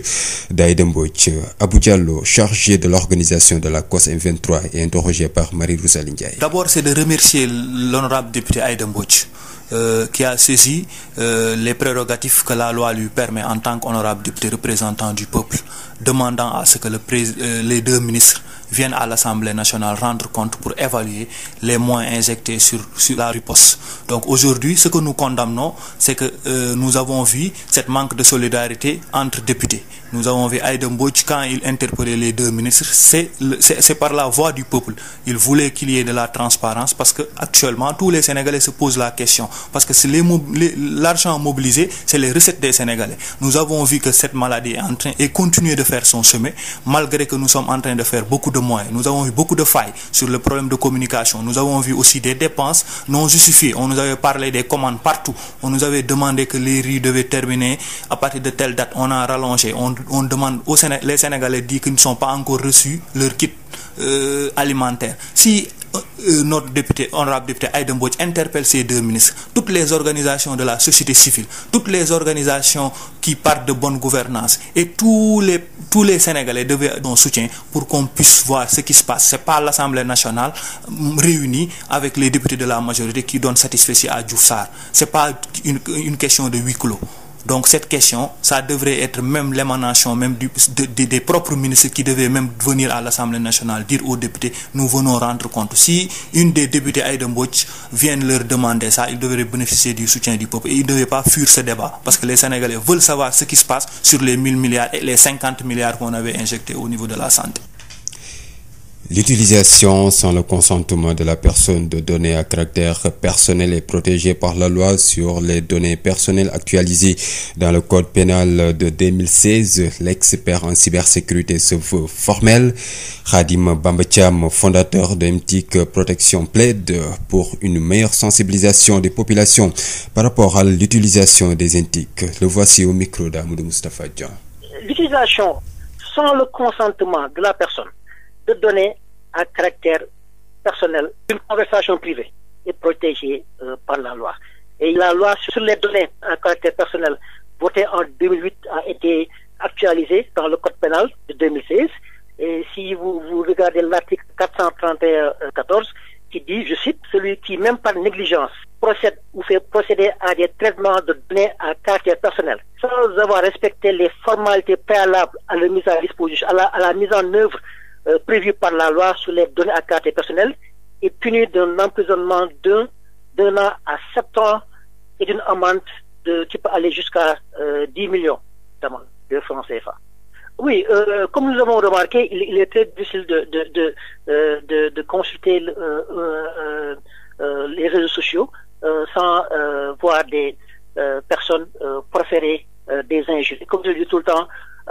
Daïda Mbodj, Abou Diallo, de l'organisation de la COS M23 est interrogé par Marie Rosaline Ndiaye. D'abord, c'est de remercier l'honorable député Mbodj euh, qui a saisi euh, les prérogatives que la loi lui permet en tant qu'honorable député représentant du peuple demandant à ce que le pré euh, les deux ministres viennent à l'Assemblée nationale rendre compte pour évaluer les moyens injectés sur la riposte. Donc aujourd'hui, ce que nous condamnons, c'est que euh, nous avons vu cette manque de solidarité entre députés. Nous avons vu Aïda Mbodj quand il interpellait les deux ministres, c'est par la voix du peuple. Il voulait qu'il y ait de la transparence parce que actuellement tous les Sénégalais se posent la question parce que c'est l'argent mobilisé, c'est les recettes moyens nous avons vu beaucoup de failles sur le problème de communication nous avons vu aussi des dépenses non justifiées on nous avait parlé des commandes partout on nous avait demandé que les riz devaient terminer à partir de telle date on a rallongé on on demande aux Séné les Sénégalais disent qu'ils ne sont pas encore reçus leur kit euh, alimentaire si Euh, euh, notre député honorable député Aïda Mbodj interpelle ces deux ministres toutes les organisations de la société civile toutes les organisations qui parlent de bonne gouvernance et tous les tous les Sénégalais devaient don soutien pour qu'on puisse voir ce qui se passe c'est pas l'Assemblée nationale réunie avec les députés de la majorité qui donne satisfaction à Diouf Sarr c'est pas une une question de huis clos donc cette question ça devrait être même l'émanation même du de, de, des propres ministres qui devaient même venir à l'Assemblée nationale dire aux députés nous venons rendre compte si une des députés Aïda Mbodj vient leur demander ça ils devraient bénéficier du soutien du peuple et ils ne devaient pas fuir ce débat parce que les Sénégalais veulent savoir ce qui se passe sur les 1000 milliards et les 50 milliards qu'on avait injectés au niveau de la L'utilisation sans le consentement de la personne de données à caractère personnel est protégée par la loi sur les données personnelles actualisée dans le code pénal de 2016. L'expert en cybersécurité se veut formel. Khadim Bamba Thiam, fondateur de MTIC Protection, plaide pour une meilleure sensibilisation des populations par rapport à l'utilisation des MTIC. Le voici au micro d'Amadou Moustapha Dian. L'utilisation sans le consentement de de données à caractère personnel d'une conversation privée est protégée euh, par la loi. Et la loi sur les données à caractère personnel votée en 2008 a été actualisée dans le code pénal de 2016. Et si vous, vous regardez l'article 431-14 qui dit, je cite, celui qui, même par négligence, procède ou fait procéder à des traitements de données à caractère personnel, sans avoir respecté les formalités préalables à la mise à disposition, à la, à la mise en œuvre euh, prévue par la loi sur les données à caractère personnel est punie d'un emprisonnement de d'un an à sept ans et d'une amende de, qui peut aller jusqu'à euh, dix millions d'amende de francs CFA. Oui, euh, comme nous avons remarqué, il, était difficile de de de euh, de, de consulter euh, les réseaux sociaux sans voir des personnes proférer des injures. Comme je dis tout le temps,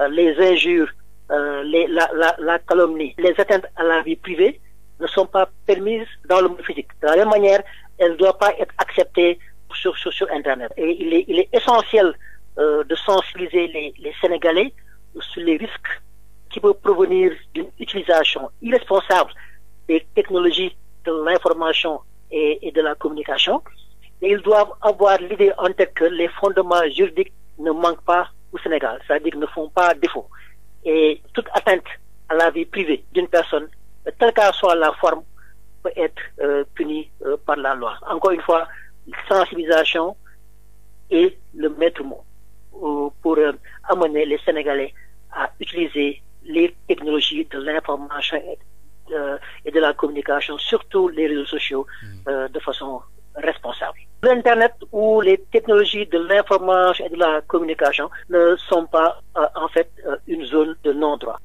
les injures Euh, les, la, la, la calomnie, les atteintes à la vie privée ne sont pas permises dans le monde physique. De la même manière, elles ne doivent pas être acceptées sur, sur, Internet. Et il est, essentiel euh, de sensibiliser les, les, Sénégalais sur les risques qui peuvent provenir d'une utilisation irresponsable des technologies de l'information et, de la communication. Et ils doivent avoir l'idée en tête que les fondements juridiques ne manquent pas au Sénégal, c'est-à-dire ne font et toute atteinte à la vie privée d'une personne, telle qu'elle soit la forme, peut être euh, punie euh, par la loi. Encore une fois, sensibilisation est le maître mot euh, pour euh, amener les Sénégalais à utiliser les technologies de l'information et, de la communication, surtout les réseaux sociaux, mmh. de façon responsable. L'Internet ou les technologies de l'information et de la communication ne sont pas euh, en fait euh, une zone de non-droit.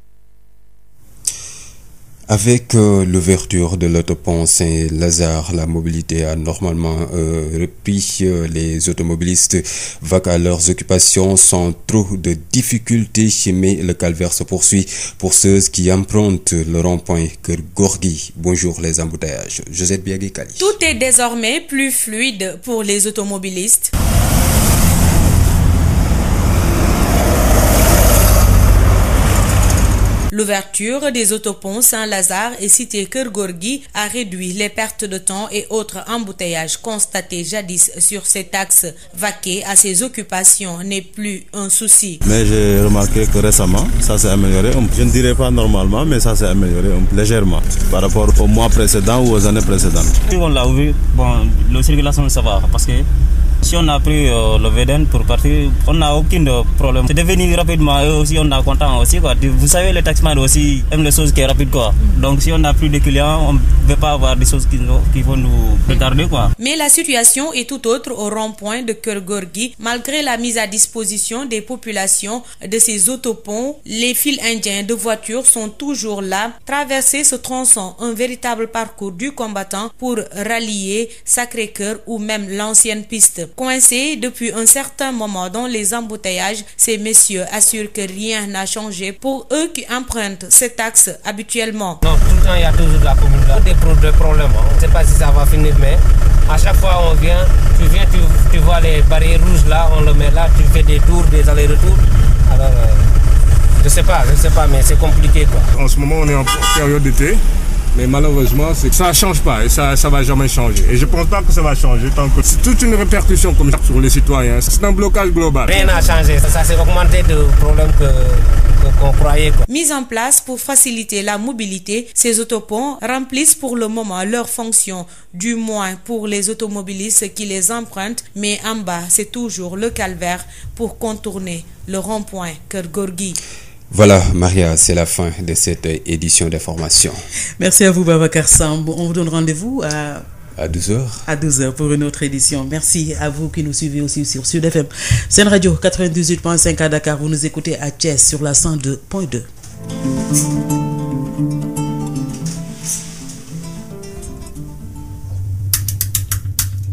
Avec euh, l'ouverture de l'autopont Saint-Lazare, la mobilité a normalement euh, repris. Euh, les automobilistes vaquent à leurs occupations sans trop de difficultés, mais le calvaire se poursuit pour ceux qui empruntent le rond-point Kër Gorgui. Bonjour les embouteillages. Josette Biagui Kali. Tout est désormais plus fluide pour les automobilistes. L'ouverture des autoponts Saint-Lazare et cité Keur a réduit les pertes de temps et autres embouteillages constatés jadis sur cet axe. Vaquer à ses occupations n'est plus un souci. Mais j'ai remarqué que récemment, ça s'est amélioré. Je ne dirais pas normalement, mais ça s'est amélioré par rapport aux mois précédents ou aux années précédentes. on l'a ouvert, bon, la circulation ça va parce que Si on a pris euh, le VDN pour partir, on n'a aucun problème. C'est devenu rapidement, eux on est content aussi. Vous savez, les taxman aussi aiment les choses qui sont rapides. Quoi. Donc si on n'a plus de clients, on ne veut pas avoir des choses qui, qui vont nous retarder. Quoi. Mais la situation est tout autre au rond-point de Kurgorgi. Malgré la mise à disposition des populations de ces autoponts, les fils indiens de voitures sont toujours là. Traverser ce tronçon, Coincés depuis un certain moment dans les embouteillages, ces messieurs assurent que rien n'a changé pour eux qui empruntent cet axe habituellement. tout le temps, il y a toujours de la communication, des problèmes. On sait pas si ça va finir, mais à chaque fois on vient, tu vois les barrières rouges là, on le met là, tu fais des tours, des allers-retours. Euh, je sais pas, c'est compliqué quoi. En ce moment, on est en période d'été. Mais malheureusement, ça ne change pas et ça ne va jamais changer. Et je ne pense pas que ça va changer tant que c'est toute une répercussion comme ça sur les citoyens. C'est un blocage global. Rien n'a changé. Ça, ça s'est augmenté de problèmes que Mise en place pour faciliter la mobilité, ces autoponts remplissent pour le moment leur fonction, du moins pour les automobilistes qui les empruntent, mais en bas, c'est toujours le calvaire pour contourner le rond-point Kër Gorgui. Voilà, Maria, c'est la fin de cette édition d'information. Merci à vous, Babacar Samb. On vous donne rendez-vous à... À 12h. À 12h pour une autre édition. Merci à vous qui nous suivez aussi sur Sud FM. Sen Radio 98.5 Vous nous écoutez à Thiès sur la 102.2.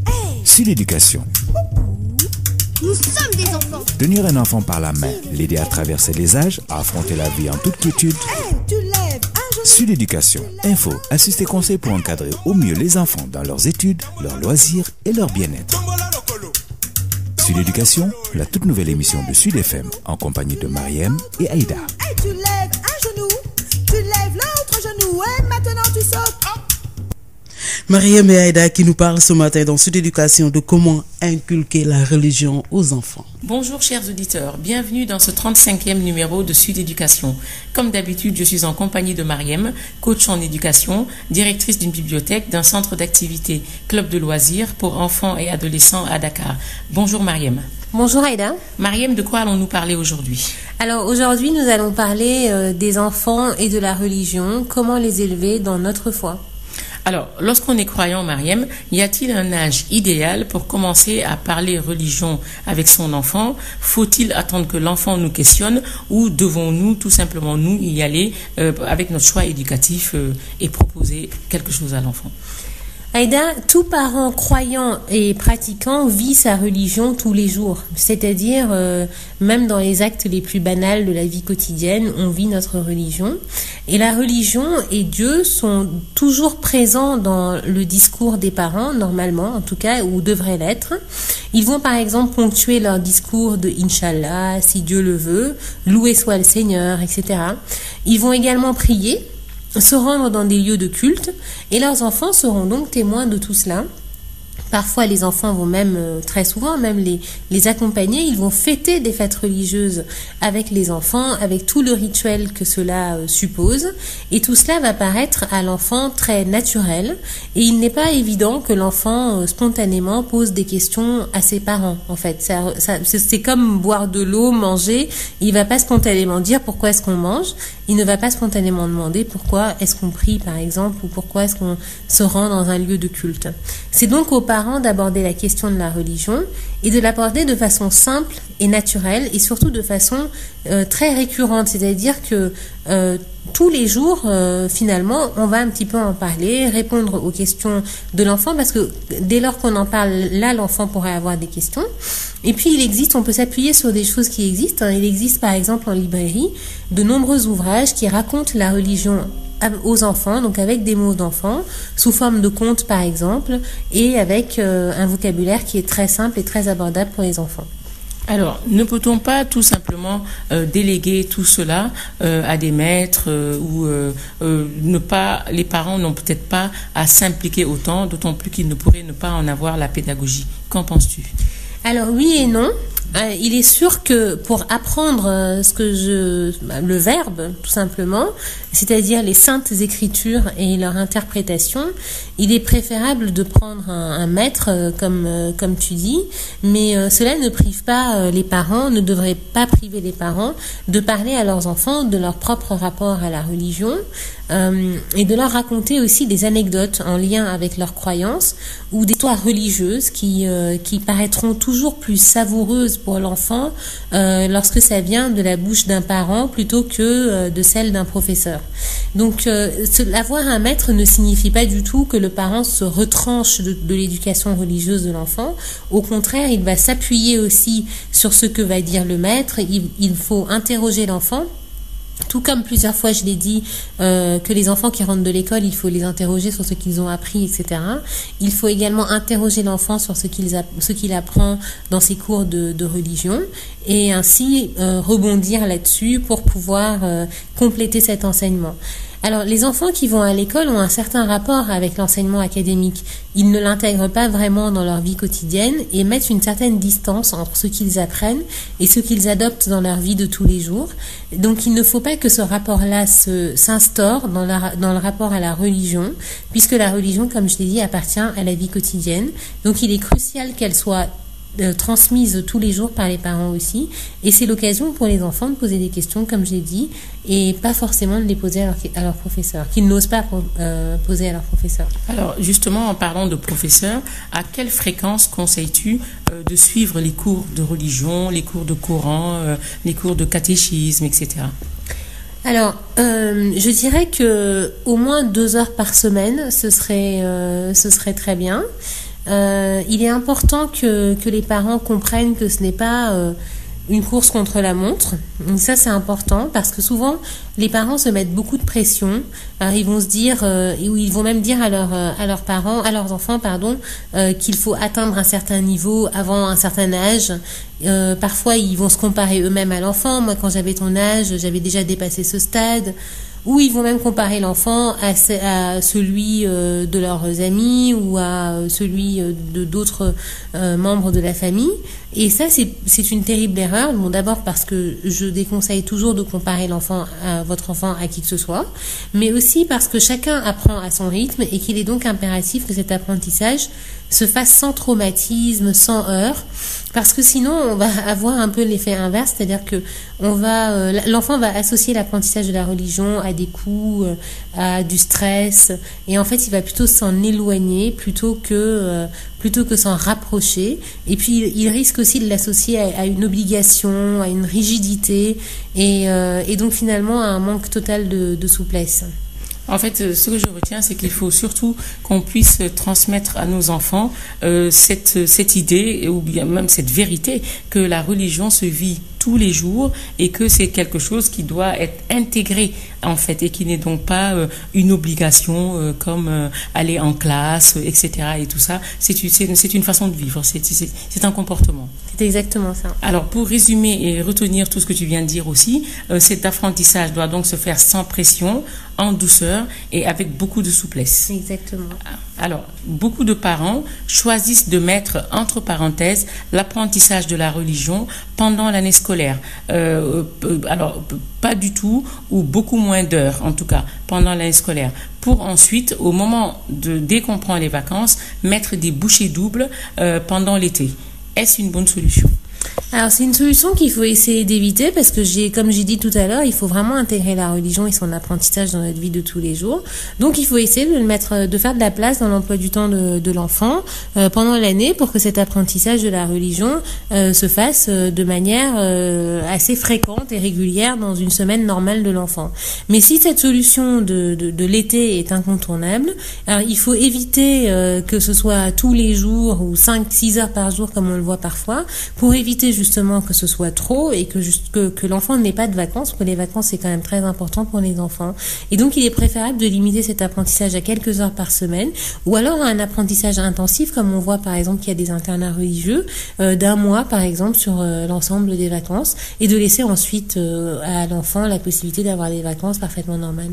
Hey Sud Éducation. Nous sommes Tenir un enfant par la main, l'aider à traverser les âges, à affronter la vie en toute quiétude. Sud Éducation, info, assisté conseil pour encadrer au mieux les enfants dans leurs études, leurs loisirs et leur bien-être. Sud Éducation, la toute nouvelle émission de Sud FM en compagnie de Mariem et Aïda. Mariam et Aïda qui nous parle ce matin dans Sud Éducation de comment inculquer la religion aux enfants. Bonjour chers auditeurs, bienvenue dans ce 35e numéro de Sud Éducation. Comme d'habitude, je suis en compagnie de Mariam, coach en éducation, directrice d'une bibliothèque, d'un centre d'activité, club de loisirs pour enfants et adolescents à Dakar. Bonjour Mariam. Bonjour Aïda. Mariam, de quoi allons-nous parler aujourd'hui? Alors aujourd'hui, Alors, lorsqu'on est croyant, Mariam, y a-t-il un âge idéal pour commencer à parler religion avec son enfant? Faut-il attendre que l'enfant nous questionne ou devons-nous tout simplement nous y aller euh, avec notre choix éducatif euh, et proposer quelque chose à l'enfant? Aïda, tout parent croyant et pratiquant vit sa religion tous les jours. C'est-à-dire, euh, même dans les actes les plus banals de la vie quotidienne, on vit notre religion. Et la religion et Dieu sont toujours présents dans le discours des parents, normalement en tout cas, ou devraient l'être. Ils vont par exemple ponctuer leur discours de si Dieu le veut, loué soit le Seigneur, etc. Ils vont également prier se rendre dans des lieux de culte et leurs enfants seront donc témoins de tout cela Parfois, les enfants vont même, euh, très souvent, même les, les accompagner. Ils vont fêter des fêtes religieuses avec les enfants, avec tout le rituel que cela euh, suppose. Et tout cela va paraître à l'enfant très naturel. Et il n'est pas évident que l'enfant, euh, spontanément, pose des questions à ses parents, en fait. c'est comme boire de l'eau, manger. Il va pas spontanément dire pourquoi est-ce qu'on mange. Il ne va pas spontanément demander pourquoi est-ce qu'on prie, parents d'aborder la question de la religion et de l'aborder de façon simple et naturelle et surtout de façon euh, très récurrente, c'est-à-dire que euh, tous les jours, euh, finalement, on va un petit peu en parler, répondre aux questions de l'enfant, parce que dès lors qu'on en parle, là, l'enfant pourrait avoir des questions. Et puis, il existe, on peut s'appuyer sur des choses qui existent. Il existe, par exemple, en librairie, de nombreux ouvrages qui racontent la religion aux enfants, donc avec des mots d'enfants, sous forme de contes par exemple, et avec euh, un vocabulaire qui est très simple et très abordable pour les enfants. Alors, ne peut-on pas tout simplement euh, déléguer tout cela euh, à des maîtres euh, ou euh, euh, ne pas les parents n'ont peut-être pas à s'impliquer autant, d'autant plus qu'ils ne pourraient ne pas en avoir la pédagogie. Qu'en penses-tu? Alors oui et non. euh, il est sûr que pour apprendre euh, ce que je bah, le verbe tout simplement, c'est-à-dire les saintes écritures et leur interprétation, il est préférable de prendre un, un maître euh, comme euh, comme tu dis, mais euh, cela ne prive pas euh, les parents, ne devrait pas priver les parents de parler à leurs enfants de leur propre rapport à la religion euh, et de leur raconter aussi des anecdotes en lien avec leurs croyances ou des histoires religieuses qui, euh, qui paraîtront toujours plus savoureuses pour l'enfant euh, lorsque ça vient de la bouche d'un parent plutôt que euh, de celle d'un professeur. Donc euh, avoir un maître ne signifie pas du tout que le parent se retranche de, de l'éducation religieuse de l'enfant. Au contraire, il va s'appuyer aussi sur ce que va dire le maître. il, il faut interroger l'enfant Tout comme plusieurs fois, je l'ai dit, euh, que les enfants qui rentrent de l'école, il faut les interroger sur ce qu'ils ont appris, etc. Il faut également interroger l'enfant sur ce qu'il apprend dans ses cours de, de religion et ainsi euh, rebondir là-dessus pour pouvoir euh, compléter cet enseignement. Alors, les enfants qui vont à l'école ont un certain rapport avec l'enseignement académique. Ils ne l'intègrent pas vraiment dans leur vie quotidienne et mettent une certaine distance entre ce qu'ils apprennent et ce qu'ils adoptent dans leur vie de tous les jours. il ne faut pas que ce rapport-là s'instaure dans, le rapport à la religion, puisque la religion, comme je l'ai dit, appartient à la vie quotidienne. il est crucial qu'elle soit euh, transmise tous les jours par les parents aussi. Et c'est l'occasion pour les enfants de poser des questions, comme j'ai dit, et pas forcément de les poser à leur, à leur professeur, qu'ils n'osent pas euh, poser à leur professeur. Alors justement, en parlant de professeur, à quelle fréquence conseilles-tu euh, de suivre les cours de religion, les cours de Coran, euh, les cours de catéchisme, etc. Alors, euh, je dirais que au moins deux heures par semaine, ce serait, euh, ce serait très bien. Euh, il est important que, que, les parents comprennent que ce n'est pas euh, une course contre la montre. Donc ça, c'est important parce que souvent, les parents se mettent beaucoup de pression. Alors, euh, ils vont se dire, euh, ou ils vont même dire à, leur, euh, à leurs parents, à leurs enfants, pardon, euh, qu'il faut atteindre un certain niveau avant un certain âge. Euh, parfois, ils vont se comparer eux-mêmes à l'enfant. Moi, quand j'avais ton âge, j'avais déjà dépassé ce stade. où ils vont même comparer l'enfant à, à celui euh, de leurs amis ou à euh, celui euh, de d'autres euh, membres de la famille. Et ça, c'est une terrible erreur. Bon, d'abord parce que je déconseille toujours de comparer l'enfant à votre enfant à qui que ce soit, mais aussi parce que chacun apprend à son rythme et qu'il est donc impératif que cet apprentissage se fasse sans traumatisme, sans heurts, parce que sinon on va avoir un peu l'effet inverse, c'est-à-dire que on va euh, l'enfant va associer l'apprentissage de la religion à des coups, euh, à du stress, et en fait il va plutôt s'en éloigner plutôt que euh, s'en rapprocher, et puis il, risque aussi de l'associer à, une obligation, à une rigidité, et, euh, donc finalement un manque total de souplesse. En fait, euh, ce que je retiens, c'est qu'il faut surtout qu'on puisse transmettre à nos enfants euh, cette, cette idée ou bien même cette vérité que la religion se vit tous les jours et que c'est quelque chose qui doit être intégré en fait et qui n'est donc pas euh, une obligation euh, comme euh, aller en classe, etc. et tout ça. C'est une, une façon de vivre, c'est un comportement. C'est exactement ça. pour résumer et retenir tout ce que tu viens de dire aussi, euh, cet apprentissage doit donc se faire sans pression, en douceur et avec beaucoup de souplesse. Exactement. Alors, beaucoup de parents choisissent de mettre entre parenthèses l'apprentissage de la religion pendant l'année scolaire. Euh, euh alors, pas du tout ou beaucoup moins d'heures, en tout cas, pendant l'année scolaire pour ensuite, au moment de, dès qu'on prend les vacances, mettre des bouchées doubles euh, pendant l'été. Est-ce une bonne solution Alors c'est une solution qu'il faut essayer d'éviter parce que j'ai, comme j'ai dit tout à l'heure, il faut vraiment intégrer la religion et son apprentissage dans notre vie de tous les jours. Donc il faut essayer de le mettre, euh, de faire de la place dans l'emploi du temps de, l'enfant euh, pendant l'année pour que cet apprentissage de la religion euh, se fasse de manière assez fréquente et régulière dans une semaine normale de l'enfant. Mais si cette solution de, l'été est ou 5-6 éviter justement que ce soit trop et que, l'enfant n'ait pas de vacances, parce les vacances c'est quand même très important pour les enfants. Et donc il est préférable de limiter cet apprentissage à quelques heures par semaine ou alors un apprentissage intensif comme on voit par exemple qu'il y a des internats religieux euh, d'un mois par exemple sur euh, l'ensemble des vacances et de laisser ensuite euh, à l'enfant la possibilité d'avoir des vacances parfaitement normales.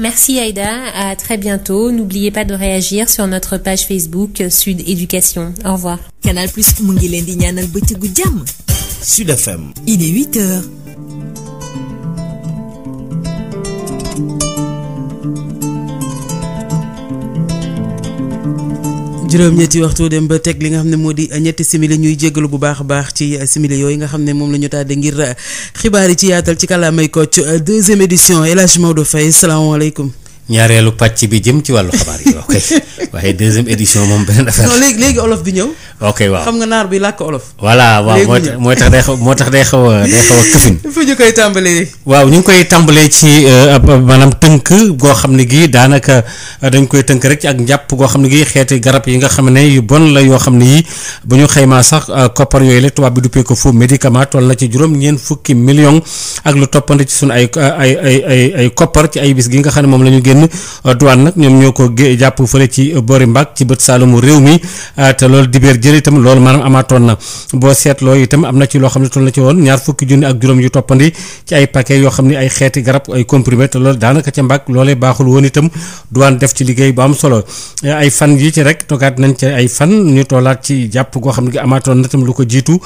Merci Aïda, à très bientôt. N'oubliez pas de réagir sur notre page Facebook euh, Sud Éducation. Au revoir. Canal Plus mu ngi leen di ñaanal bëccëgu jàmm. Sud FM. Il est 8 heures. juróom-ñetti waxtu dem ba teg li nga xam ne moo di ñetti simili ñuy jégalu bu baax baax ci simili yooyu nga xam ne moom la ñu tàdde ngir xibaar yi ci yaatal ci kàllaamay Kocc deuxième édition El Hadj Maodo Faye salaamaaleykum. ñaareelu pàcc bi jëm ci wàllu xabaar yi ok waaye deuxième édition moom beneen affaire. non léegi léegi olof bi ñëw. ok waaw xam nga naar bi làkk olof. voilà waaw moo tax moo day xaw moo tax day xaw a xaw a këfin. fu waaw ñu koy tàmbalee ci euh, maanaam tënk goo xam ne gii daanaka dañ koy tënk rek ci ak njàpp goo xam ne gii xeeti garab yi nga xam ne yu bon la yoo xam ne yii bu ñu xaymaa sax euh, koppar yooyu la tubaab bi duppee ko faux médicament toll na ci juróom-ñeent fukki million ak lu toppandi ci ay ay ay ay koppar ci ay bis gi nga xam ne moom la ñu génn génn euh, douane nag ñoom ñoo ko jàpp fële ci euh, boori Mbàkk ci bët saalumu réew mi euh, te loolu dibéer jël itam loolu maanaam amaatoon na boo seetloo itam am na ci loo xam ne toll ci fukki junni ak juróom yu yoo xam ne ay xeeti garab ay comprimé te loolu daanaka ca Mbàkk loolee baaxul woon itam douane def ci liggéey bu am solo ay fan yi rek toogaat nañ ci ay fan ñu toolaat ci jàpp goo xam ne amaatoon na itam lu ko jiitu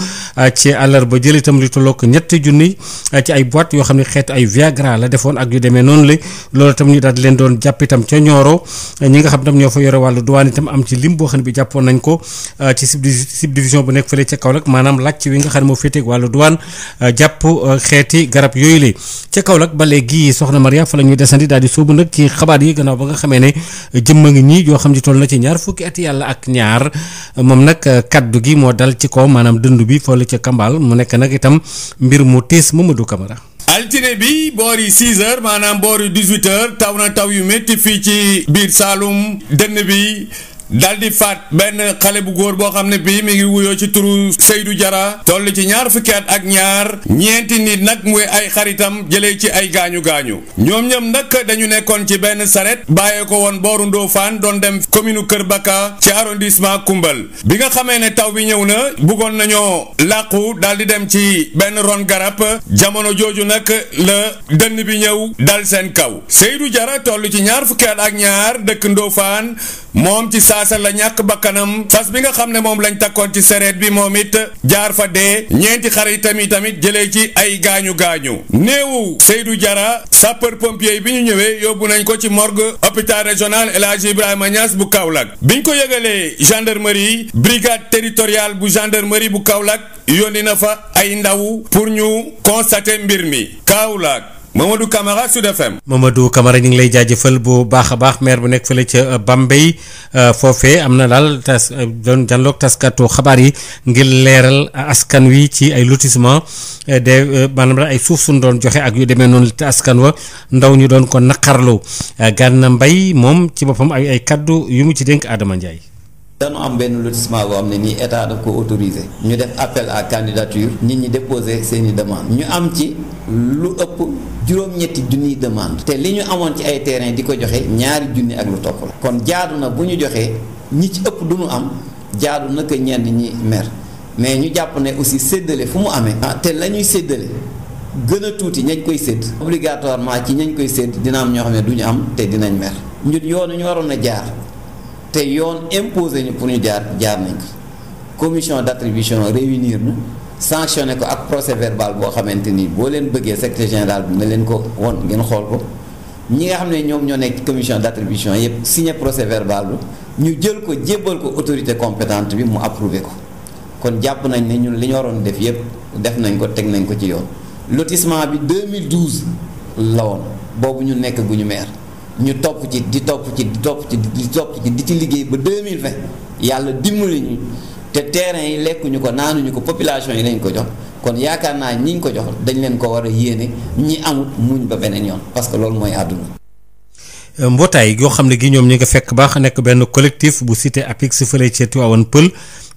ci àllarba jël itam lu tollook ñetti junni ci ay boîte yoo xam ne xeetu ay Viagra la defoon ak yu demee noonu la loolu itam ñu daal leen doon jàpp itam ca Nioro ñi nga xam tam ñoo fa yore wàllu douane itam am ci lim boo xam ne bi jàppoon nañ ko euh, ci subdivision bu nekk fële ca Kaolack maanaam làcc wi nga xam ne moo féeteeg wàllu douane euh, jàpp euh, xeeti garab yooyu la ca Kaolack ba léegi soxna Maria fa la ñuy desandi daal di sóobu nag ci xabaar yi gannaaw ba nga xamee ne jëmm a ngi ñii yoo xam ne toll na ci ñaar fukki at yàlla ak ñaar moom nag kàddu gi moo dal ci ko maanaam dënd bi foo la ca Kambal mu nekk nag itam mbir mu tiis Mamadou Camara altine bi boor yi 6 maanaam boor yi 18 taw na taw yu métti fii ci biir Saloum dënn bi daal di faat benn xale bu góor boo xam ne bii mi ngi wuyoo ci turu Seydou Jara toll ci ñaar fukki at ak ñaar ñeenti nit nag muy ay xaritam jëlee ci ay gaañu gaañu ñoom ñoom nag dañu nekkoon ci benn saret bàyyee woon booru Ndofane doon dem commune Kër Baka ci arrondissement Koumbal bi nga xamee ne taw bi ñëw na bëggoon nañoo làqu daal di dem ci benn ron garab jamono jooju nag dënn bi ñëw dal seen kaw Seydou Jara ci ñaar ak ñaar dëkk Ndofane moom ci saa paase la ñàkk bakkanam fas bi nga xam ne moom lañu takkoon ci sereet bi moom it jaar fa dee ñeenti xaritam yi tamit jëlee ci ay gaañu gaañu néewu Seydou jara sapeur pompier bi ñu ñëwee yóbbu nañ ko ci morgue hôpital régional El Hadj Ibrahima Niass bu bi biñ ko yëgalee gendarmerie brigade territoriale bu gendarmerie bu Kaolack yónni na fa ay ndaw pour ñu constater mbir mi Kaolack. Mamadou Camara Sud FM. Mamadou Camara ñu ngi lay jaajëfal bu baax a baax maire bu nekk fële ca euh, Bambey euh, foofe am na daal tas euh, doon jànloog taskatu xabaar yi ngir leeral askan wi ci ay lotissement de maanaam daal ay suuf suñu doon joxe ak yu demee noonu askan wa ndaw ñu doon ko naqarlu Gana Mbaye moom ci boppam ay ay kaddu yu mu ci dénk aadama Ndiaye. dañu am benn lotissement boo xam ne nii état daf ko autorisé ñu def appel à candidature nit ñi déposé seeni demande ñu am ci lu ëpp juróom-ñetti junniy demande te li ñu amoon ci ay terrain di ko joxe ñaari junni ak lu topp la kon jaadu na bu ñu joxee ñi ci ëpp du ñu am jaadu na ko ñenn ñi mer mais ñu jàpp ne aussi séddale fu mu amee ah te la ñuy séddale gën a tuuti ñañ koy sédd obligatoirement ci ñañ koy sédd dina am ñoo xam ne duñu am te dinañ mer ñun yoonu ñu waroon a jaar te yoon imposé ñu pour ñu jaar jaar nañ ko commission d' attribution réunir na sanctionné ko ak procès verbal boo xamante ni boo leen bëggee secrétaire général bi ne leen ko won ngeen xool ko ñi nga xam ne ñoom ñoo nekk commission d' attribution yëpp signé procès verbal bi ñu jël ko jébbal ko autorité compétente bi mu approuvé ko kon jàpp nañ ne ñun li ñu waroon def yëpp def nañ ko teg nañ ko ci yoon lotissement bi 2012 la woon boobu ñu nekk gu ñu meer ñu topp ci di topp ci di topp ci di topp ci di ci liggéey ba 2020 yàlla dimbali ñu te terrain yi ñu ko naanuñu ko population yi lañ ko jox kon yaakaar naa ñi ñu ko jox dañ leen ko war a yéene ñi amut muñ ba beneen yoon parce que loolu mooy àdduna. mbootaay goo xam ne gi ñoom ñi nga fekk baax nekk benn collectif bu cité apix fële ca Tivaouane Pël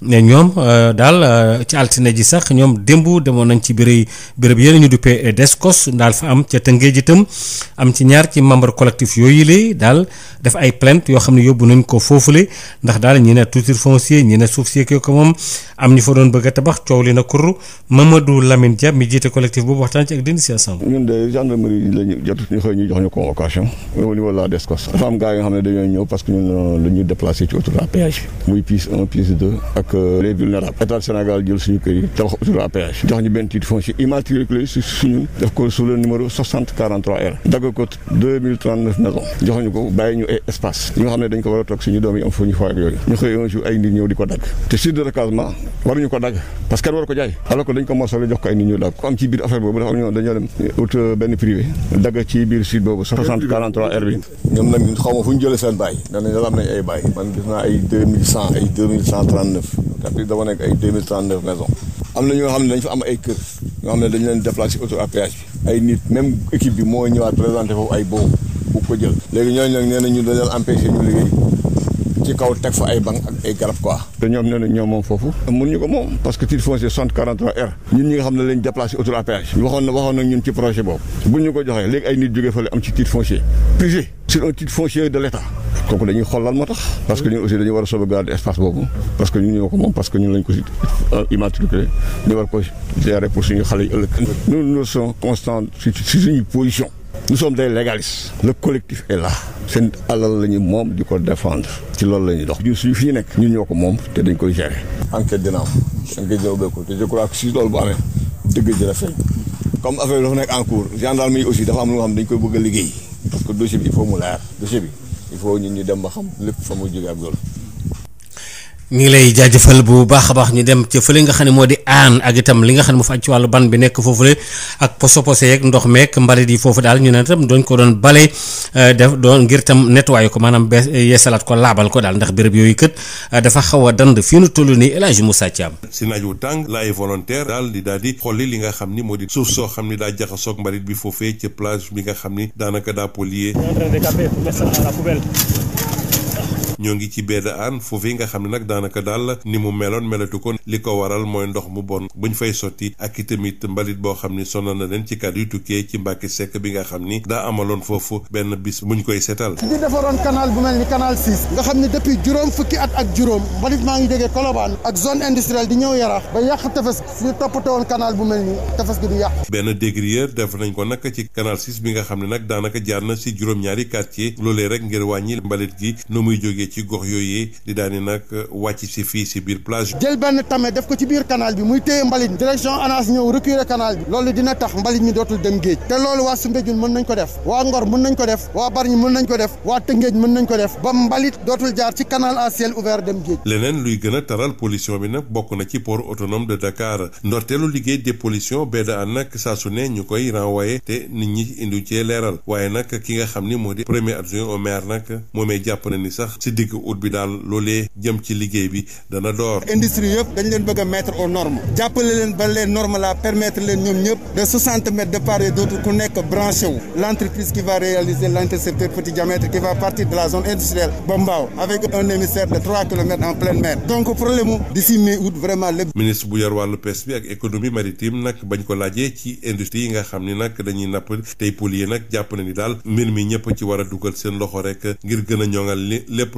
ne ñoom euh, daal euh, ci altine ji sax ñoom démb demoon nañ ci bërëy bërëb yéen ñu duppee Descos daal fa am ca Tëngéej itam am ci ñaar ci membre collectif yooyu lay daal def ay plainte yoo xam ne yóbbu nañ ko foofule ndax daal ñi ne titre foncier ñi ne suuf si ko moom am ñu fa doon bëgg tabax coow li na kur Mamadou Lamine Dia mi jiite collectif boobu waxtaan ci ak dindi si assemblée. ñun de gendarmerie la ñu jot ñu xëy ñu jox ñu convocation au niveau de la Descos yi nga xam ne dañoo ñëw parce que ñun euh, la ñu déplacé ci autoroute muy piste 1 piste 2 les vulnérables état Sénégal jël suñu kër yi tabax jox ñu benn titre foncier immatriculé si suñu dagg ko 2039 jox ñu ko bàyyi ñu ay espace yi nga xam ne dañ ko war a toog suñu doom yi am fu ñu fooy ak ay nit ñëw di ko dagg te site de recasement waruñu ko dagg parce que kenn war ko jaay alors que dañ ko morcelé jox ko ay nit ñu dagg ko am ci biir affaire boobu dafa am ñoo dem ut euh, benn privé dagg ci biir site boobu 60 ñoom nag xaw ma fu ñu jëlee c'est-à-dire dafa nekk ay deux mille trente neuf am na ñoo xam ne dañ fa am ay kër ñoo xam ne dañu leen déplacé auto à péage bi. ay nit même équipe bi moo ñëwaat présenté foofu ay boobu bu ko jël. léegi ñoo nag nee na ñu dañ leen empêché ñu liggéey. ci kaw teg fa ay banc ak ay garab quoi. te ñoom nee ñoom moom foofu. mënuñu ko moom parce que titre foncier 143 R. ñun ñi nga xam ne lañ déplacé autoroute à péage. waxoon na waxoon nag ñun ci projet boobu. buñ ñu ko joxee léegi ay nit jógee fële am ci titre foncier privé. sur un titre foncier de l' état. kooku dañuy xool moo tax. parce que ñun aussi dañu war a sauvegarder espace boobu. parce que ñun ñoo ko moom ko si euh, immatriculé ñu war nous sommes des légalistes le collectif est là seen alal la ñu moom di ko défendre ci loolu la ñuy dox ñun suñu fii nekk ñun ñoo ko moom te dañ koy gérer enquête dina am enquête dina ubbeeku te je crois que si loolu bu amee dëgg jëla feeñ comme affaire dafa nekk en cours gendarme aussi dafa am lu nga xam dañ koy bëgg liggéey parce que dossier bi il faut mu leer dossier bi il faut ñun ñu dem ba xam lépp fa mu jóge ak loolu ñu ngi lay jaajëfal bu baax a baax ñu dem ca fële nga xam ne moo di aan ak itam li nga xam ne moo fa ci wàllu ban bi nekk foofule ak poso poso yeeg ndox meeg mbalit yi foofu daal ñu ne tam doñ ko doon bale eh, def doon ngir tam nettoyé ko maanaam bees eh, yeesalaat laabal ko daal ndax béréb yooyu kët eh, dafa xaw a dand fii nu toll nii El Hadj Moussa Thiam si naaj wu tàng laay volontaire daal di daal di xolli li nga xam ni moo di suuf soo xam ni daa jaxasoog mbalit bi foofee ca plage bi nga xam ni daanaka daa pollué ñoo ngi ci benn aan foofii nga xam ne nag daanaka daal ni mu meloon melatu ko li ko waral mooy ndox mu bon buñ fay sotti ak itamit mbalit boo xam ne sonal na leen ci kàddu yu tukkee ci Mbàkke Sekk bi nga xam ni daa amaloon foofu benn bis buñ ñu defaroon canal ne fukki at ak juróom ak zone industrielle di ñëw Yarax tefes suñu toppatoo bu mel ni tefes def nañ ko nag ci canal bi nga xam ne nag daanaka jaar na si juróom-ñaari quartier loolee rek ngir wàññi mbalit gi nu muy jógee jóge ci gox yooyu di daal nag euh, wàcc si fii si biir plage. jël benn tame def ko ci biir canal bi muy téye mbalit direction ANAS ñëw reculer canal bi loolu dina tax mbalit ñi dootul dem géej te loolu waa Soumbédioune mën nañ ko def waa Ngor mën nañ ko def waa ko def waa Tëngéej mën nañ ko def ba mbalit dootul jaar ci canal à ciel ouvert dem géej. leneen luy gën a taral pollution bi nag bokk na ci port autonome de Dakar ndorteelu liggéey dépollution bee da nag saa sa ne ñu koy renvoyé te nit ñi indi cee leeral waaye nag ki nga xam ni moo di premier adjoint na ni sax diggu ut bi daal loolee jëm ci liggéey bi dana door. industrie yëpp dañ leen bëgg a mettre aux normes jàppale leen ba les normes la permettre leen ñoom ñëpp de 60 mètres de part et d'autre ku nekk branché wu l' entreprise va réaliser l' petit diamètre qui va partir de la zone industrielle ba Mbao avec un émissaire de 3 kilomètres en pleine mer donc problème mu d'ici mai août vraiment lépp. ministre bu yor wàllu ak économie maritime nag bañ ko ni nag dañuy napp tey polier nag jàpp na ni daal mi ñëpp ci war a dugal seen loxo rek ngir gën a ñoŋal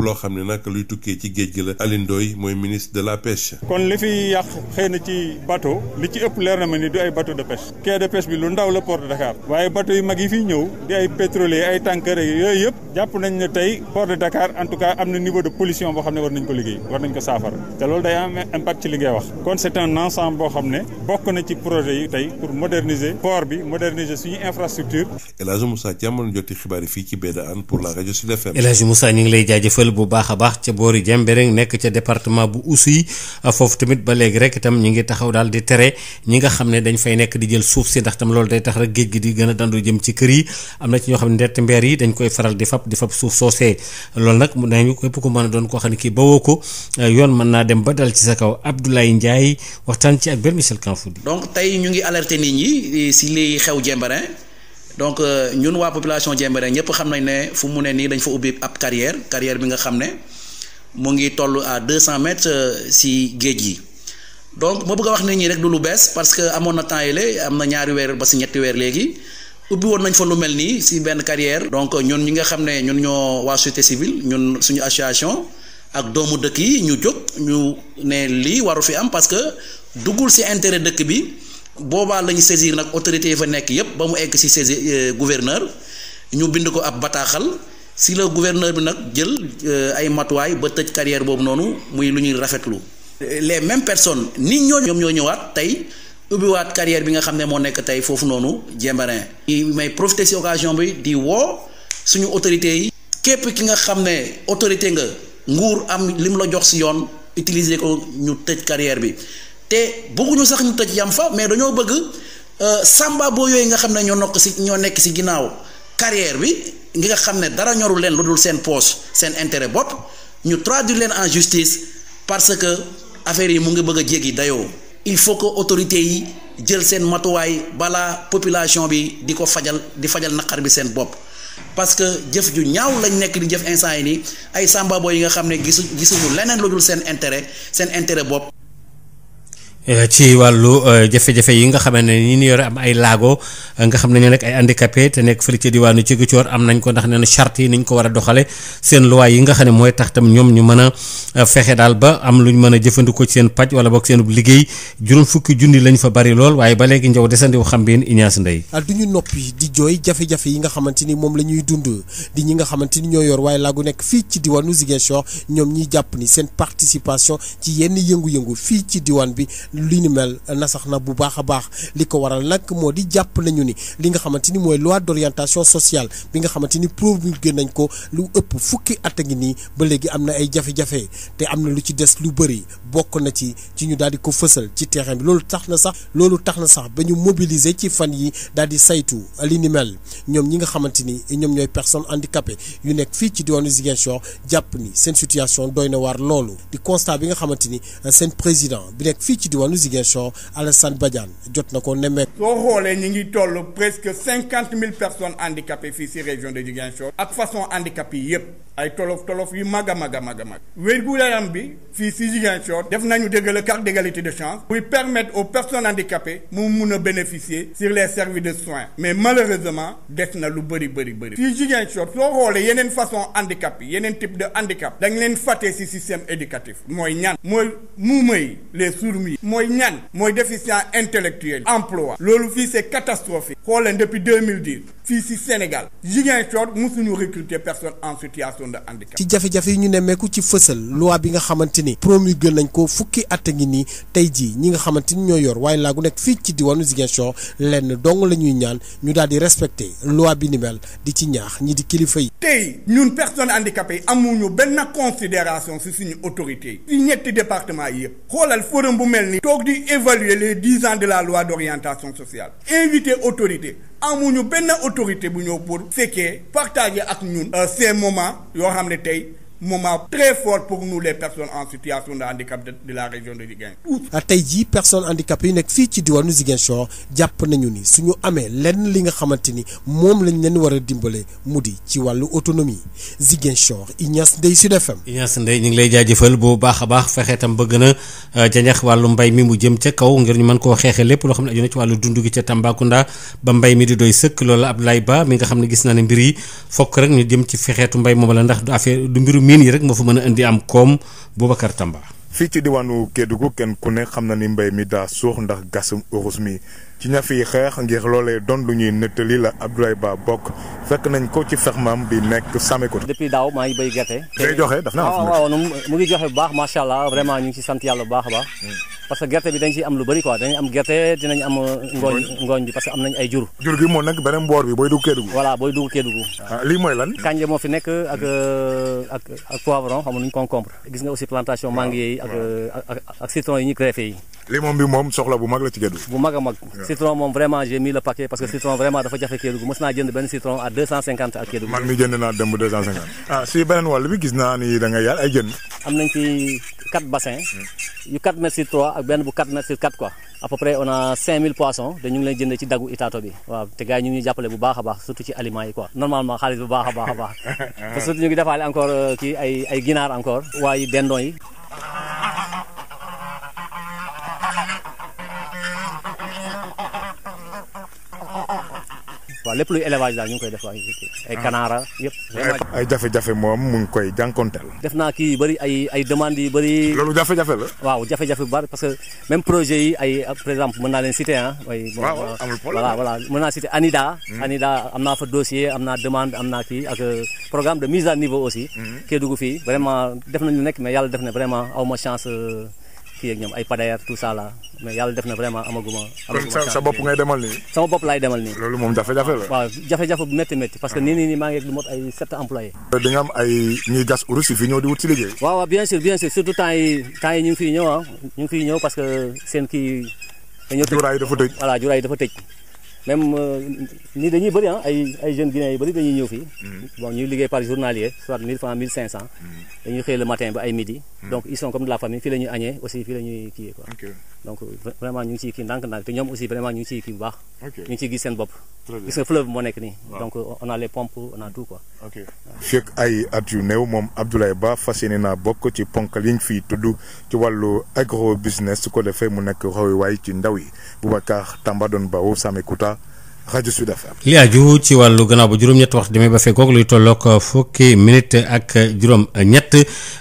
loo xam ne nag luy tukkee ci géej gi la Alioune mooy ministre de la pêche. kon li fi yàq xëy na ci bateau li ci ëpp leer na ma ni du ay bateau de pêche quai de pêche bi lu ndaw la port de Dakar waaye bateau yu mag yi fiy ñëw di ay pétrolier ay tanker yooyu yëpp jàpp nañ ne tey port de Dakar en tout cas am na niveau de pollution boo xam ne war nañ ko liggéey war nañ ko saafara te loolu day am impact ci li ngay wax kon c'est un bi moderniser suñu bu baax a baax ca boori Jembereng nekk ca département bu Oussouye ah, foofu tamit ba léegi rek itam ñi ngi taxaw daal di tere ñi nga xam ne dañ fay nekk di jël suuf si ndax tam loolu day tax rek géej gi di gën a dandu jëm ci kër yi am na ci ñoo xam ne ndett mbeer yi dañ koy faral di fab di fab suuf soosee loolu nag nañu képp ku mën a doon koo xam ne kii bawoo ko ah, yoon mën naa dem ba dal ci sa kaw Abdoulaye Ndiaye waxtaan ci ak benn Michel Kanfoudi donc tey ñu ngi alerter donc euh, ñun waa population Diembéring ñëpp xam nañ ne fu mu ne nii dañ fa ubbi ab carrière carrière bi nga xam ne mu ngi toll à deux cent mètres euh, si géej gi donc ma bëgg a wax nit ñi rek du lu bees parce que amoon na temps yële am na ñaari weer ba si ñetti weer léegi ubbi woon nañ fa lu mel nii si benn carrière. donc ñun ñi nga xam ne ñun ñoo waa société civile ñun suñu association ak doomu dëkk yi ñu jóg ñu ne lii waru fi am parce que duggul si intérêt dëkk bi. boobaa lañu saisir nag autorité yi fa nekk yépp ba mu egg ci saisir euh, gouverneur ñu bind ko ab bataaxal si la gouverneur bi nag jël euh, ay matuwaay ba tëj carrière boobu noonu muy lu ñuy rafetlu les mêmes personnes ni ñooñu ñoom ñoo ñëwaat tey ubbiwaat carrière bi nga xam ne moo nekk tey foofu noonu Diembéring may profiter ci occasion bi di woo suñu autorités yi képp ki nga xam ne autorité nga nguur am lim la jox ci yoon utiliser ko ñu tëj carrière bi te bëgguñu sax ñu tëj yam fa mais dañoo bëgg euh, samba boo yooyu nga xam ne ñoo nokk si ñoo nekk si ginnaaw carrière bi ngi nga xam ne dara ñorul leen lu dul seen poche seen intérêt bopp ñu traduire leen en justice parce que affaire yi mu ngi bëgg a jéggi dayoo il faut que autorités yi jël seen matuwaay balaa population bi di ko fajal di fajal naqar bi seen bopp parce que jëf ju ñaaw lañ nekk di jëf instant yi nii ay samba yi nga xam ne gisu gisuñu leneen lu dul seen intérêt seen intérêt bopp. Eh, ci wàllu eh, jafe-jafe yi nga xamante ne ñi ñu yore am ay laago eh, nga xam ne ñu nekk ay handicapé te nekk fële ca diwaanu ci Ziguinchor am nañ ko ndax nee na charte yi ni ñu ko war a doxale seen loi yi nga xam ne mooy tax tam ñoom ñu mën a fexe daal ba am lu ñu mën a jëfandikoo ci seen paj wala boog seen liggéey juróom fukki junni lañ fa bari lool waaye ba léegi njaw desandiwu xam biin Ignace Ndeye ah, du ñu noppi di jooy jafe yi nga xamante ni moom la ñuy dund di ñi nga xamante ni ñoo yor waaye laago nekk fii ci diwaanu Ziguinchor ñoom ñiy jàpp ni seen participation ci yenn yëngu-yëngu fii ci diwaan bi li ni mel nasax na bu baax a baax li ko waral nakk moo di jàpp nañu ni li nga xamante ni mooy loi d'orientation sociale bi nga xamante ni promulgué nañ ko lu ëpp fukki at a ngi nii ba léegi am na ay jafe-jafe te am na lu ci des lu bëri bokk na ci ci ñu daal di ko fësal ci terrain bi loolu tax na sax loolu tax na sax ba ñu mobiliser ci fan yi daal di saytu li ni ñoom ñi nga xamante ni ñoom ñooy personnes handicapées yu nekk fii ci diwaanu Ziguinchor jàpp ni seen situation doy na loolu di constat bi nga xamante ni diwaanu Ziguinchor Alassane Badiane jot na ko nemmeek. soo xoolee ñu ngi toll presque mille personnes handicapées fii si région de Ziguinchor. ak façon handicap yi ay tolof tolof yu mag a mag a mag a mag. wér gu yaram bi fii si Ziguinchor. def nañu dégg la carte d'égalité de chance. pour permettre aux personnes handicapées mu mun a bénéficier. sur les services de soins. mais malheureusement des na lu bëri bëri bëri. fii Ziguinchor soo xoolee yeneen façon handicap yi yeneen de handicap. dañ mooy ñan mooy déficient intellectuel emploi loolu fii c'est catastrophique xooleen depuis 2010 fii si Sénégal Ziguinchor mosuñu recruter personne en situation de handicap. ci jafe-jafe yi ñu ne nemmeeku ci fësal loi bi nga xamante ni promulgué nañ ko fukki at a ngi nii tey jii ñi nga xamante ni ñoo yor waaye laa gu nekk fii ci diwaanu Ziguinchor lenn dong la ñuy ñaan ñu daal di respecter loi bi ni mel di ci ñaax ñi di kilifa yi. tey ñun personne handicapé yi amuñu benn considération si suñu autorité yi. département yëpp yi toog di évaluer les dix ans de la loi d'orientation sociale invité autorité amuñu benn autorité bu ñëw pour fekkee partager ak ñun euh, ces moment yoo xam ne tey moment très fort pour nous les personnes en situation de handicap de, de la région de Ziguinchor. Ah, tey jii personne handicapées yi nekk fii ci diwaanu Ziguinchor jàpp nañu ni suñu amee lenn li nga xamante ni moom lañ leen war a dimbale mu di ci wàllu autonomie Ziguinchor Ignace Ndeye Sud FM. Ignace Ndeye ñu ngi lay jaajëfal bu baax a baax fexe tam bëgg na jañax wàllu mbay mi mu jëm ca kaw ngir ñu mën koo xeexee lépp loo xam ne aju na ci wàllu dund gi ca Tambacounda ba mbay mi di doy sëkk loolu Abdoulaye baa mi nga xam ne gis naa ne mbir yi fok rek ñu jëm ci fexeetu mbay moom la ndax miin yi rek moo fa mën a indi am koom Boubacar Tamba. fii ci diwaanu Kédougou kenn ku ne xam na ni mbéy mi daa suux ndax gasum urus mi ci ña fiy xeex ngir loolee doon lu ñuy nettali la Abdoulaye Ba bokk fekk nañ ko ci fermam bi nekk Sameko. depuis daaw maa ngi béy gerte. day joxe daf na am ah, mu ngi joxe bu baax macha allah vraiment ñu ngi ci sant yàlla bu baax a hmm. parce que gerte bi dañ ciy am lu bari ko dañuy am gerte dinañ am ngooñ ngooñ bi parce que am nañ ay jur jur gi moo nag beneen mboor bi booy dugg Kédougou voilà booy dugg Kédougou ah, lii mooy lan kànja moo fi nekk ak euh, ak poivron xam nga nuñ concombre gis nga aussi plantation maa yi euh, ak ak citron yi ñu greffé yi limon bi moom soxla bu mag la ci Kédougou bu mag a mag citron moom vraiment j'ai mis le paquet parce que citron vraiment dafa jafe Kédougou mos naa jënd benn citron à 250 ak Kédougou man mi jënd naa dëmb 250 ah si beneen wàll bi gis naa ni da nga ay jën am nañ ci 4 bassins hmm. yu 4 mètres sur 3 ak benn bu 4 mètres sur 4 quoi à peu près on a 5000 poissons te ñu leen jëndee ci dagu itaato bi waaw te gars yi ñu ñu jàppale bu baax a waaw lépp luy élevage daal ñu koy def waaye ay kanaara yëpp. ay jafe-jafe moom mu ngi koy jànkonteel. def naa kii yu bëri ay ay demandes yu bëri. loolu jafe-jafe la. waaw jafe-jafe bu bari parce que même projet yi ay par exemple mën naa leen citer ah. waaw amul problème naa citer ANIDA. Hmm. ANIDA am naa fa dossier am naa demande am naa kii ak euh, programme de mise à niveau aussi. Hmm. Kédougou fii vraiment def nañu nekk mais yàlla def na vraiment aw ma chance. Euh, kii ak ñoom ay Pader tout ça là mais yàlla def na vraiment amaguma. amaguma sa bopp ngay demal nii. sama bopp laay demal nii. loolu moom jafe-jafe la. waaw jafe-jafe bu métti métti parce que nii nii maa ngi lu mot ay sept employés. di nga am ay ñuy gas urus fi ñëw di wut si liggéey. waaw waaw bien sûr bien sûr surtout temps yi temps yi ah, euh, ah, hmm. hmm. dañuy xëy le matin ba ay midi Mm-hmm. donc ils sont comme de la famille fii la ñuy añee aussi fii la kii quoi. donc vraiment ñu ngi ciy kii ndànk-ndànk te ñoom aussi vraiment ñu ngi ciy kii bu baax. ñu ngi gis seen bopp. gis nga fleuve moo nekk nii. donc euh, on a les pompes on a tout quoi. ok ay at yu néew moom Abdoulaye Ba fas yéene naa bokk ci ponk li ñu fiy tudd ci wàllu agro business su ko defee mu nekk royuwaay ci ndaw yi Boubacar Tamba doon Bawo Samekuta. rajo Sud FM. li aju ci wàllu gannaaw ba juróom-ñett waxtu demee ba fekkoog luy tolloog euh, fukki minute ak euh, juróom-ñett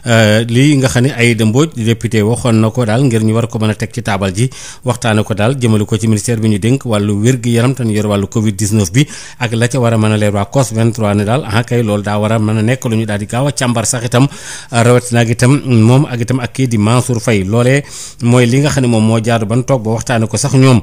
euh, lii nga xam ne Aïda Mbodj député waxoon na ko daal ngir ñu war ko mën a teg ci taabal ji waxtaane ko daal jëmale ko ci ministère bi ñu dénk wàllu ñu yor wàllu Covid 19 bi ak la ca war a mën a leer waa COS 23 ne daal ah kay loolu daa war a mën a nekk lu ñu daal di gaaw a càmbar sax itam rawatina ak itam moom ak itam ak kii di Mansour fay loolee mooy li nga xam ne moom moo jaadu ban toog ba waxtaane ko sax ñoom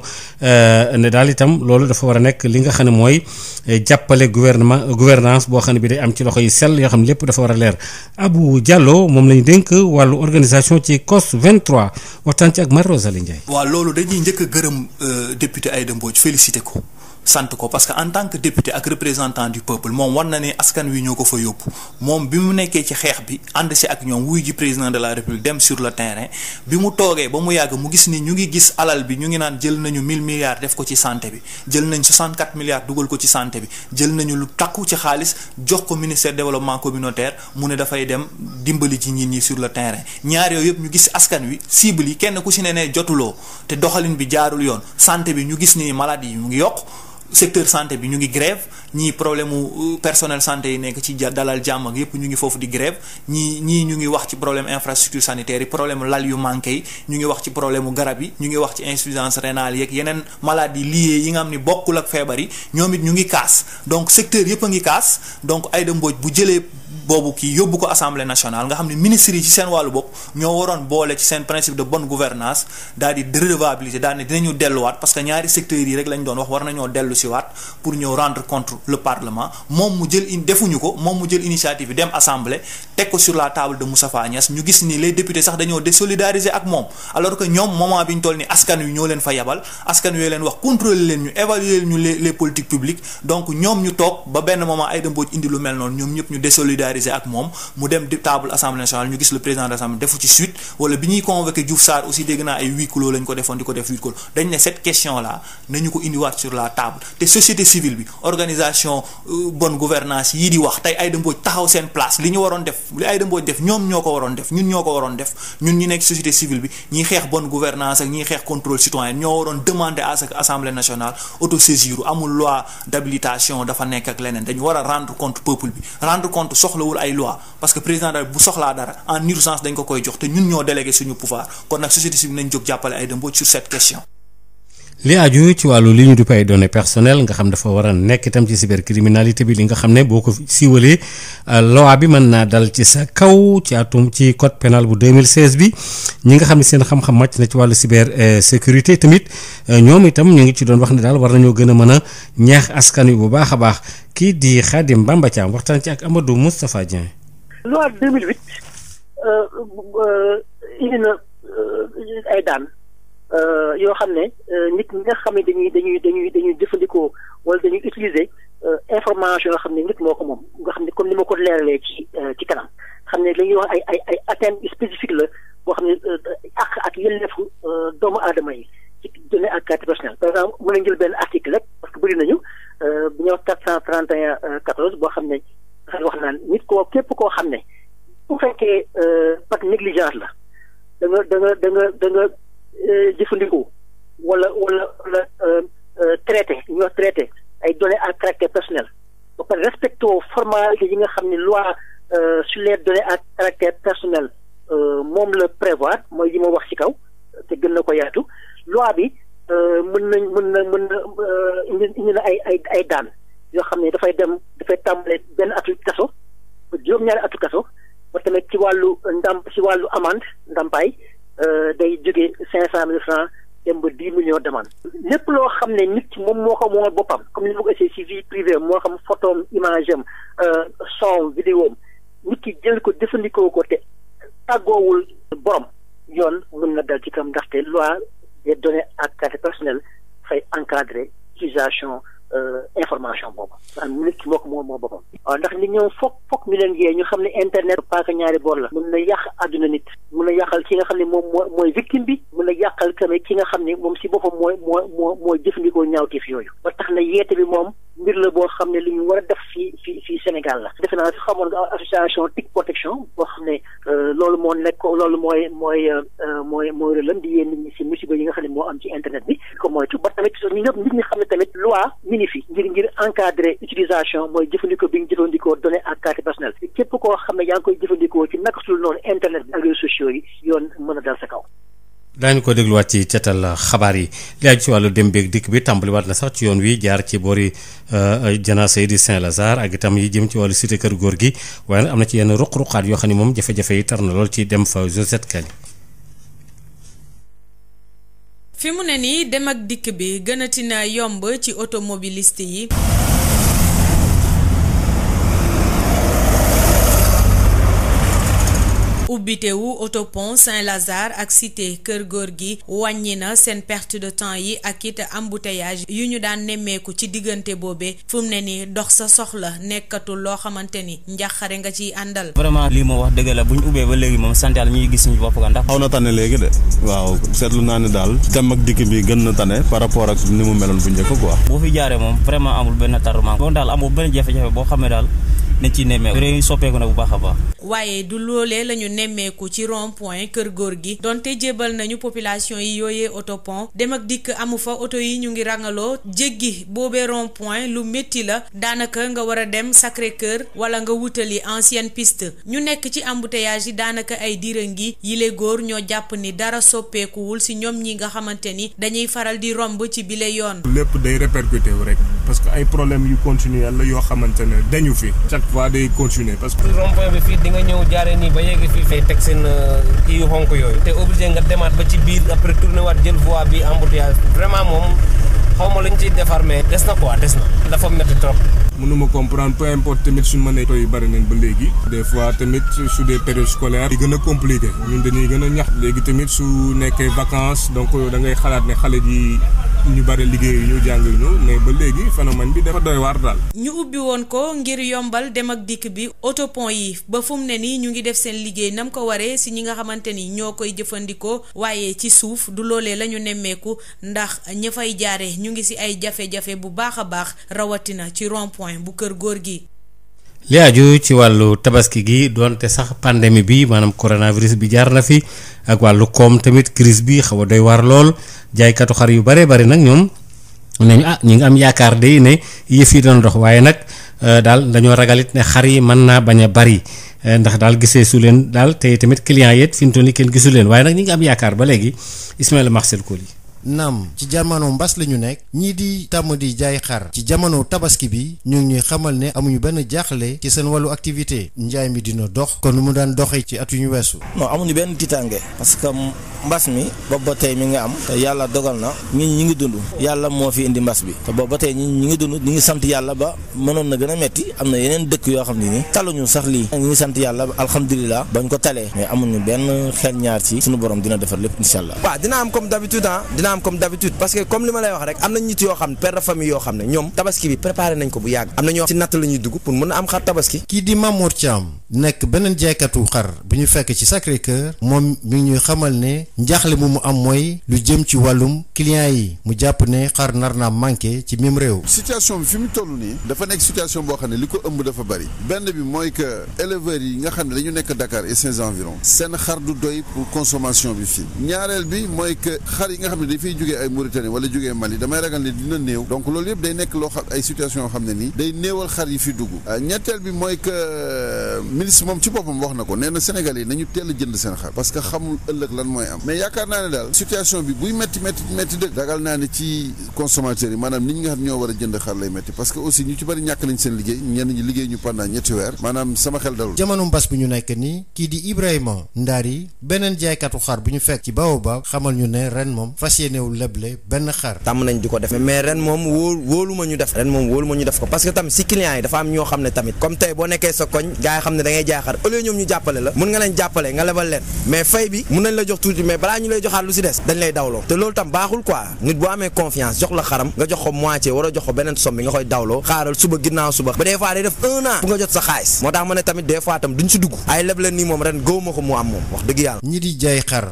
ne daal itam loolu dafa war a nekk nekk li nga xam ne mooy eh, jàppale gouvernement gouvernance boo xam ne bi day am ci loxo yi sell yoo xam ne lépp dafa war a leer Abou Diallo moom lañu dénk wàllu organisation ci COS 23 waxtaan ci ak Marie Rosalie Ndiaye. waaw loolu dañuy njëkk a gërëm euh, député Aïda Mbodj félicité ko. sant ko parce que en tant que député ak représentant du peuple moom war na ne askan wi ñoo ko fa yóbbu moom bi mu nekkee ci xeex bi ànd si ak ñoom wuy ji président de la république dem sur le terrain bi mu toogee ba mu yàgg mu gis ni ñu ngi gis alal bi ñu ngi naan jël nañu 1000 milliards def ko ci santé bi jël nañ 64 milliards dugal ko ci santé bi jël nañu lu takku ci xaalis jox ko ministère développement communautaire mu ne dafay dem dimbali ci nit ñi sur le terrain ñaar yooyu yëpp ñu gis askan wi cible yi kenn ku si ne ne jotuloo te doxalin bi jaarul yoon santé bi ñu gis ni malade yi mu ngi yokk secteur santé bi ñu ngi grève ñii problème mu euh, personnel santé yi nekk ci dalal jàmm ak yépp ñu ngi foofu di grève ñii ñii ñu ngi wax ci problème infrastructure sanitaire yi problème lal yu manqué yi ñu ngi wax ci problème mu garab yi ñu ngi wax ci insuffisance rénale yeeg yeneen maladies liées yi nga xam ni bokkul ak feebar yi ñoom it ñu ngi kaas donc secteur yépp a ngi kaas donc Aïda Mbodj bu jëlee boobu kii yóbbu ko assemblée nationale nga xam ne ministres yi ci seen wàllu bopp ñoo waroon boole ci seen principe de bonne gouvernance daal di redevabilité daal ne dinañu delluwaat parce que ñaari secteurs yi rek lañ doon wax war nañoo dellu si waat pour ñëw rendre compte le parlement moom mu jël in defuñu ko moom mu jël initiative bi dem assemblée teg ko sur la table de Moustapha Niass ñu gis ni les députés sax dañoo désolidariser ak moom alors que ñoo régulariser ak moom mu dem di table assemblée nationale ñu gis le président de l'assemblée defu di ko te société civile bi euh, taxaw seen place li ñu waroon def li Aïda Mbodj def ñoom ñoo ko waroon def ñun ñoo ko waroon def ñu nekk société civile bi ñiy xeex bonne gouvernance ak ñiy xeex contrôle citoyen ñoo waroon demander que assemblée nationale autosaisir amul loi d'habilitation dafa nekk ak leneen dañu war a rendre compte peuple bi rendre compte soxla soxlawul ay loi parce que président daal bu soxlaa dara en urgence dañ ko koy jox te ñun ñoo délégué suñu pouvoir kon nag société civile nañ jóg jàppale Aïda Mbodj sur cette question li aju ci wàllu li ñu duppee ay données personnelles nga xam dafa war a nekk itam ci cybercriminalité bi li nga xam ne boo ko siiwalee euh, loi bi mën naa dal ci sa kaw ci atum ci code pénal bu 2016 bi ñi nga xam ne seen xam-xam màcc na ci wàllu cyber euh, sécurité tamit euh, ñoom itam ñu ngi ci doon wax ne daal war nañoo gën a mën a ñaax askan wi bu baax a baax kii di Khadim Bamba Thiam waxtaan ci ak Amadou Moustapha Dieng. loi 2008 indi na ay daan. Euh, yoo xam ne euh, nit ñi nga xam ne dañuy dañuy dañuy dañuy jëfandikoo wala dañuy utiliser euh, information yoo xam ne nit moo ko moom nga xam ne comme ni ma ko leeralee ci ci kanam xam ne dañuy wax ay ay ay atteinte spécifique la boo xam ne ak ak yelleefu doomu aadama yi ci données ak carte personnelle par exemple mën a jël benn article rek parce que bëri nañu bu ñuy wax quatre cent trente et quatorze boo xam ne wax naan nit ko képp koo xam ne bu fekkee par négligence la da nga da Euh, jëfandikoo wala wala wala euh, euh, traité ñu wax traité ay données à caractère personnel ba pare respecté formalité yi nga xam ni loi sur les données à caractère personnel moom la prévoir mooy li ma wax ci kaw te gën na ko yaatu loi bi mën nañ mën na mën na indi na ay ay ay daan yoo xam ni dafay dem dafay tàmbale benn atu kaso ba juróom-ñaari atu kaso ba tamit ci wàllu ndàmp ci wàllu amande ndàmpaay Euh, day jóge cinq cent mille francs dem ba dix millions demande lépp loo xam ne nit ki moom moo ko moomal boppam comme ni ma ko essayé si vie privée moo xam photom image am euh, son vidéo am nit ki jël ko jëfandikoo ko te tàggoowul borom yoon mën na dal ci kam ndaxte loi des données à caractère personnel fay encadrer utilisation Euh, information boobu maanaam nit ki moo moo boppam waaw ndax nit ñoom foog foog ñu leen yee ñu xam ne internet paaka ñaari boor la mun na yàq àdduna nit mun na yàqal ki nga xam ne moom moo mooy victime bi mun na yàqal tamit ki nga xam ne moom si boppam mooy moo moo mooy jëfandikoo ñaawteef yooyu ba tax na yeete bi moom mbir la boo xam ne li ñu war a def fii fii fii Sénégal la defe naa xamoon nga association TIC protection boo xam ne euh, loolu moo nekk loolu mooy mooy euh, mooy mooy rëlam di yéen nit ñi si musiba yi nga xam ne moo am ci internet bi ko moytu ba tamit xam ne ngi fi ngir ngir encadrer utilisation mooy jëfandikoo bi ñu jëfandikoo données à caractère personnel képp koo xam ne yaa ngi koy jëfandikoo ci naka sul noonu internet bi ak réseaux sociaux yi yoon mën a dal sa kaw daañu ko dégluwaat ci catal xabaar yi li aju ci wàllu dem beeg dikk bi tàmbaliwaat na sax ci yoon wi jaar ci boori euh, euh, Jana Seydi Saint-Lazare ak itam yi jëm ci wàllu cité kër góor gi waaye nag am na ci yenn ruq-ruqaat yoo xam ne moom jafe-jafe yi tar na lool ci dem fa Josette Kañ fi mu ne nii dem ak dikk bi gënati na yomb ci automobiliste yi ubbitewu autopont Saint-Lazare ak cité kër góor gi wàññi na seen perte de temps yi ak it embouteillage yu ñu daan nemmeeku ci diggante boobee fu mu ne nii dox sa soxla nekkatul loo xamante ni njaxare nga ciy àndal. vraiment lii moo wax dëgg la bu ñu ubbee ba léegi moom sant yàlla ñuy gis suñu bopp nga ndax. xaw na tane léegi de waaw seetlu naa ne daal dem ak dikk bi gën na tane par rapport ak ni mu meloon bu njëkk quoi. boo fi jaaree moom vraiment amul benn nañ ciy nemmeeku réew yi soppeeku na bu baax a baax. waaye du loolee la ñu nemmeeku ci rond point kër góor gi donte jébal nañu population yi oto autopont dem ak dikk amu fa oto yi ñu ngi rangaloo jéggi boobee rond point lu métti la daanaka nga war a dem Sacré Cœur wala nga wutali ancienne piste ñu nekk ci embouteillage yi daanaka ay diirangi yile góor ñoo jàpp ni dara soppeekuwul si ñoom ñi nga xamante ni dañuy faral di romb ci bile yoon. lépp day répercuté wu rek parce que ay problème yu continuel yoo xamante ne dañu chaque fois day parce que. rond point bi fii di nga ñëw jaaree nii ba yegg fii fay teg euh, kii yu yooyu. te obligé nga demaat ba ci biir après tourné waat jël voie bi embouteillage vraiment moom. xaw ma luñ ciy defar mais des na quoi des na dafa métti trop. mënuma comprendre peu importe tamit suñ mënee tooy yu bëri ba léegi des fois tamit su dee période scolaire yi gën a compliqué ñun dañuy gën a da ngay xalaat ne xale ñu bëri liggéey yu ñu jàng yu ñu mais ba léegi phénomène bi dafa doy waar daal ñu woon ko ngir yombal dem ak dikk bi autopont yi ba fu mu ne nii ñu ngi def seen liggéey nam ko waree si ñi nga xamante ni ñoo koy jëfandikoo waaye ci suuf du loolee lañu ñu nemmeeku ndax ña fay jaaree ñu ngi ci ay jafe-jafe bu baax a baax rawatina ci rond point bu kër góor gi. li aju ci wàllu tabaski gi doonte sax pandemi bi maanaam coronavirus bi jaar na fi ak wàllu koom tamit crise bi xaw a doy waar lool jaaykatu xar yu bare bari nag ñoom nañu ah ñu ngi am yaakaar day ne yëf yi doon dox waaye nag euh, daal dañoo ragalit ne xar yi mën naa bañ a bari euh, ndax daal gisee su leen daal te tamit client yi it fi mu toll nii kenn gisu leen waaye nag ñu ngi am yaakaar ba léegi Ismaïla Marcel Coly naam ci jamono mbas la ñu nekk ñii di tàmm di jaay xar ci jamono tabaski bi ñu ngi ñuy xamal ne amuñu benn jaaxle ci seen wàllu activité njaay mi dina dox kon mu daan doxee ci at yu ñu weesu. non amuñu benn tiitaange parce que mbas mi boobu ba tey mi nga am te yàlla dogal na ñi ñi ngi dund yàlla moo fi indi mbas bi te boobu ba tey ñi ñi ngi dund ñi ngi sant yàlla ba mënoon na gën a metti am na yeneen dëkk yoo xam ne ni ñu sax lii ñi sant yàlla alhamdulilah bañ ko talee mais amuñu benn xel ñaar ci borom dina defar lépp incha allah. am comme d'habitude parce que comme li ma lay wax rek am na nit yoo xam ne de famille yoo xam ne ñoom tabaski bi préparé nañ ko bu yàgg am na ñoo ci a am fekk ci Sacré Cœur moom mi ngi ñuy xamal ne njaaxle bu mu am mooy lu jëm ci wàllum client yi mu jàpp ne xar nar naa manqué ci même réew situation bi fi mu toll nii dafa nekk situation boo xam ne li ko ëmb dafa bari benn bi mooy que éleveurs yi nga xam ne dañu nekk Dakar et ses environs seen xar du doy pour consommation bi fii ñaareel bi mooy que xar yi nga fiy jugee ay Mauritanie wala jugee Mali damay ragal ne dina néew donc loolu yëpp day nekk loo xam ne nii day néewal xar yi fi dugg euh, ñetteel bi mooy que euh, ministre moom ci boppam wax na ko nee na yi nañu teel a jënd seen xar parce xamul ëllëg lan mooy am mais yaakaar naa ne daal situation bi buy métti métti métti ragal naa ne ci consommateurs yi maanaam nit ñi nga xam ñoo war a jënd xar lay métti parce aussi ñu ci bëri ñàkk nañ seen liggéey ñu pendant yéenew leble benn xar. tàmm nañ di ko def mais ren moom wóolu wóolu ma ñu def ren moom wóolu ma ñu def ko parce que tamit si client yi dafa am ñoo xam ne tamit comme tey boo nekkee sa koñ gars yi xam ne da jaay xar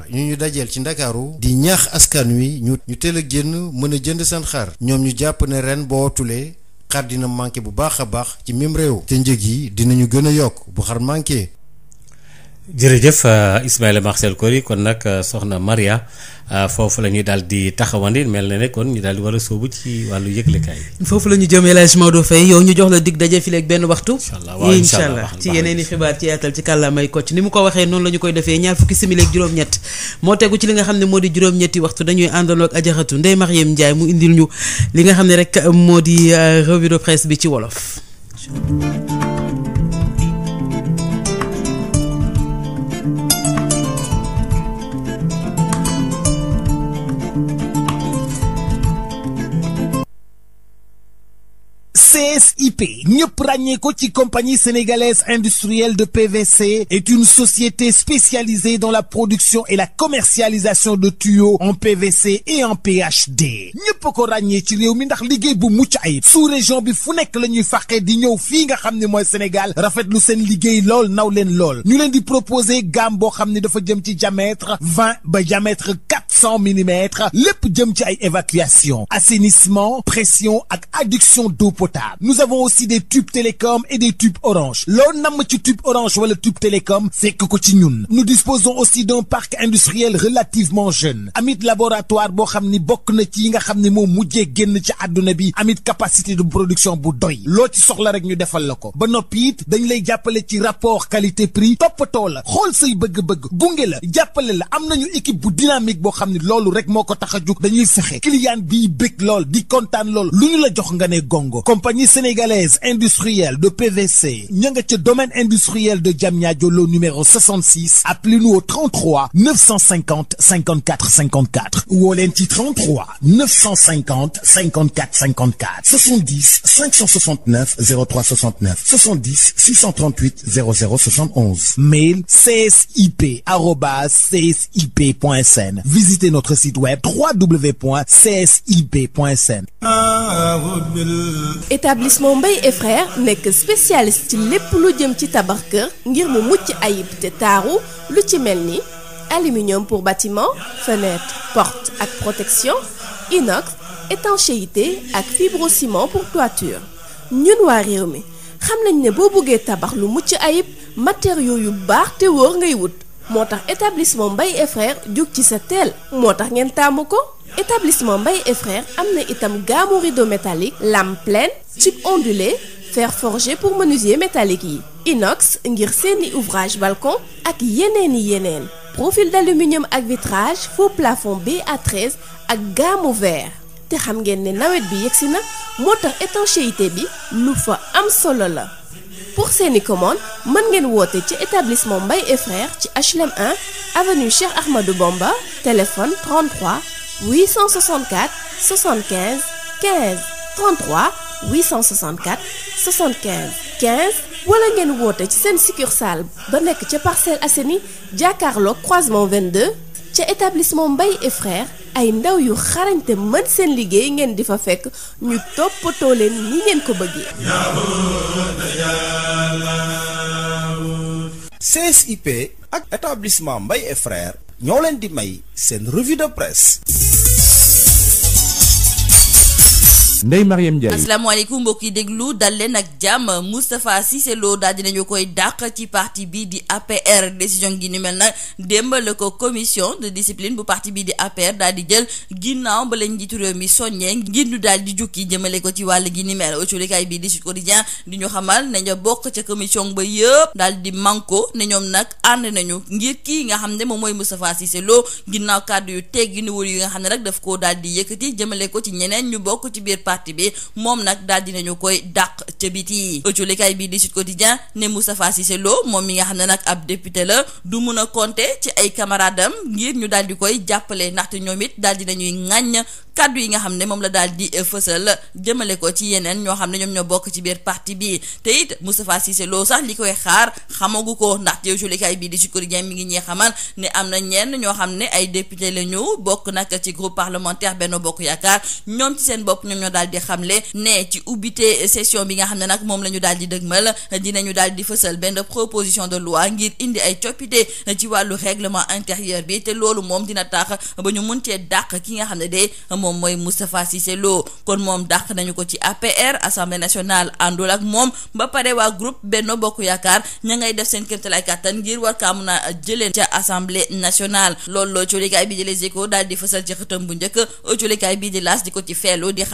au ñu dajeel ci ndakaaru di ñaax askan wi wi ñu ñu teel a génn mën a jënd seen xar ñoom ñu jàpp ne ren boo tulee xar dina manqué bu baax a baax ci même réew te njëg yi dinañu gën a yokk bu xar manqué jërëjëf euh, Ismaïla Marcel Kori kon nag euh, soxna Maria Euh, foofu la ñuy daal di taxawandi mel na ne kon ñu daal di war a sóobu ci wàllu yëglekaay yi. foofu la ñu jëm El Hadj Maodo Faye yow ñu jox la dig daje fileeg benn waxtu. incha allah ci yeneen i xibaar ci yaatal ci kàllaamay Kocc ni mu ko waxee noonu la ñu koy defee ñaar fukki simileeg juróom-ñett moo tegu ci li nga xam ne moo di juróom-ñetti waxtu dañuy àndandoo ak ajaxatu Ndeye Marieme Ndiaye mu indil ñu li nga xam ne rek moo di euh, revue de presse bi ci wolof PSIP ñëpp ràññee ci compagnie sénégalaise industrielle de PVC est une société spécialisée dans la production et la commercialisation de tuyaux en PVC et en PHD ñëpp ko ràññee ci réew mi ndax liggéey bu mucc ayib sous-région bi fu nekk la ñuy fàqee di ñëw fii nga xam ne mooy Sénégal rafetlu seen liggéey lool naw leen lool ñu leen di proposer gamme boo xam ne dafa jëm ci diamètre vingt ba diamètre quatre cent millimètres lépp jëm ci ay évacuation assainissement pression ak adduction d'eau potable portable nous avons aussi des tubes télécom et des tubes orange loo namm ci tube orange wala tube télécom fekk ko ci ñun nous disposons aussi d'un parc industriel relativement jeune amit laboratoire boo xam ni bokk na ci yi nga xam ne moo mujjee génn ci àdduna bi amit capacité de production bu doy loo ci soxla rek ñu defal la ko ba noppi it dañ lay jàppale ci rapport qualité prix toppatoo la xool say bëgg-bëgg gunge la jàppale la am nañu équipe bu dynamique boo xam ne loolu rek ko tax a jug dañuy fexe client bi bëgg lool di kontaan lool lu la jox nga ne gongo compagnie sénégalaise industrielle de PVC ña nga ca domaine industriel de Diamniadio lo numéro 66 appelez-nous au 33 950 54 54 woo leen ci 33 950 54 54 70 569 03 69 70 638 00 71 mail csip arobas csip point sn visitez notre site web www.csip.sn établissement Mbaye et frères nekk spécialiste ci lépp lu jëm ci tabax kër ngir mu mucc ayib te taaru lu ci mel ni aluminium pour bâtiment fenêtre porte ak protection inox étanchéité ak fibrociment pour toiture ñun waa réew mi xam nañ ne boo bëggee tabax lu mucc ayib matériaux yu baax te wóor ngay wut moo tax établissement Mbaye et frères jóg ci sa teel moo tax ngeen taamu ko établissement Mbaye et frères am na itam gaamu rideau métallique lame pleine type ondulé fer forgé pour menuisier métallique yi inox ngir seeni ouvrage balcon ak yeneen i yeneen profil d'aluminium ak vitrage faux plafond ba ak gaamu vert te xam ngeen ne nawet bi yegsi na moo tax étanchéité bi lu fa am solo la pour seeni commande mën ngeen woote ci établissement Mbaye et frères ci HLM 1 avenue Cheikh Ahmadou bomba téléphone 33 864 75 15 33 864 75 15 wala ngeen woote ci seen succursale ba nekk ca asseni Assainies jàkkaarloog croisement 22 ca établissement Mbaye et frères ay ndaw yu xarañte mën seen liggéey ngeen di fa fekk ñu toppatoo leen ni ngeen ko bëggee. CSIP ak établissement mbay et ñoo leen di may seen revue de presse. Ndeye Mariam Ndiaye asalaamaaleykum mbokk yi déglu dal leen ak jàmm Moustapha Cissé Lo daal dinañu koy dàq ci parti bi di APR décision gi ni mel nag démb la ko commission de discipline bu parti bi di APR daal di jël ginnaaw ba leen njiitu réew mi soññee ngir ñu daal di jukki jëmale ko ci wàll gi ni mel autolikaay bi di Sud Quotidien di ñu xamal ne ñu bokk ca commission ba yëpp daal di manko ne ñoom nag ànd nañu ngir kii nga xam ne moom mooy Moustapha Cissé Lo ginnaaw kàddu yu teggi n wul yi nga xam ne rek daf koo daal di yëkkati jëmale ko ci ñeneen ñu bokk ci biir parti bi moom nag daal dinañu koy dàq ca biti ëcculikaay bi di Sud Quotidien ne Moustapha Cissé Lo moom mi nga xam ne nag ab député la du mun a compter ci ay camaradam ngir ñu daal di koy jàppale ndaxte ñoom it daal dinañuy ŋàññ kàddu yi nga xam ne moom la daal di fësal jëmale ko ci yeneen ñoo xam ne ñoom ñoo bokk ci biir parti bi te it Moustapha Cissé Lo sax li koy xaar xamagu ko ndaxte ëcculikaay bi di Sud Quotidien mi ngi ñee xamal ne am na ñenn ñoo xam ne ay député la ñu bokk nag ci groupe parlementaire Benno Bokk daal di xamle ne ci ubbite session bi nga xam ne nag moom la ñu daal di dëgmal dinañu daal di fësal benn proposition de loi ngir indi ay coppite ci wàllu règlement intérieur bi te loolu moom dina tax ba ñu mun cee dàq ki nga xam ne de moom mooy Moustapha Cissé Lo kon moom dàq nañu ko ci APR assemblée national àndul ak moom ba pare waa groupe benn Bokk Yaakaar ña ngay def seen kéemtalaay kàttan ngir war kaa mun a jëlee ca assemblée nationale loolu loo coolikaay bi di Les Échos daal di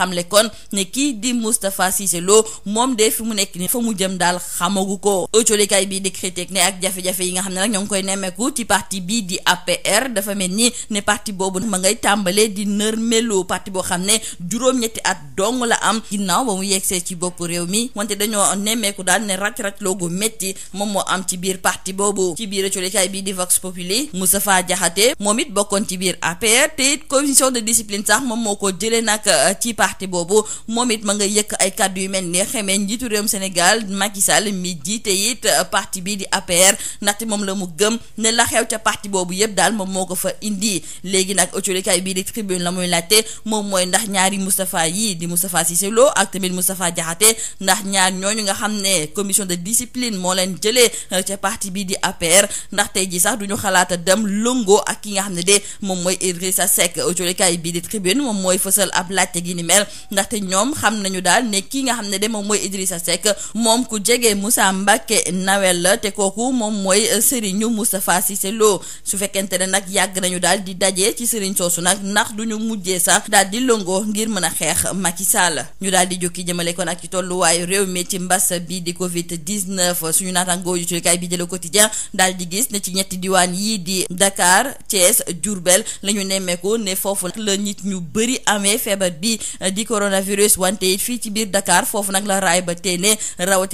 njëkk kon ne kii di Moustapha Cissé loo moom de fi mu nekk nii fa mu jëm daal xamagu ko colikaay bii di critique ne ak jafe-jafe yi nga xam ne nag ñoo ngi koy nemmeeku ci parti bi di APR dafa mel ni ne parti boobu ma ngay tàmbalee di nër melo parti boo xam ne juróom at dong la am ginnaaw ba mu yegsee ci bopp réew mi wante dañoo nemmeeku daal ne ràcc-ràcc loogu metti moom moo am ci biir parti boobu ci biir colikaay bii di Vox Populi Moustapha Diakhaté moom it bokkoon ci biir APR te it commission de discipline sax moom moo ko jëlee nag ci parti boobu moom it ma nga yëkk ay kaddu yu mel ne xamee njiitu réewum Sénégal Macky Sall mi jiite it euh, parti bi di APR ndaxte moom la mu gëm ne la xew ca parti boobu yëpp daal moom moo ko fa indi léegi nag autolikaay bii di tribune la muy laajte moom mooy ndax ñaari Moustapha yi di Moustapha Cissé Lo ak tamit Moustapha Diakhaté ndax ñaar ñooñu nga xam ne commission de discipline moo leen jëlee euh, ca parti bi di APR ndax tey ji sax duñu xalaata dem lëngoo ak ki nga xam ne de moom mooy sa Seck autolikaay bii di tribune moom mooy fësal ab laajte gi ni mel ndaxte ñoom xam nañu daal ne kii nga xam ne de moom mooy Idrissa Seck moom ku jege musa Mbacké Nawel la te kooku moom mooy euh, Serigne Moustapha Cissé Lo su fekkente ne nag yàgg nañu daal di daje ci Serigne soosu nag ndax duñu mujjee sax daal di lëngoo ngir mën a xeex Macky Sall ñu daal di jokki jëmale kon ak ci tolluwaayu réew mi ci mbas bi di Covid 19 suñu naataangoo yu ci kaay bi jële quotidien daal di gis ne ci ñetti diwaan yii di Dakar Thiès Diourbel lañu ñu nemmeeku ne foofu la nit ñu bëri amee feebar bi di coronavirus wante it fii ci biir Dakar foofu nag la raay ba teelee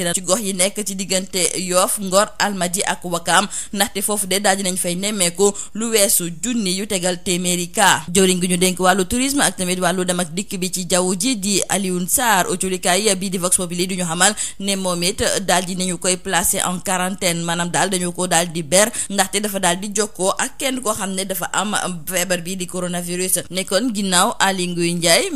na ci gox yi nekk ci diggante Yoff Ngor Almadi ak Wakaam ndaxte foofu de daal dinañ fay nemmeeku lu weesu junni yu tegal téeméeri ka jëwriñ gi ñu dénk wàllu tourisme ak tamit wàllu dem ak dikk bi ci jaww ji di saar Sarr uculikaay bii di Vox Populi du ñu xamal ne moom it daal di nañu koy placé en quarantaine maanaam daal dañu ko daal di ber ndaxte dafa daal di jokkoo ak kenn koo xam ne dafa am feebar bi di coronavirus nekkoon ginnaaw Aly Ngouille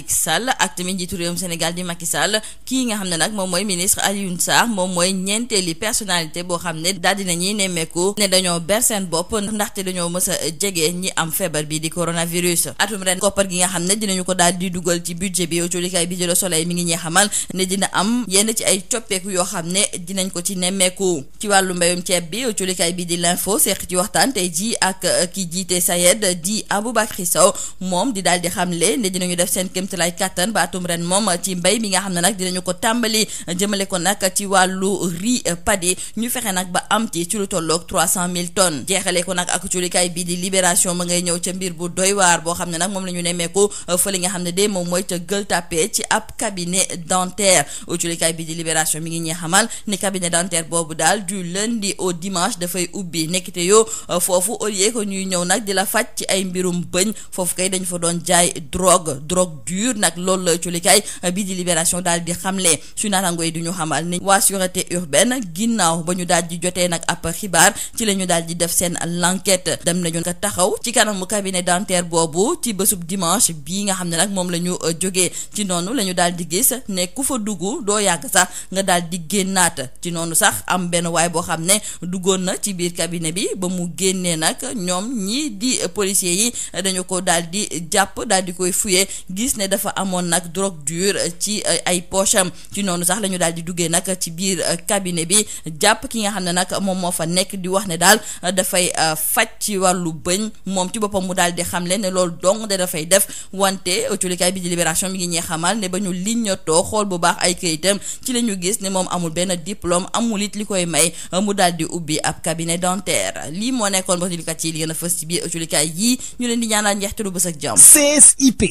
Malick Sall ak tamit njiitu réewum Sénégal di Macky Sall kii nga xam ne nag moom mooy ministre Alioune Sarr moom mooy ñeenteeli personnalité boo xam ne daal dina ñuy nemmeeku ne dañoo ber seen bopp ndaxte dañoo mës a jege ñi am feebar bi di coronavirus ko daal dugal ci budget bi coolikaay bi bi di l'info seq ci waxtaan tey ji ak ki jiite Sayed di Aboubacry Sow moom di daal xamle ne dinañu def seen këm ci kéemtalaay kàttan ba atum ren moom ci mbay mi nga xam ne nag dinañu ko tàmbali jëmale ko nag ci wàllu riz paddy ñu fexe nag ba am ci ci lu trois cent mille tonnes jeexalee ko nag ak culikaay bii di libération ma ngay ñëw ca mbir bu doy waar boo ne nag moom la ñu nemmeeku fële nga xam ne de moom mooy ca gël tapé ci ab cabinet dentaire bii di libération mi ngi ñuy xamal ni cabinet dentaire boobu daal du lundi au dimanche dafay ubbi nekkite yoo foofu au lieu que ñuy ñëw nag di la faj ci ay mbirum bëñ foofu kay dañu fa doon jaay drogue drogue procédure nag loolu la culikaay bii di libération daal di xamle suñu naataango yi du ñu xamal ne waa sûreté benn ginnaaw ba ñu daal di jotee nag ab xibaar ci la ñu daal di def seen l'enquête dem nañu ko taxaw ci kanamu cabinet dentaire boobu ci bésub dimanche bii nga xam ne nag moom la ñu euh, jógee ci noonu la ñu daal di gis ne ku fa dugg doo yàgg sax nga daal di génnaat ci noonu sax am benn waay boo xam ne duggoon na ci biir cabinet bi ba mu génnee nag ñoom ñii di euh, policiers yi dañu ko daal di jàpp daal di koy fuyee dafa amoon nag drogue dure ci euh, ay poche am ci noonu sax la ñu daal di duggee nag ci biir euh, cabinet bi jàpp ki nga xam ne nag moom moo fa nekk di wax ne daal euh, dafay faj ci wàllu bëñ moom ci boppam mu daal di xamle ne loolu dong de dafay def wante autolikaay bi di libération mi ngi ñee xamal ne ba ñu liñatoo xool bu baax ay këyitam ci la ñu gis ne moom amul benn diplôme amul it li koy may mu daal di ubbi ab cabinet dentaire lii moo nekkoon ba ci li gën a fës ci biir autolikaay ñu leen di ñaanal njeextalu bés ak jàmm CSIP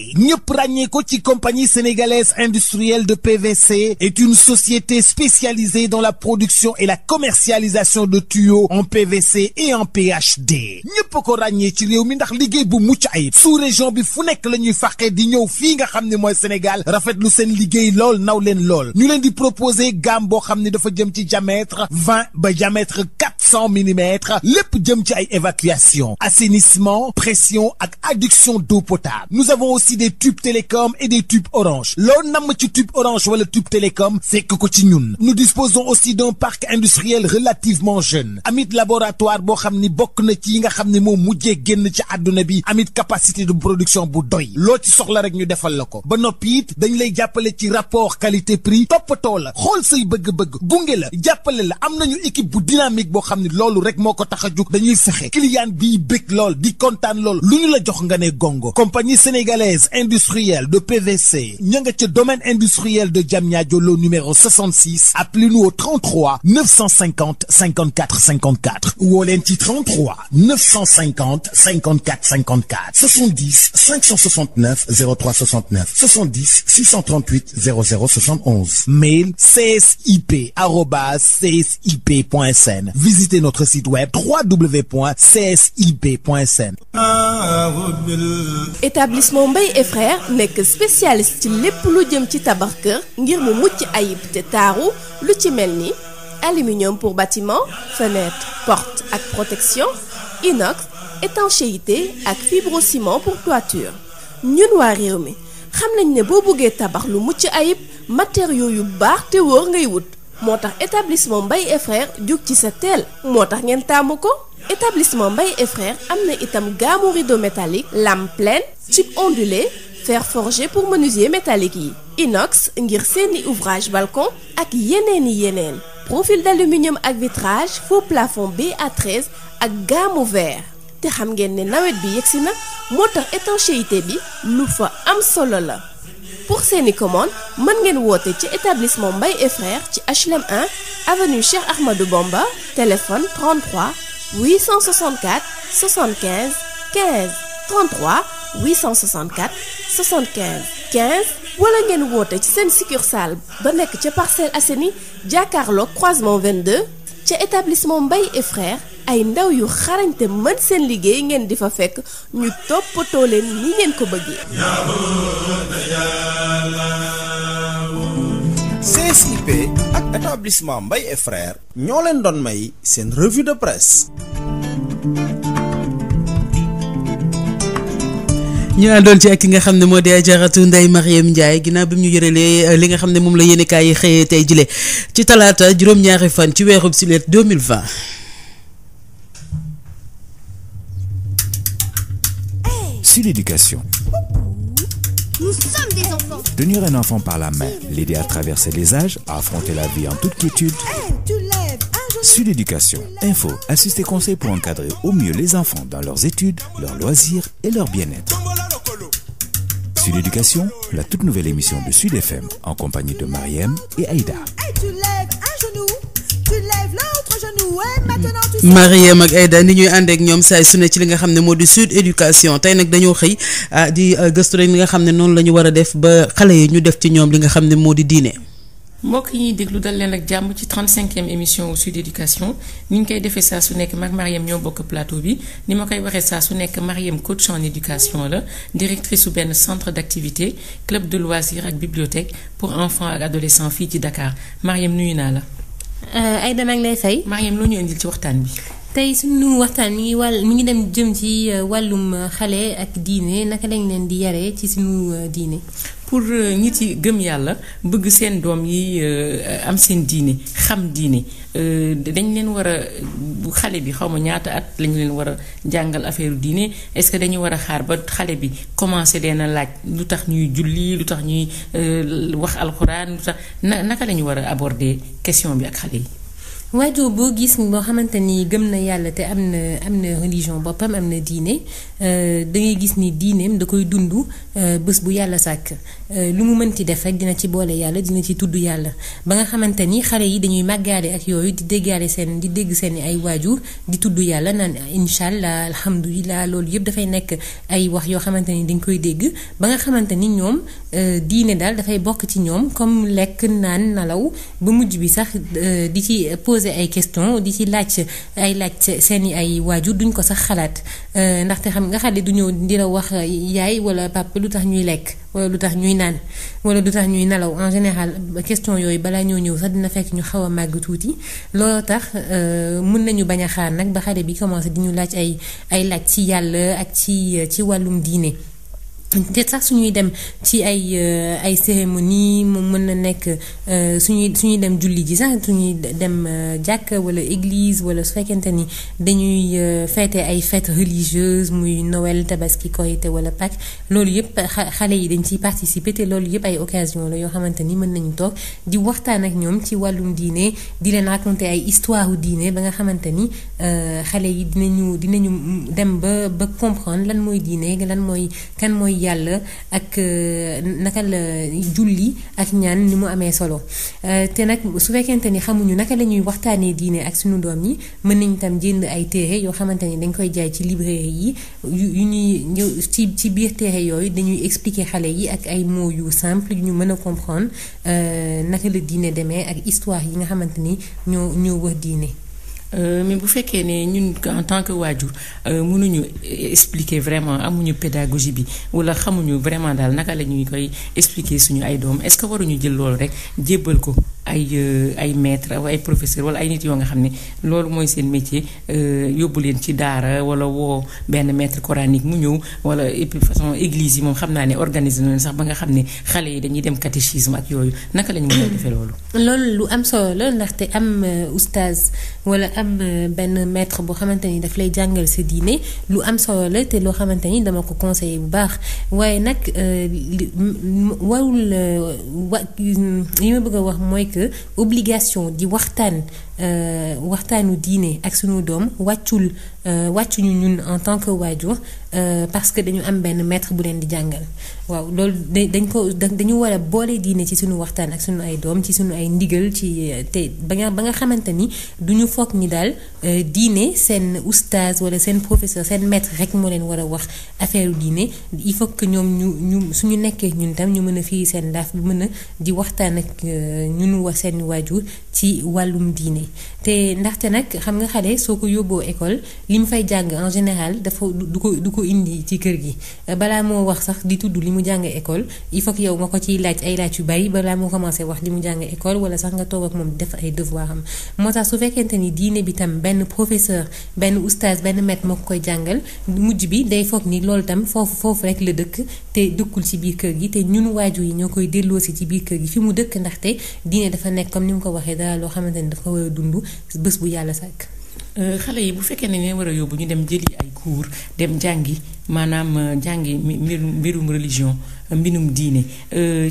ko ci compagnie sénégalaise industrielle de PVC est une société spécialisée dans la production et la commercialisation de tuyaux en PVC et en PHD ñëpp ko ràññee ci réew mi ndax liggéey bu mucc ayib sous bi fu nekk la ñuy fàqee di ñëw fii nga xam ne mooy Sénégal rafetlu seen liggéey lool naw leen lool ñu leen di proposer gamme boo xam ne dafa jëm ci diamètre 20 ba diamètre cent millimètres lépp jëm ci ay évacuation assainissement pression ak adduction d'eau potable nous avons aussi des tubes télécom et des tubes orange loo namm ci tube orange wala tube télécom fekk ko ci ñun nous disposons aussi d'un parc industriel relativement jeune amit laboratoire boo xam ni bokk na ci yi nga xam ne moom mujjee génn ci àdduna bi amit capacité de production bu doy loo ci soxla rek ñu defal la ko ba noppi dañ lay jàppale ci rapport qualité prix toppatoo la xool say bëgg-bëgg gunge la jàppale la am nañu équipe bu dynamique boo xam xam ne loolu rek moo ko tax a jug dañuy fexe client bi bëgg lool di kontaan lool lu la jox nga ne gongo compagnie sénégalaise industrielle de PVC ña nga ca domaine industriel de Diamniadio lo numéro 66 appelez-nous au 33 950 54 54 woo leen ci 33 950 54 54 70 569 03 69 70 638 00 71 mail csip arobase csip point sn visite visiter notre site web www.csib.sn. établissement Mbaye et frères nekk spécialiste ci lépp lu jëm ci tabax kër ngir mu mucc ayib te taaru lu ci mel ni aluminium pour bâtiment fenêtre porte ak protection inox étanchéité ak fibrociment pour toiture ñun waa réew mi xam nañ ne boo bëggee tabax lu mucc ayib matériaux yu baax te wóor ngay wut. moo tax établissement mbay et frères jug ci sa teel moo tax ngeen taamu ko établissement mbay et am na itam gaamu rideau métallique lame pleine type ondulé fer forgé pour menuisier métallique yi inox ngir seeni ouvrage balcon ak yeneen i yeneen profil d'aluminium ak vitrage faux plafond BA13 ak gaamu vert te xam ngeen ne nawet bi yegsi na moo tax étanchéité bi lu fa am solo la pour seeni commande mën ngeen woote ci établissement Mbaye et frères ci HLM 1 avenue Cheikh Ahmadou bomba téléphone 33 864 75 15 33 864 75 15 wala ngeen woote ci seen succursale ba nekk ca Parcelles Assainies jàkkaarloog croisement 22 ca établissement Mbaye et frères ay ndaw yu xarañte mën seen liggéey ngeen di fa fekk ñu toppatoo leen ni ngeen ko bëggee. CSIP ak établissement Mbaye et ñoo leen doon may seen revue de presse. ñu àndoon ci ak ki nga xam ne moo di Ajaratu Ndeye Mariam njaay ginnaaw bi mu ñu yëralee eh, li nga xam ne moom la yéenekaay yi xëyee tey jile ci talaata juróom-ñaari fan ci weerub silet 2020 aussi l'éducation. Nous sommes des enfants. Tenir un enfant par la main, l'aider à traverser les âges, à affronter la vie en toute quiétude. Hey, Sud Éducation, info, assisté conseil pour encadrer au mieux les enfants dans leurs études, leurs loisirs et leur bien-être. Sud Éducation, la toute nouvelle émission de Sud FM en compagnie de Mariem et Aïda. Mariam ak Aïda ni ñuy àndeek ak ñoom saay su ne ci li nga xam ne moo di Sud Éducation tey nag dañoo xëy ah, di euh, gëstu rek li nga xam ne noonu la ñu war a def ba xale yi ñu def ci ñoom li nga xam ne moo di diine. mbokk yi ñuy déglu dal leen ak jàmm ci 35e émission Sud Éducation ni ñu koy defee saa su nekk mag Mariam ñoo bokk plateau bi ni ma koy waxee saa su nekk Mariam coach en éducation la directrice su benn centre d'activité club de loisirs ak bibliothèque pour enfants ak adolescents fii ci Dakar Mariam nuyu naa la. Aïda maa ngi lay fay. maa ngi lu ñu indil ci waxtaan bi. tey suñu waxtaan mi ngi wàll mi ngi dem jëm ci euh, wàllum euh, xale ak diine naka lañ leen di yaree ci suñu euh, diine. pour ñi ci gëm yàlla bëgg seen doom yi am seen diine xam diine dañ leen war a bu xale bi xaw ma ñaata at lañ leen war a jàngal affaire diine est-ce que dañu war a xaar ba xale bi commencé leen a laaj lu tax ñuy julli lu tax ñuy wax alxuraan lu tax naka la ñu war a aborder question bi ak xale yi. waajur boo gis boo xamante ni gëm na yàlla te am na am na religion boppam am na diine Euh, da ngay gis ni diineem da koy dund euh, bés bu yàlla sàkk euh, lu mu mënti def rek dina ci boole yàlla dina ci tudd yàlla ba nga xamante ni xale yi dañuy màggaale ak yooyu di déggaale seen di dégg seen ay waajur di tudd yàlla naan incha allah alhamdulilah loolu yëpp dafay nekk ay wax yoo xamante ni dañ koy dégg ba xamante ni ñoom diine daal dafay bokk ci ñoom comme lekk naan nalaw ba mujj bi sax di ci poser ay questions di ci laaj ay laaj seen ay waajur duñ ko sax xalaat ndaxte xam nga xale du ñëw di la wax yaay wala papa lu tax ñuy lekk wala lu tax ñuy naan wala lu tax ñuy nelaw en général question yooyu balaa ñoo ñëw sax dina fekk ñu xaw a màgg tuuti loo tax euh, mun nañu bañ a xaar nag ba xale bi commencé di ñu laaj ay ay laaj ci yàlla ak ci ci wàllum diine. te sax suñuy dem ci ay euh, ay cérémonie moom mën na nekk euh, suñuy suñuy dem julli ji sax suñuy dem euh, jàkk wala église wala su fekkente ni dañuy feete ay fêtes religieuses muy Noël tabaski korite wala Pâques loolu yëpp xale yi dañ ciy participer te loolu yëpp ay occasion la yoo xamante ni mën nañu toog di waxtaan ak ñoom ci wàllum diine di leen raconter ay histoire diine ba nga xamante ni xale yi dinañu dinañu dem ba ba comprendre lan mooy diine lan mooy kan mooy. yàlla ak euh, naka la julli ak ñaan ni mu amee solo euh, te nag su fekkente ni xamuñu naka lañuy waxtaanee diine ak suñu doom yi mën nañ tam jënd ay téere yoo xamante ni dañ koy jaay ci librairie yi yu ñuy ci ci biir téere yooyu dañuy expliquer xale yi ak ay moo yu simple yu ñu mën a comprendre euh, naka la diine demee ak histoire yi nga xamante ni ñoo ñoo wër diine Euh, mais bu fekkee ne ñun en tant que waajur euh, mënuñu expliquer vraiment amuñu pédagogie bi wala xamuñu vraiment daal naka la ñuy koy expliquer suñu ay doom est-ce que waruñu jël loolu rek jébbal ko ay euh, ay maître ay professeur wala ay nit yoo nga xam ne loolu mooy seen métier yóbbu leen ci daara wala woo benn metre coranique mu ñëw wala et façon église yi moom xam naa ne organiser nañu sax ba nga xam ne xale yi dañuy dem catéchisme ak yooyu naka la ñu am euh, benn maître boo xamante ni daf lay jàngal sa diine lu am solo te loo xamante ni dama ko conseiller bu baax waaye nag euh, warul euh, wa li ma bëgg a wax mooy que obligation di waxtaan. Euh, waxtaanu diine ak suñu doom wàccul euh, wàccuñu ñun en tant que waajur euh, parce que dañu am benn maître bu leen di jàngal waaw loolu dañ ko dañu war a boole diine ci suñu waxtaan ak suñu ay doom ci sunu ay ndigal ci te ba nga ba nga xamante ni du ñu foog ni daal diine seen oustaz wala seen professeur seen maître rek moo leen war a wax affaire diine il faut que ñoom ñu ñu suñu nekkee ñun tam ñu mën a fii seen ndaaf mën a di waxtaan ak nu wax seen waajur ci wàllum diine. te ndaxte nag xam nga xale soo ko yóbboo école li mu fay jàng en général dafa du ko du ko indi ci kër gi euh, balaa moo wax sax di tudd li mu jàng école il faut que yow nga ko ci laaj ay laaj yu bari balaa moo commencé wax li mu jàng école wala sax nga toog ak moom def ay devoir moo tax su fekkente ni diine bi tam benn professeur benn oustaz benn maître moo ko koy jàngal mujj bi day foog ni loolu tam foofu foofu rek la dëkk te dëkkul ci biir kër gi te ñun waajur yi ñoo koy delloosi ci biir kër gi fi mu dëkk ndaxte diine dafa nekk comme ni mu ko waxee dara loo xamante ni dafa war dund bés bu yàlla sa sàkk. Euh, xale yi bu fekkee ne ne war a yóbbu ñu dem jëli ay cours dem jàngi maanaam euh, jàngi mbirum mbirum religion euh, mbirum diine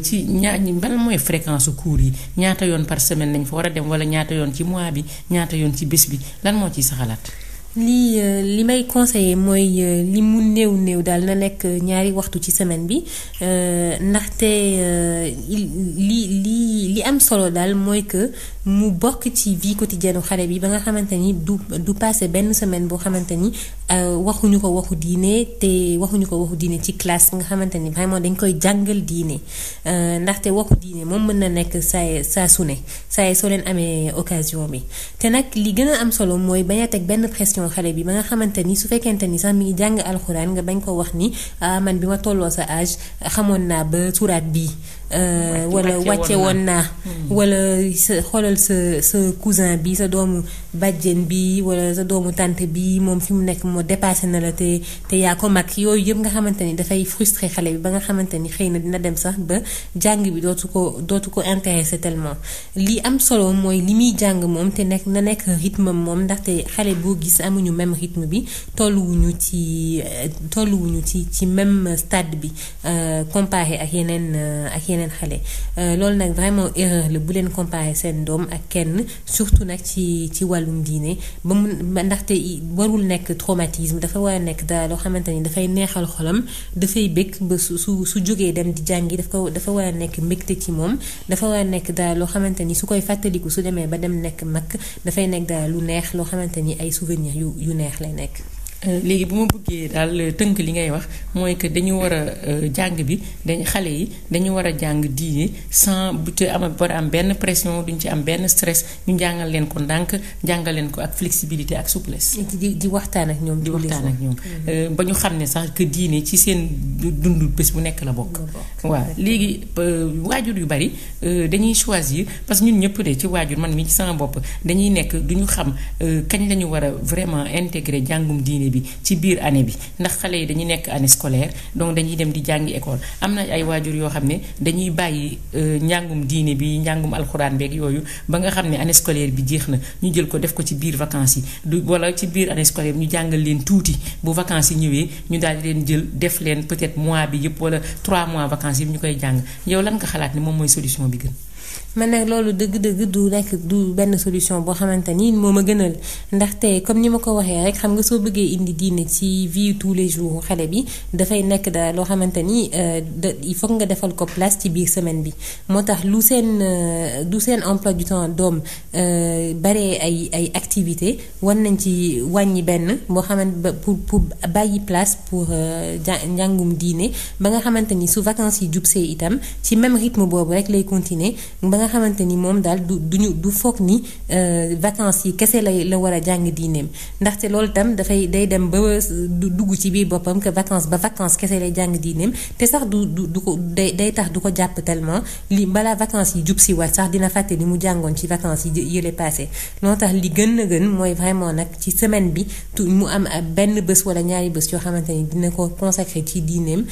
ci ñaa ban mooy fréquence su yi ñaata yoon par semaine nañ fa war a dem wala ñaata yoon ci mois bi ñaata yoon ci bés bi lan moo ciy sa xalaat lii euh, li may conseillé mooy euh, li mu néew néew daal na nekk ñaari waxtu ci semaine bi euh, ndaxte li li li am solo daal mooy que mu bokk ci vie quotidienne xale bi ba nga xamante ni du du passé benn semaine boo xamante ni waxuñu ko waxu diine te waxuñu ko waxu diine ci classe nga xamante ni vraiment dañ koy jàngal diine ndaxte waxu diine moom mën na nekk saa saa su ne saa soo leen amee occasion bi te nag li gën a am solo mooy bañ a teg benn pression éducation xale bi ba nga xamante ni su fekkente ni sax mi ngi jàng alxuraan nga bañ ko wax ni ah, man bi ma tolloo sa âge xamoon naa ba suraat bii Euh, wala wàcce woon naa hmm. wala sa xoolal sa sa cousin bi sa doomu bàjjen bi wala sa doomu tante bi moom fi mu nekk moo dépassé na la te te yaa ko mag yooyu yëpp nga xamante ni dafay frustré xale bi ba nga xamante ni xëy na dina dem sax ba jàng bi dootu ko dootu ko intéressé tellement li am solo mooy li muy jàng moom te nekk na nekk rythme moom ndaxte xale boo gis amuñu même rythme bi tolluwuñu ci euh, tolluwuñu ci ci même stade bi euh, comparé ak yeneen ak yeneen yeneen xale euh, loolu nag vraiment erreur la bu leen comparé seen doom ak kenn surtout nag ci ci wàllum diine ba mu ndaxte warul nekk traumatisme dafa war a nekk dara loo xamante ni dafay neexal xolam dafay bëgg ba su su su jógee dem di jàngi daf ko dafa war a nekk mbégte ci moom dafa war a nekk dara loo xamante ni su koy fàttaliku su demee ba dem nekk mag dafay nekk dara lu neex loo xamante ni ay souvenirs yu yu neex lay nekk. léegi bu ma bëggee daal tënk li ngay wax mooy que dañu war a euh, jàng bi dañ xale yi dañu war a jàng diine san bu te am am benn pression duñ ci am benn stress ñu jàngal leen ko ndànk jàngal leen ko ak flexibilité ak souplesse. di di waxtaan ak ñoom. di waxtaan ak ñoom mm-hmm. euh, ba ñu xam ne sax que diine ci seen dund bés bu nekk la bokk. waaw léegi euh, waajur yu bari dañuy choisir parce que ñun ñëpp de ci waajur man mi ci sama bopp dañuy nekk du ñu xam kañ la ñu war a vraiment intégrer jàngum diine. liggéey bi ci biir année bi ndax xale yi dañuy nekk année scolaire donc dañuy dem di jàngi école am na ay waajur yoo xam ne dañuy bàyyi euh, njàngum diine bi njàngum alxuraan beeg yooyu ba nga xam ne année scolaire bi jeex na ñu jël ko def ko ci biir vacance yi du wala ci biir année scolaire bi ñu jàngal leen tuuti bu vacance yi ñëwee ñu daal di leen jël def leen peut-être mois bi yëpp wala 3 mois vacance yi ñu koy jàng yow lan nga xalaat ne moom mooy solution bi gën man nag loolu dëgg-dëgg du nekk du benn solution boo xamante ni moo ma gënal ndaxte comme ni ma ko waxee rek xam nga soo bëggee indi diine ci vie tous les jours xale bi dafay nekk dara loo xamante ni euh, da il faut nga defal ko place ci biir semaine bi moo tax lu seen euh, lu seen emploi du temps doom euh, baree ay ay activité war nañ ci wàññi benn boo xamante pour pour bàyyi place pour njàngum diine ba xamante ni su vacance yi jub see itam ci même rythme boobu rek lay continuer ba nga nga xamante ni moom daal du du ñu du foog ni euh, vacances yi kese lay la war a jàng diineem ndaxte loolu tam dafay day dem ba dugg ci biir boppam que vacances ba vacances kese lay jàng diineem te sax du du du ko day day tax du ko jàpp tellement li balaa vacances yi jub si waat sax dina fàtte ni mu jàngoon ci vacances yi yële passé noo tax li gën na gën mooy vraiment nag ci semaine bi tou mu am benn bés wala ñaari bés yoo xamante ni dina ko consacré ci diineem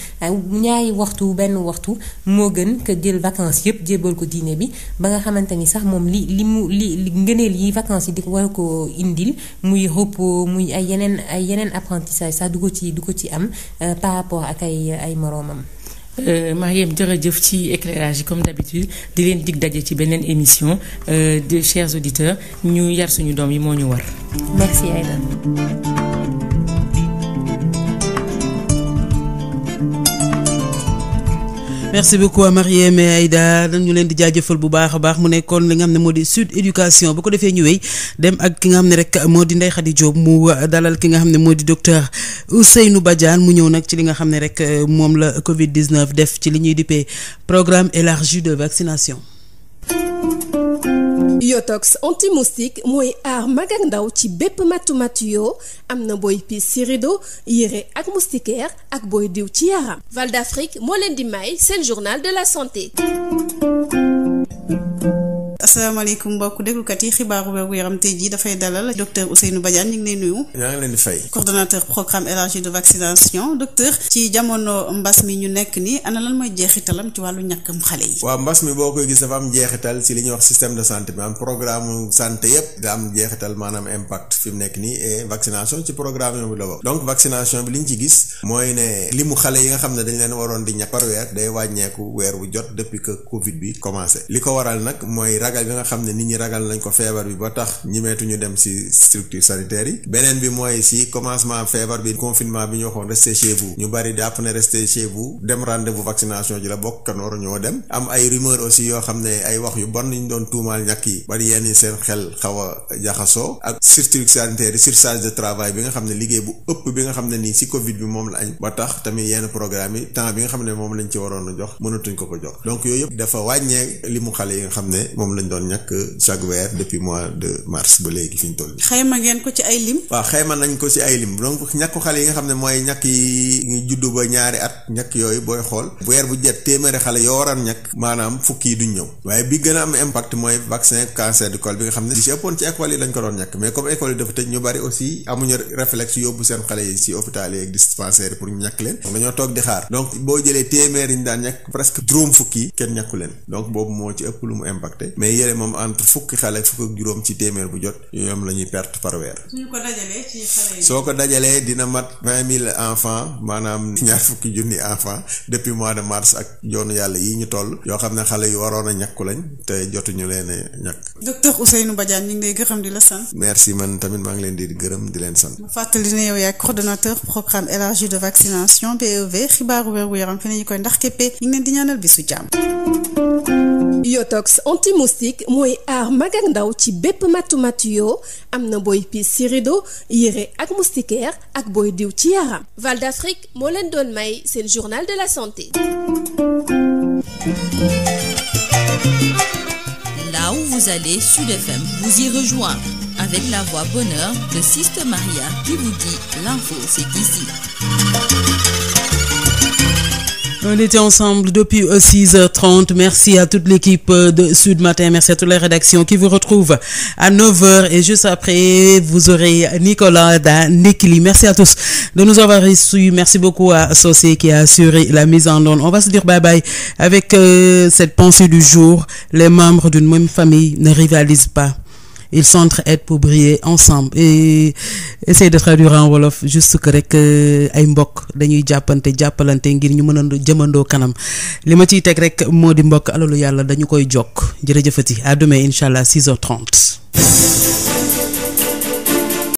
ñaari waxtu benn waxtu moo gën que jël vacances yëpp jébal ko diine bi ba nga xamante ni sax moom li li mu li ngëneel yi vacances yi di war ko indil muy repos muy ay yeneen ay yeneen apprentissage sax du ko ci du ko ci am euh, par rapport ak ay ay moroomam. Euh, Mariem jërëjëf ci éclairage comme d'habitude di leen dig daje ci beneen émission euh, de chers auditeurs ñu yar suñu doom yi moo ñu war. merci beaucoup Marieme Aïda ñu leen di jaajëfal bu baax a baax mu nekkoon li nga xam ne moo di sud éducation bu ko defee ñu wéy dem ak ki nga xam ne rek moo di Ndeye Khady Diop mu dalal ki nga xam ne moo di docteur Ousseynou Badiane mu ñëw nag ci li nga xam ne rek euh, moom la Covid 19 def ci li ñuy dippee programme élargi de vaccination. yotox anti-moustique mooy aar mag ak ndaw ci bépp matu matu yoo am na booy piis ci rido yére ak moustiquaire ak booy diw ci yaram Val d'Afrique moo leen di may seen journal de la santé asalaamaaleykum mbokk déglukat yi xibaaru wérgu yaram tey jii dafay dalal docteur Ousseynou Badiane ñu ngi lay nuyu. yaa ngi leen di fay. coordonnateur programme élargi de vaccination docteur. ci jamono mbas mi ñu nekk nii ana lan jeexital jeexitalam ci wàllu ñàkkam xale yi. mbas mi boo koy gis dafa am jeexital ci li ñuy wax système de santé maanaam programme santé yépp da am jeexital maanaam impact fi mu nekk nii e vaccination ci programme bi la bokk. donc vaccination bi li ñu ci gis. mooy ne limu xale yi nga xam ne dañ leen waroon di ñàkk par day wàññeeku weer bu jot depuis que Covid bi commencé. li ko waral nag mooy ragal bi nga nañ ko feebar bi ba tax ñimeetuñu dem si structure sanitaire yi beneen bi mooy si commencement feebar bi confinement bi ñu waxoon rester chez vous ñu bari jàpp ne rester chez vous dem rendez-vous vaccination ji la bokk kan waru ñoo dem am ay rumeur aussi yoo xam ne ay wax yu bon ñu doon tuumaal ñàkk yi bari yenn seen xel xaw a jaxasoo ak structure sanitaire yi surcharge de travail bi nga xam ne liggéey bu ëpp bi nga xam ne nii si covid bi moom lañ ba tax tamit yenn programme yi temps bi nga xam ne moom lañ ci waroon a jox mënatuñ ko ko jox lañ doon ñàkk chaque weer depuis mois de mars ba léegi fi ñu toll nii. xayma ngeen ko ci ay lim. waaw xayma nañ ko ci ay lim donc ñàkku xale yi nga xam ne mooy ñàkk yi ñu juddu ba ñaari at ñàkk yooyu booy xool. weer bu jet téeméeri xale yoo waroon ñàkk. maanaam fukki yi ñëw. waaye bi gën a am impact mooy vaccin cancer du nga xam ne. li ci ëppoon ci école mais comme ñu bari aussi amuñu réflexe yóbbu seen xale yi ci hôpital pour ñu ñàkk leen. toog di xaar boo jëlee téeméer yi daan ñàkk presque juróom fukki kenn ñàkku leen donc boobu moo ci ëpp lu mu impacté mais yële moom entre fukki xale fukk ak juróom ci jot ñoom la ñuy perte par weer. soo ko dajalee dina mat vingt mille enfants maanaam ñaar fukki junni enfants depuis mois de mars ak joonu yàlla yi ñu toll yoo xam ne xale yi waroon a ñàkku lañ te jotuñu leen a ñàkk. docteur Ousseynou Badiane ñu ngi lay gërëm di la sant. merci man tamit maa ngi leen di gërëm di leen sant. ma fàttali ne yow yaay coordonnateur programme élargi de vaccination PEV xibaaru wér gu yaram fi nañu koy ndax képpee ñu ngi leen di ñaanal bisu jàmm. yotox anti-moustique mooy aar mag ndaw ci bépp mattu matu yoo am na booy piis ci rido yére ak moustiquaire ak booy diw ci yaram Val d'Afrique moo leen doon may seen journal de la santé là où vous allez Sud FM vous y rejoint avec la voix bonheur de Siste Maria qui vous dit l'info c'est ici Euh, on était ensemble depuis 6h30. Euh, Merci à toute l'équipe euh, de Sud Matin. Merci à toute la rédaction qui vous retrouve à 9h. Et juste après, vous aurez Nicolas Danekili. Merci à tous de nous avoir reçus. Merci beaucoup à Sosé qui a assuré la mise en onde. On va se dire bye bye avec euh, cette pensée du jour. Les membres d'une même famille ne rivalisent pas. ils s'entraident pour briller ensemble et de traduire en wolof juste que rek euh, ay mbokk dañuy jàppante jàppalante ngir ñu mën a jëmandoo kanam li ma ciy teg rek moo di mbokk alalu yàlla dañu koy jokk jërëjëfati à demain incha allah 6 trente